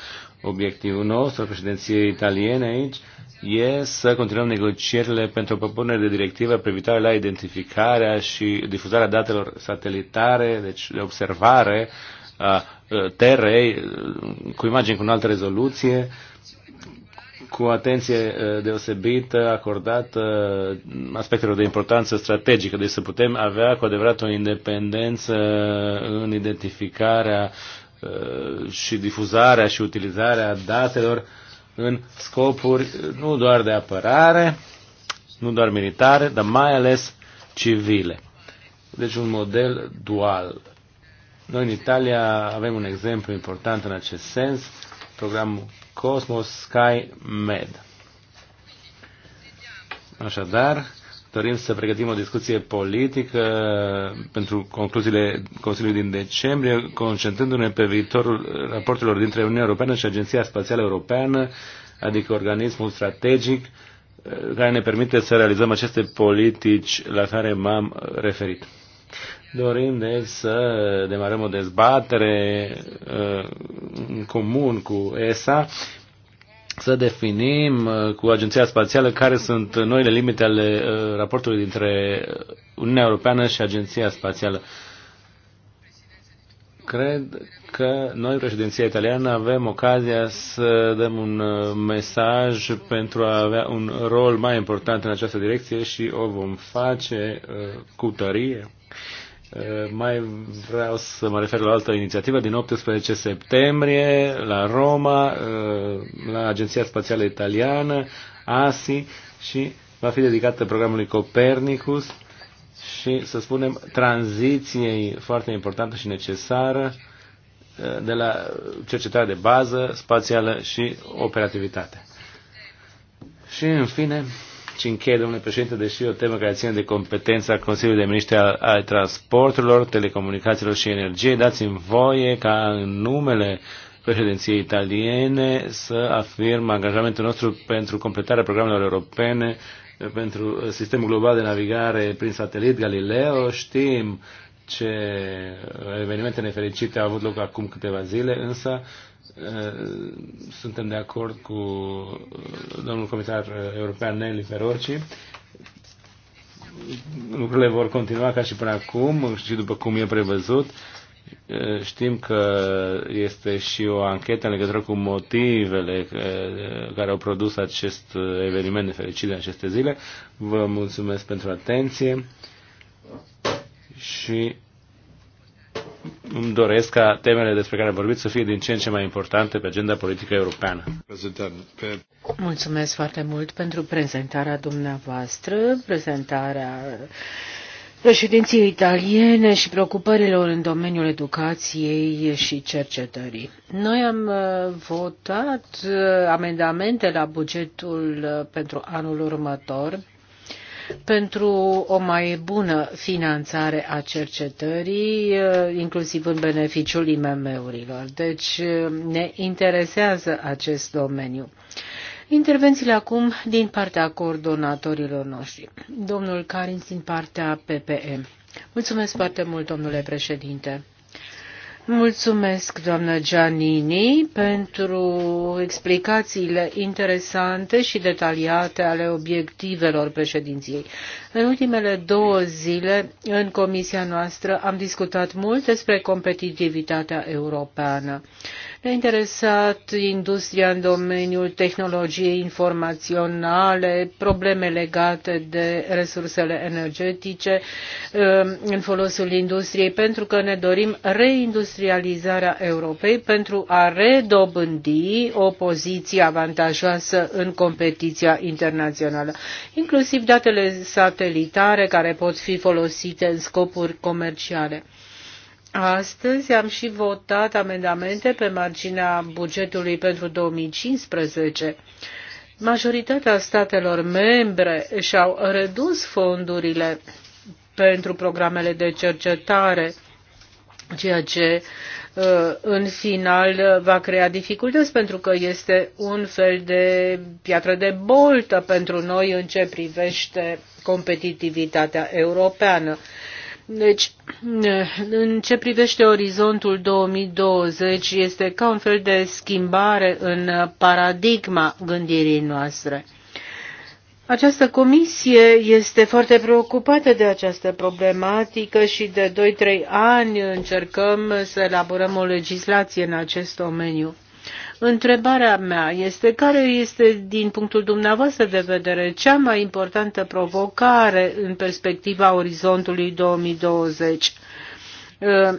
obiectivul nostru al președinției italiene aici e să continuăm negocierile pentru o propunere de directivă privitoare la identificarea și difuzarea datelor satelitare, deci de observare a terei cu imagini cu înaltă rezoluție, cu atenție deosebită acordată aspectelor de importanță strategică, deci să putem avea cu adevărat o independență în identificarea Uh, și difuzarea și utilizarea datelor în scopuri nu doar de apărare, nu doar militare, dar mai ales civile. Deci un model dual. Noi în Italia avem un exemplu important în acest sens, programul Cosmos Sky Med. Așadar, dorim să pregătim o discuție politică pentru concluziile Consiliului din decembrie, concentrându-ne pe viitorul raportelor dintre Uniunea Europeană și Agenția Spațială Europeană, adică organismul strategic eh, care ne permite să realizăm aceste politici la care m-am referit. Dorim, deci, să demarăm o dezbatere eh, în comun cu ESA să definim uh, cu Agenția Spațială care sunt noile limite ale uh, raportului dintre uh, Uniunea Europeană și Agenția Spațială. Cred că noi, președinția italiană, avem ocazia să dăm un mesaj pentru a avea un rol mai important în această direcție și o vom face cu tărie Eh, mai vreau să mă refer la o altă inițiativă din 18 septembrie la Roma, eh, la Agenția Spațială Italiană, ASI și va fi dedicată programului Copernicus și, să spunem, tranziției foarte importantă și necesară eh, de la cercetarea de bază, spațială și operativitate. Și, în fine, și încheie, domnule președinte, deși o temă care ține de competența Consiliului de Ministri al, al Transporturilor, Telecomunicațiilor și Energiei, dați-mi voie ca în numele președinției italiene să afirm angajamentul nostru pentru completarea programelor europene pentru sistemul global de navigare prin satelit Galileo. Știm ce evenimente nefericite au avut loc acum câteva zile, însă Eh, suntem de acord cu eh, domnul comisar eh, european Nelly Feroci. Lucrurile vor continua ca și până acum și după cum e prevăzut. Știm că este și o anchetă în legătură cu motivele care au produs acest eveniment nefericit în aceste zile. Vă mulțumesc pentru atenție și îmi doresc ca temele despre care vorbit să fie din ce în ce mai importante pe agenda politică europeană. Mulțumesc foarte mult pentru prezentarea dumneavoastră, prezentarea președinției italiene și preocupărilor în domeniul educației și cercetării. Noi am uh, votat uh, amendamente la bugetul uh, pentru anul următor pentru o mai bună finanțare a cercetării, eh, inclusiv în beneficiul IMM-urilor. Deci eh, ne interesează acest domeniu. Intervențiile acum din partea coordonatorilor noștri. Domnul Carins din partea PPM. Mulțumesc foarte mult, domnule președinte. Mulțumesc, doamnă Giannini, pentru explicațiile interesante și detaliate ale obiectivelor președinției. În ultimele două zile, în comisia noastră, am discutat mult despre competitivitatea europeană. Ne-a interesat industria în domeniul tehnologiei informaționale, probleme legate de resursele energetice um, în folosul industriei, pentru că ne dorim reindustrializarea Europei pentru a redobândi o poziție avantajoasă în competiția internațională, inclusiv datele satelitare care pot fi folosite în scopuri comerciale. Astăzi am și votat amendamente pe marginea bugetului pentru 2015. Majoritatea statelor membre și-au redus fondurile pentru programele de cercetare, ceea ce uh, în final uh, va crea dificultăți pentru că este un fel de piatră de boltă pentru noi în ce privește competitivitatea europeană. Deci, în ce privește orizontul 2020, este ca un fel de schimbare în paradigma gândirii noastre. Această comisie este foarte preocupată de această problematică și de 2-3 ani încercăm să elaborăm o legislație în acest domeniu. Întrebarea mea este care este, din punctul dumneavoastră de vedere, cea mai importantă provocare în perspectiva orizontului 2020? Uh,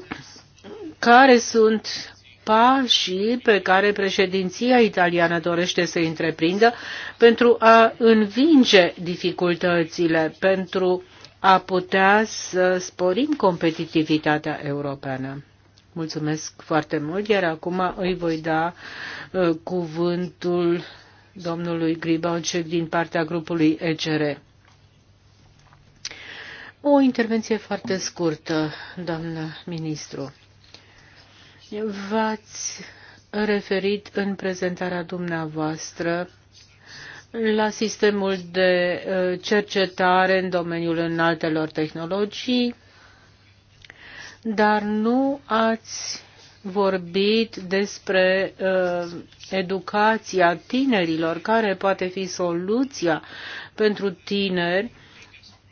care sunt pașii pe care președinția italiană dorește să întreprindă pentru a învinge dificultățile, pentru a putea să sporim competitivitatea europeană. Mulțumesc foarte mult, iar acum îi voi da uh, cuvântul domnului Gribaucek din partea grupului ECR. O intervenție foarte scurtă, doamnă ministru. V-ați referit în prezentarea dumneavoastră la sistemul de uh, cercetare în domeniul înaltelor tehnologii, dar nu ați vorbit despre uh, educația tinerilor, care poate fi soluția pentru tineri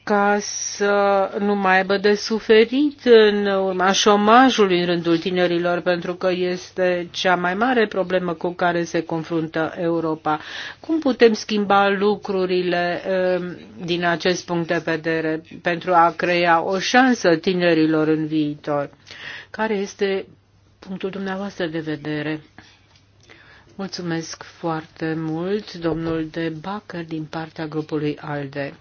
ca să nu mai aibă de suferit în urma șomajului în rândul tinerilor, pentru că este cea mai mare problemă cu care se confruntă Europa. Cum putem schimba lucrurile um, din acest punct de vedere pentru a crea o șansă tinerilor în viitor? Care este punctul dumneavoastră de vedere? Mulțumesc foarte mult, domnul de Bacăr, din partea grupului ALDE.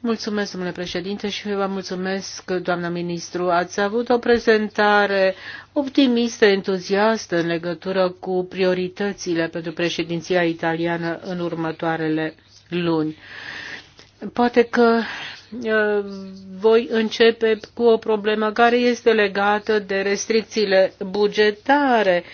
Mulțumesc, domnule președinte, și vă mulțumesc, doamnă ministru. Ați avut o prezentare optimistă, entuziastă în legătură cu prioritățile pentru președinția italiană în următoarele luni. Poate că Eh, voi începe cu o problemă care este legată de restricțiile bugetare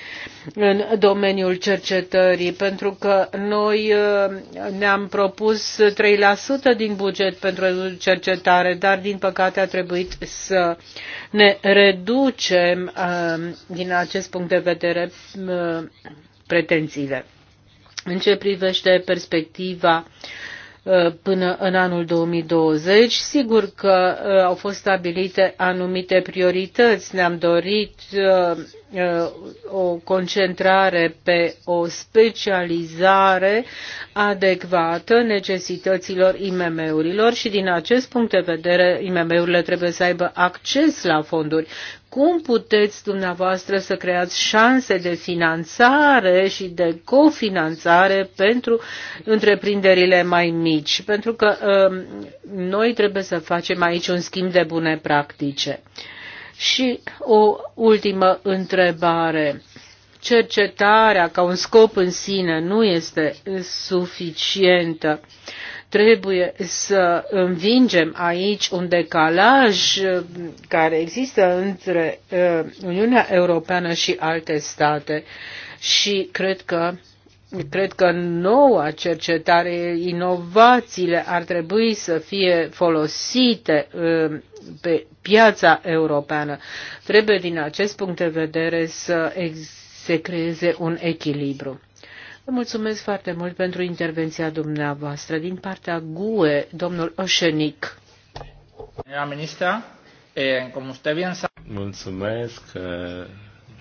în domeniul cercetării, pentru că noi eh, ne-am propus 3% din buget pentru cercetare, dar din păcate a trebuit să ne reducem eh, din acest punct de vedere pretențiile. În ce privește perspectiva uh, Uh, până în anul 2020. Sigur că uh, au fost stabilite anumite priorități. Ne-am dorit uh, o concentrare pe o specializare adecvată necesităților IMM-urilor și din acest punct de vedere IMM-urile trebuie să aibă acces la fonduri cum puteți dumneavoastră să creați șanse de finanțare și de cofinanțare pentru întreprinderile mai mici? Pentru că um, noi trebuie să facem aici un schimb de bune practice. Și o ultimă întrebare. Cercetarea ca un scop în sine nu este suficientă. Uh, trebuie să învingem aici un decalaj uh, care există între uh, Uniunea Europeană și alte state și cred că cred că noua cercetare, inovațiile ar trebui să fie folosite uh, pe piața europeană. Trebuie din acest punct de vedere să se creeze un echilibru. Mulțumesc foarte mult pentru intervenția dumneavoastră. Din partea GUE, domnul Oșenic. ministra, cum Mulțumesc,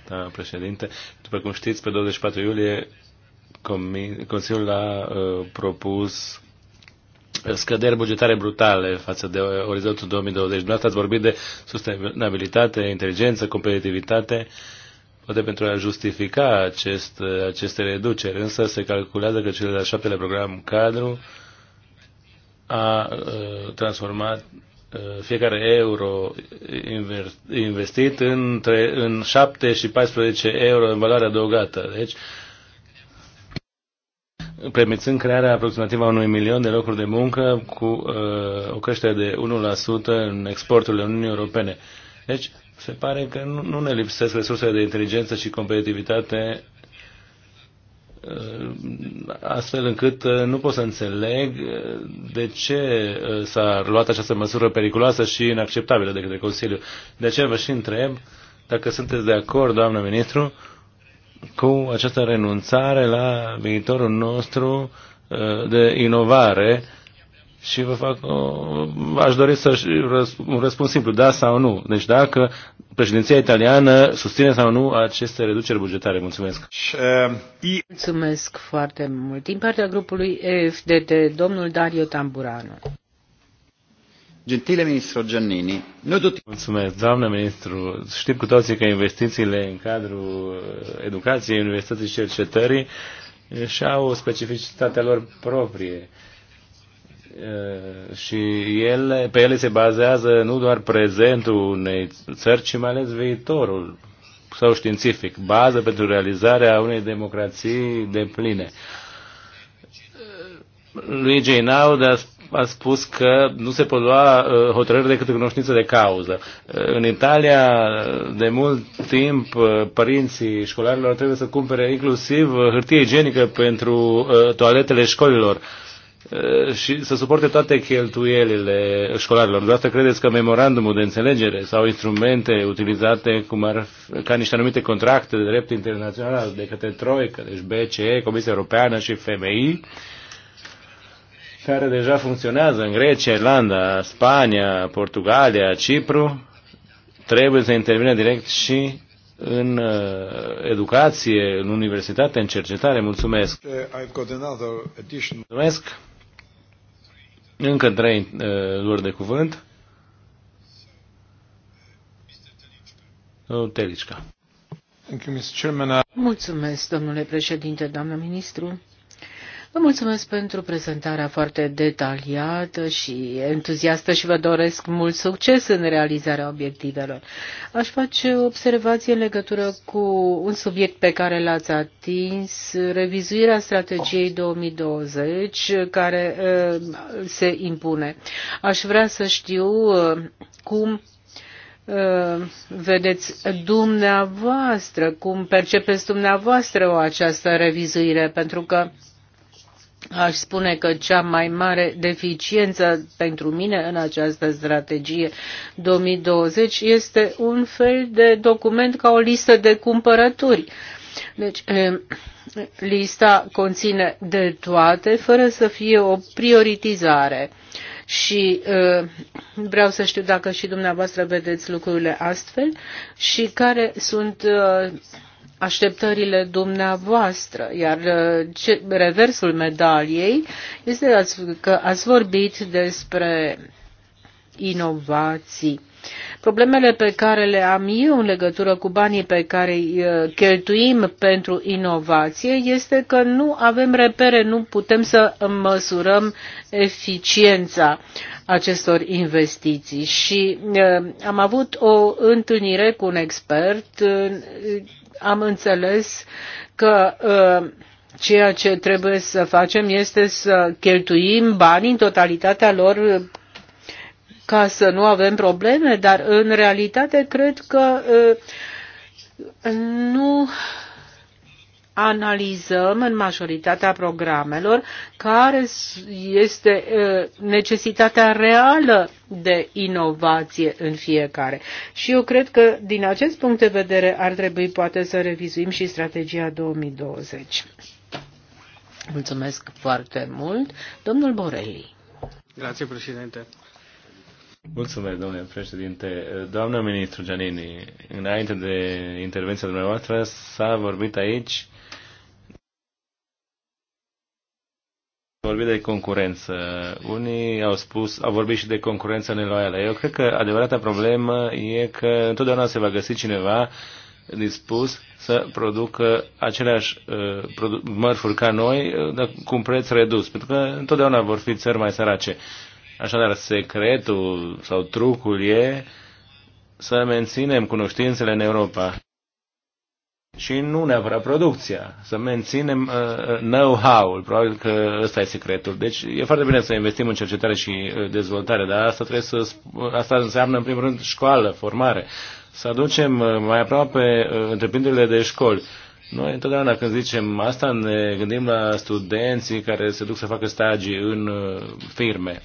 doamna președinte. După cum știți, pe 24 iulie Consiliul a propus scăderi bugetare brutale față de orizontul 2020. Nu ați vorbit de sustenabilitate, inteligență, competitivitate. Uh, poate pentru a justifica acest, aceste reduceri, însă se calculează că cel de-al șaptele program cadru a uh, transformat uh, fiecare euro investit între, în 7 și 14 euro în valoare adăugată. Deci, premițând crearea aproximativ a unui milion de locuri de muncă cu uh, o creștere de 1% în exporturile Uniunii Europene. Deci, se pare că nu, nu ne lipsesc resursele de inteligență și competitivitate uh, astfel încât uh, nu pot să înțeleg uh, de ce s-a luat această măsură periculoasă și inacceptabilă de către Consiliu. De aceea vă și întreb dacă sunteți de acord, doamnă ministru, cu această renunțare la viitorul nostru de inovare și vă fac, aș dori să un răspuns simplu, da sau nu. Deci dacă președinția italiană susține sau nu aceste reduceri bugetare. Mulțumesc. Uh, Mulțumesc foarte mult. Din partea grupului de domnul Dario Tamburano. Gentile ministru Giannini, noi tutti... Mulțumesc, doamnă ministru. Știm cu toții că investițiile în cadrul uh, educației, universității și cercetării uh, și au specificitatea lor proprie. Eh, și ele, pe ele se bazează nu doar prezentul unei țări, ci mai ales viitorul sau științific, bază pentru realizarea unei democrații de pline. Eh, Luigi Inaud a spus că nu se pot lua eh, hotărâri decât în cunoștință de cauză. În Italia, de mult timp, părinții școlarilor trebuie să cumpere inclusiv hârtie igienică pentru toaletele școlilor Eh, și să suporte toate cheltuielile școlarilor. Dumneavoastră credeți că memorandumul de înțelegere sau instrumente utilizate cum ar, ca niște anumite contracte de drept internațional de către Troică, deci BCE, Comisia Europeană și FMI, care deja funcționează în Grecia, Irlanda, Spania, Portugalia, Cipru, trebuie să intervină direct și în eh, educație, în universitate, în cercetare. Mulțumesc! Mulțumesc! Încă trei uh, luări de cuvânt. Telicica. Mulțumesc, domnule președinte, doamnă ministru. Vă mulțumesc pentru prezentarea foarte detaliată și entuziastă și vă doresc mult succes în realizarea obiectivelor. Aș face o observație în legătură cu un subiect pe care l-ați atins, revizuirea strategiei 2020 care uh, se impune. Aș vrea să știu uh, cum uh, vedeți dumneavoastră, cum percepeți dumneavoastră o această revizuire, pentru că Aș spune că cea mai mare deficiență pentru mine în această strategie 2020 este un fel de document ca o listă de cumpărături. Deci, eh, lista conține de toate fără să fie o prioritizare. Și eh, vreau să știu dacă și dumneavoastră vedeți lucrurile astfel și care sunt eh, așteptările dumneavoastră. Iar uh, ce, reversul medaliei este că ați vorbit despre inovații. Problemele pe care le am eu în legătură cu banii pe care îi uh, cheltuim pentru inovație este că nu avem repere, nu putem să măsurăm eficiența acestor investiții. Și uh, am avut o întâlnire cu un expert am înțeles că uh, ceea ce trebuie să facem este să cheltuim banii în totalitatea lor uh, ca să nu avem probleme, dar în realitate cred că uh, nu analizăm în majoritatea programelor care este necesitatea reală de inovație în fiecare. Și eu cred că din acest punct de vedere ar trebui poate să revizuim și strategia 2020. Mulțumesc foarte mult. Domnul Borelli. Grazie, președinte. Mulțumesc, domnule președinte. Doamna ministru Giannini, înainte de intervenția dumneavoastră s-a vorbit aici vorbit de concurență. Unii au spus, au vorbit și de concurență neloială. Eu cred că adevărata problemă e că întotdeauna se va găsi cineva dispus să producă aceleași uh, produ- mărfuri ca noi, uh, dar cu un preț redus, pentru că întotdeauna vor fi țări mai sărace. Așadar, secretul sau trucul e să menținem cunoștințele în Europa și nu neapărat producția, să menținem uh, uh, know-how-ul, probabil că ăsta e secretul. Deci e foarte bine să investim în cercetare și uh, dezvoltare, dar asta trebuie să asta înseamnă în primul rând școală, formare. Să aducem uh, mai aproape întreprinderile de școli. Noi întotdeauna când zicem asta ne gândim la studenții care se duc să facă stagii în firme.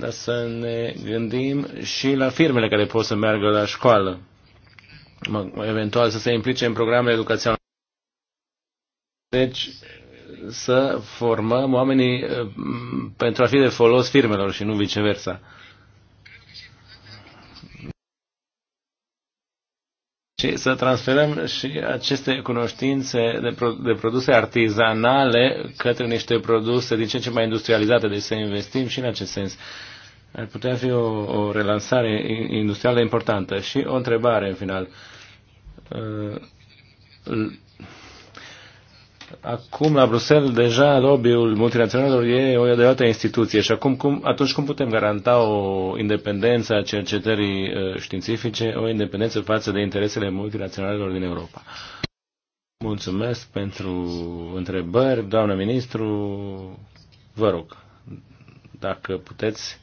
Dar să ne gândim și la firmele care pot să meargă la școală eventual să se implice în programele educaționale. Deci, să formăm oamenii eh, pentru a fi de folos firmelor și nu viceversa. Și să transferăm și aceste cunoștințe de, pro, de produse artizanale către niște produse din ce în ce mai industrializate, deci să investim și în acest sens. Ar putea fi o, o relansare industrială importantă. Și o întrebare în final. Uh, Uh, acum, la Bruxelles, deja lobby-ul multinaționalelor e o adevărată instituție și acum, cum, atunci cum putem garanta o independență a cercetării uh, științifice, o independență față de interesele multinaționalelor din Europa? Mulțumesc pentru întrebări, doamnă ministru. Vă rog, dacă puteți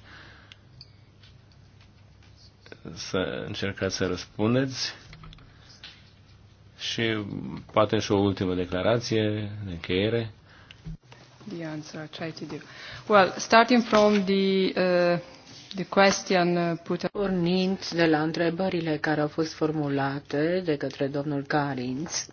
să încercați să răspundeți. Și poate și o ultimă declarație de încheiere. The answer I try to do. Well, starting from the uh, the question uh, put Pornind de la întrebările care au fost formulate de către domnul Carins,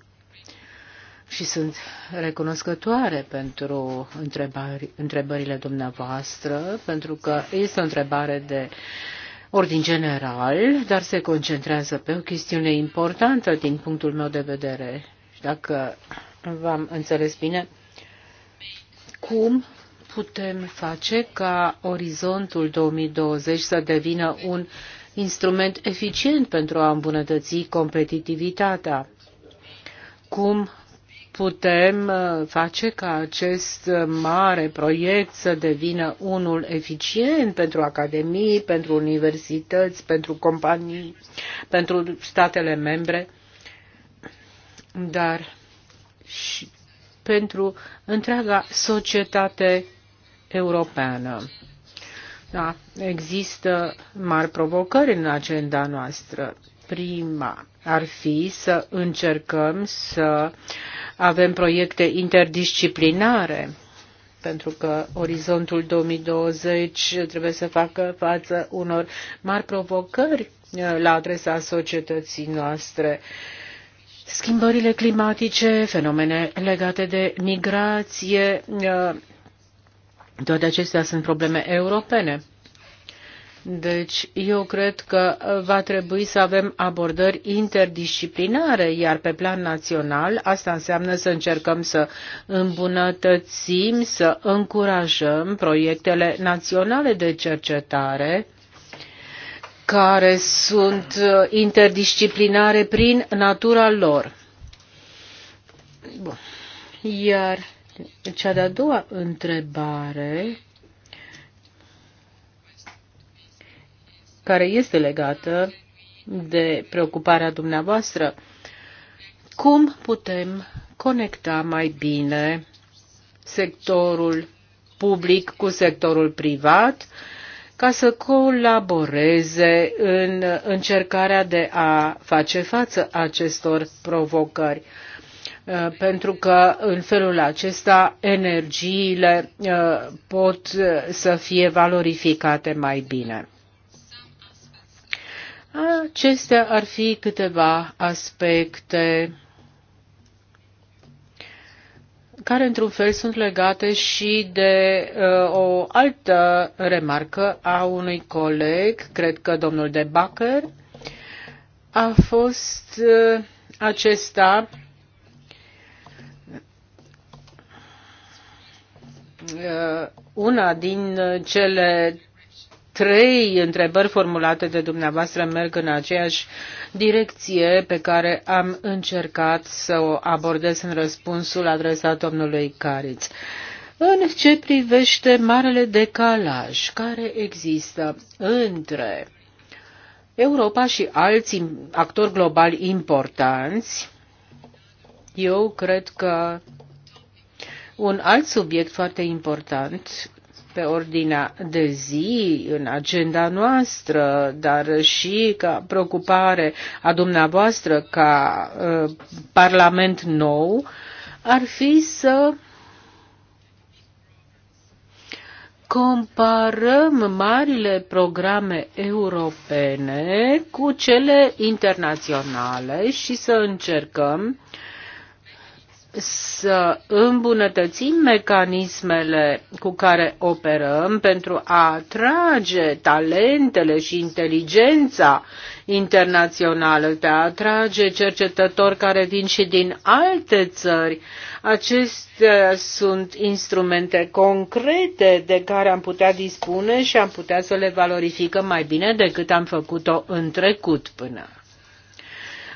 și sunt recunoscătoare pentru întrebări, întrebările dumneavoastră, pentru că este o întrebare de uh, ordin general, dar se concentrează pe o chestiune importantă din punctul meu de vedere. Și dacă v-am înțeles bine, cum putem face ca orizontul 2020 să devină un instrument eficient pentru a îmbunătăți competitivitatea? Cum putem uh, face ca acest uh, mare proiect să devină unul eficient pentru academii, pentru universități, pentru companii, pentru statele membre, dar și pentru întreaga societate europeană. Da, există mari provocări în agenda noastră prima ar fi să încercăm să avem proiecte interdisciplinare pentru că orizontul 2020 trebuie să facă față unor mari provocări uh, la adresa societății noastre. Schimbările climatice, fenomene legate de migrație, uh, toate acestea sunt probleme europene. Deci, eu cred că va trebui să avem abordări interdisciplinare, iar pe plan național asta înseamnă să încercăm să îmbunătățim, să încurajăm proiectele naționale de cercetare care sunt uh, interdisciplinare prin natura lor. Bun. Iar cea de-a doua întrebare care este legată de preocuparea dumneavoastră. Cum putem conecta mai bine sectorul public cu sectorul privat ca să colaboreze în încercarea de a face față acestor provocări? Uh, pentru că în felul acesta energiile uh, pot uh, să fie valorificate mai bine. Acestea ar fi câteva aspecte care într-un fel sunt legate și de uh, o altă remarcă a unui coleg, cred că domnul de Bacher, a fost uh, acesta uh, una din cele trei întrebări formulate de dumneavoastră merg în aceeași direcție pe care am încercat să o abordez în răspunsul adresat domnului Cariț. În ce privește marele decalaj care există între Europa și alți actori globali importanți, eu cred că un alt subiect foarte important pe ordinea de zi, în agenda noastră, dar și ca preocupare a dumneavoastră ca uh, Parlament nou, ar fi să comparăm marile programe europene cu cele internaționale și să încercăm să îmbunătățim mecanismele cu care operăm pentru a atrage talentele și inteligența internațională, de a atrage cercetători care vin și din alte țări. Acestea sunt instrumente concrete de care am putea dispune și am putea să le valorificăm mai bine decât am făcut-o în trecut până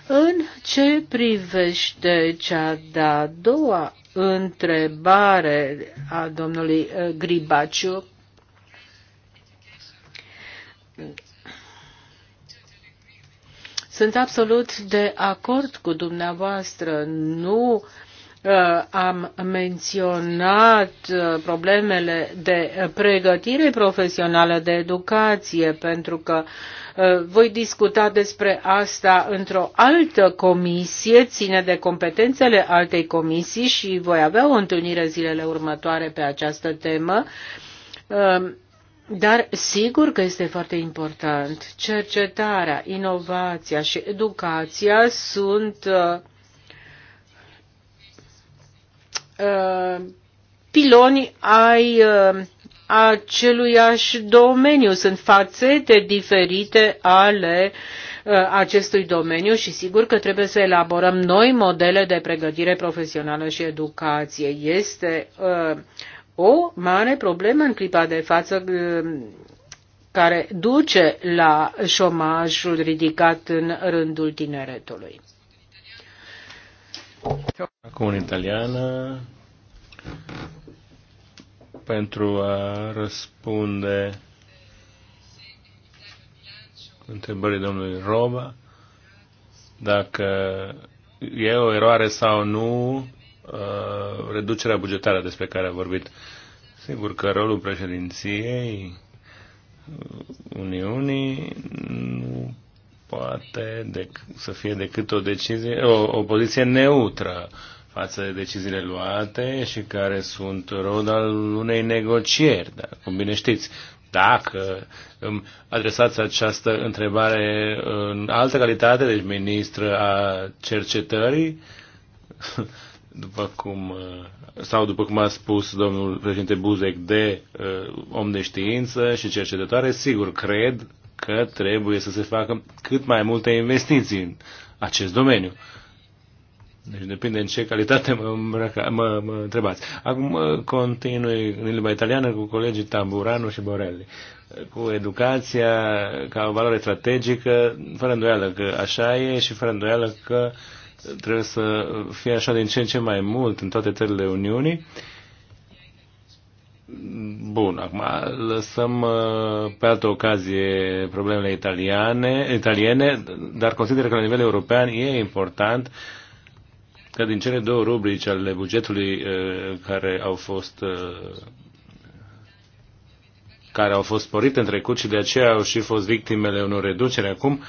în ce privește cea de-a doua întrebare a domnului uh, Gribaciu, sunt absolut de acord cu dumneavoastră. Nu uh, Uh, am menționat uh, problemele de pregătire profesională, de educație, pentru că uh, voi discuta despre asta într-o altă comisie, ține de competențele altei comisii și voi avea o întâlnire zilele următoare pe această temă. Dar sigur că este foarte important. Cercetarea, inovația și educația sunt uh, Uh, piloni ai uh, aceluiași domeniu. Sunt fațete diferite ale uh, acestui domeniu și sigur că trebuie să elaborăm noi modele de pregătire profesională și educație. Este o mare problemă în clipa de față care duce la șomajul ridicat în rândul tineretului. Acum în italiană, pentru a răspunde întrebării domnului Roba, dacă e o eroare sau nu uh, reducerea bugetară despre care a vorbit. Sigur că rolul președinției Uniunii nu poate de, să fie decât o, decizie, o, o poziție neutră față de deciziile luate și care sunt rod al unei negocieri, dar cum bine știți. Dacă îmi adresați această întrebare în altă calitate, deci ministră a cercetării, după cum, sau după cum a spus domnul președinte Buzek, de uh, om de știință și cercetătoare, sigur, cred că trebuie să se facă cât mai multe investiții în acest domeniu. Deci depinde în ce calitate mă, îmbrăca, mă, mă întrebați. Acum continui în limba italiană cu colegii Tamburano și Borelli. Cu educația ca o valoare strategică, fără îndoială că așa e și fără îndoială că trebuie să fie așa din ce în ce mai mult în toate țările Uniunii. Bun, acum lăsăm uh, pe altă ocazie problemele italiane, italiene, dar consider că la nivel european e important că din cele două rubrici ale bugetului uh, care au fost uh, care au fost sporite în trecut și de aceea au și fost victimele unor reduceri acum,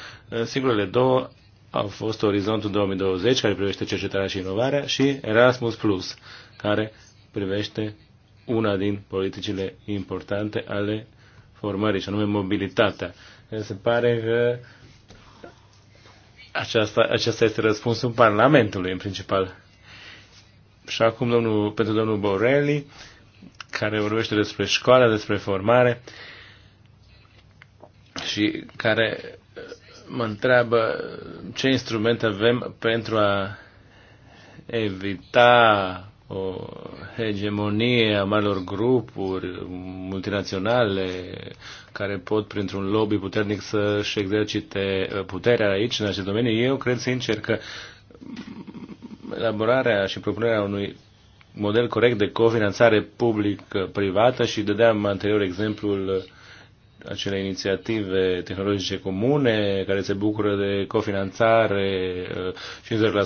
singurele două au fost Orizontul 2020, care privește cercetarea și inovarea, și Erasmus Plus, care privește una din politicile importante ale formării, și anume mobilitatea. Se pare că aceasta, aceasta este răspunsul Parlamentului, în principal. Și acum domnul, pentru domnul Borelli, care vorbește despre școală, despre formare și care uh, mă întreabă ce instrumente avem pentru a evita o hegemonie a marilor grupuri multinaționale care pot printr-un lobby puternic să-și exercite uh, puterea aici, în acest domeniu. Eu cred sincer că elaborarea și propunerea unui model corect de cofinanțare public-privată și dădeam anterior exemplul acele inițiative tehnologice comune care se bucură de cofinanțare 50% uh,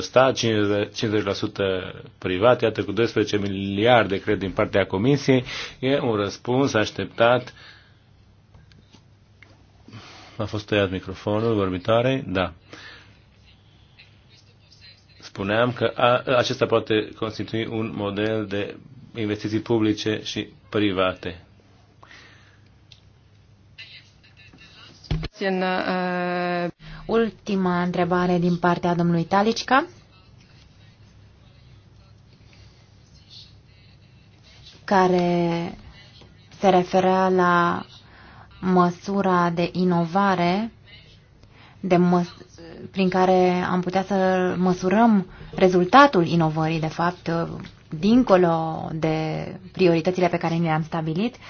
stat, 50% privat, iată cu 12 miliarde, cred, din partea Comisiei, e un răspuns așteptat. A fost tăiat microfonul vorbitoare? Da. Spuneam că a, acesta poate constitui un model de investiții publice și private question, uh... Ultima întrebare din partea domnului Talicca. care se referă la măsura de inovare de măs prin care am putea să măsurăm rezultatul inovării, de fapt, dincolo de prioritățile pe care ne le-am stabilit. Uh,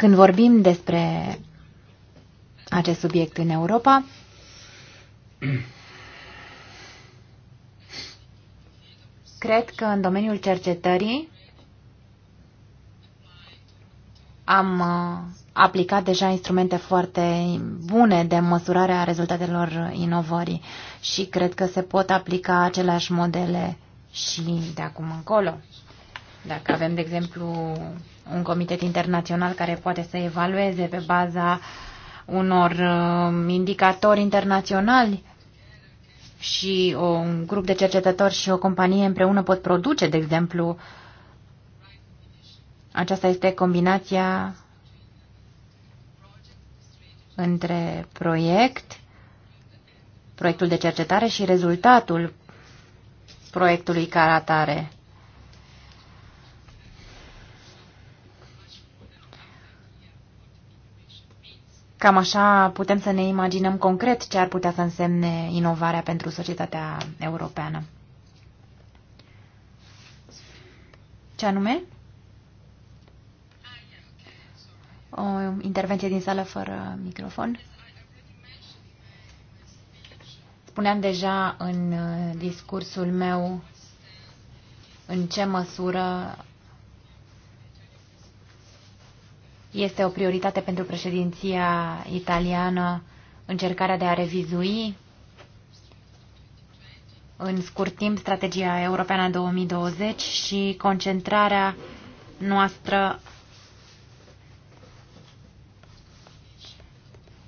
Când vorbim despre acest subiect în Europa, cred că în domeniul cercetării am uh, aplicat deja instrumente foarte bune de măsurare a rezultatelor inovării și cred că se pot aplica aceleași modele și de acum încolo. Dacă avem, de exemplu, un comitet internațional care poate să evalueze pe baza unor uh, indicatori internaționali și o, un grup de cercetători și o companie împreună pot produce, de exemplu, aceasta este combinația între proiect, proiectul de cercetare și rezultatul proiectului ca atare. Cam așa putem să ne imaginăm concret ce ar putea să însemne inovarea pentru societatea europeană. Ce anume? O intervenție din sală fără microfon. Spuneam deja în uh, discursul meu în ce măsură Este o prioritate pentru președinția italiană încercarea de a revizui în scurt timp strategia europeană 2020 și concentrarea noastră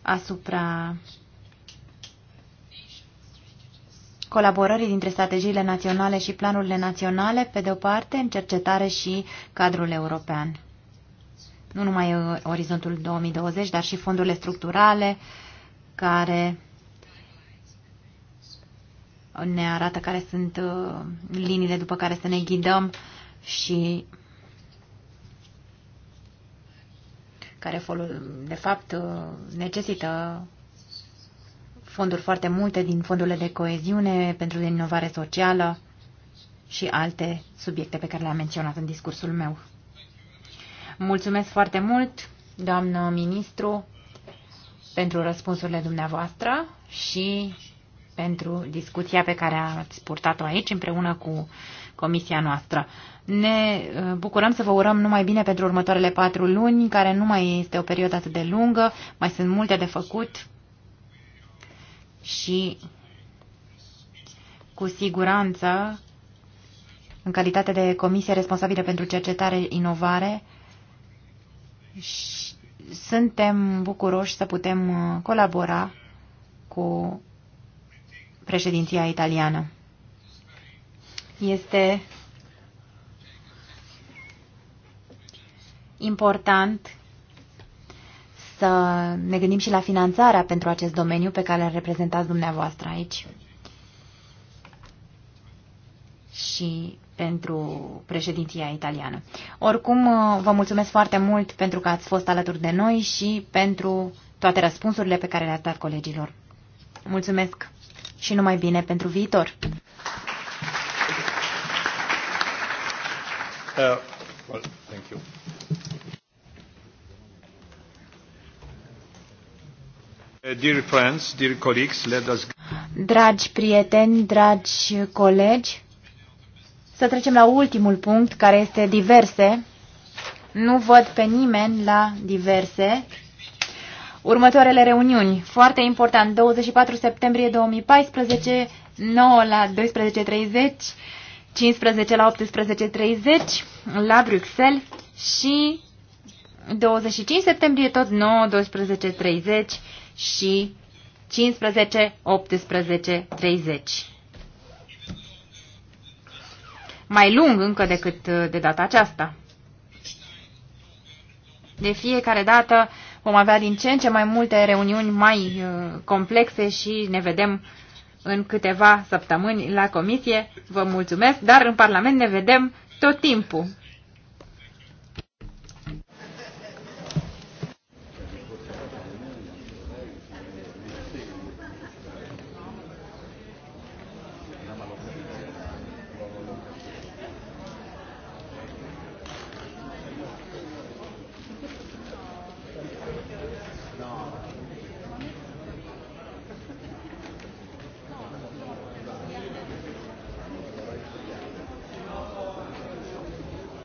asupra colaborării dintre strategiile naționale și planurile naționale, pe de o parte, în cercetare și cadrul european nu numai uh, orizontul 2020, dar și fondurile structurale care ne arată care sunt uh, liniile după care să ne ghidăm și care de fapt uh, necesită fonduri foarte multe din fondurile de coeziune pentru inovare socială și alte subiecte pe care le-am menționat în discursul meu. Mulțumesc foarte mult, doamnă ministru, pentru răspunsurile dumneavoastră și pentru discuția pe care ați purtat-o aici împreună cu comisia noastră. Ne uh, bucurăm să vă urăm numai bine pentru următoarele patru luni, care nu mai este o perioadă atât de lungă, mai sunt multe de făcut și cu siguranță, în calitate de comisie responsabilă pentru cercetare, inovare, și suntem bucuroși să putem uh, colabora cu președinția italiană. Este important să ne gândim și la finanțarea pentru acest domeniu pe care îl reprezentați dumneavoastră aici. Și pentru președinția italiană. Oricum, uh, vă mulțumesc foarte mult pentru că ați fost alături de noi și pentru toate răspunsurile pe care le-ați dat colegilor. Mulțumesc și numai bine pentru viitor! Uh, well, thank you. Uh, dear friends, dear colleagues, let us... Dragi prieteni, dragi colegi, să trecem la ultimul punct, care este diverse. Nu văd pe nimeni la diverse. Următoarele reuniuni, foarte important, 24 septembrie 2014, 9 la 12.30, 15 la 18.30 la Bruxelles și 25 septembrie tot 9, 12.30 și 15, 18.30 mai lung încă decât uh, de data aceasta. De fiecare dată vom avea din ce în ce mai multe reuniuni mai uh, complexe și ne vedem în câteva săptămâni la comisie. Vă mulțumesc, dar în Parlament ne vedem tot timpul.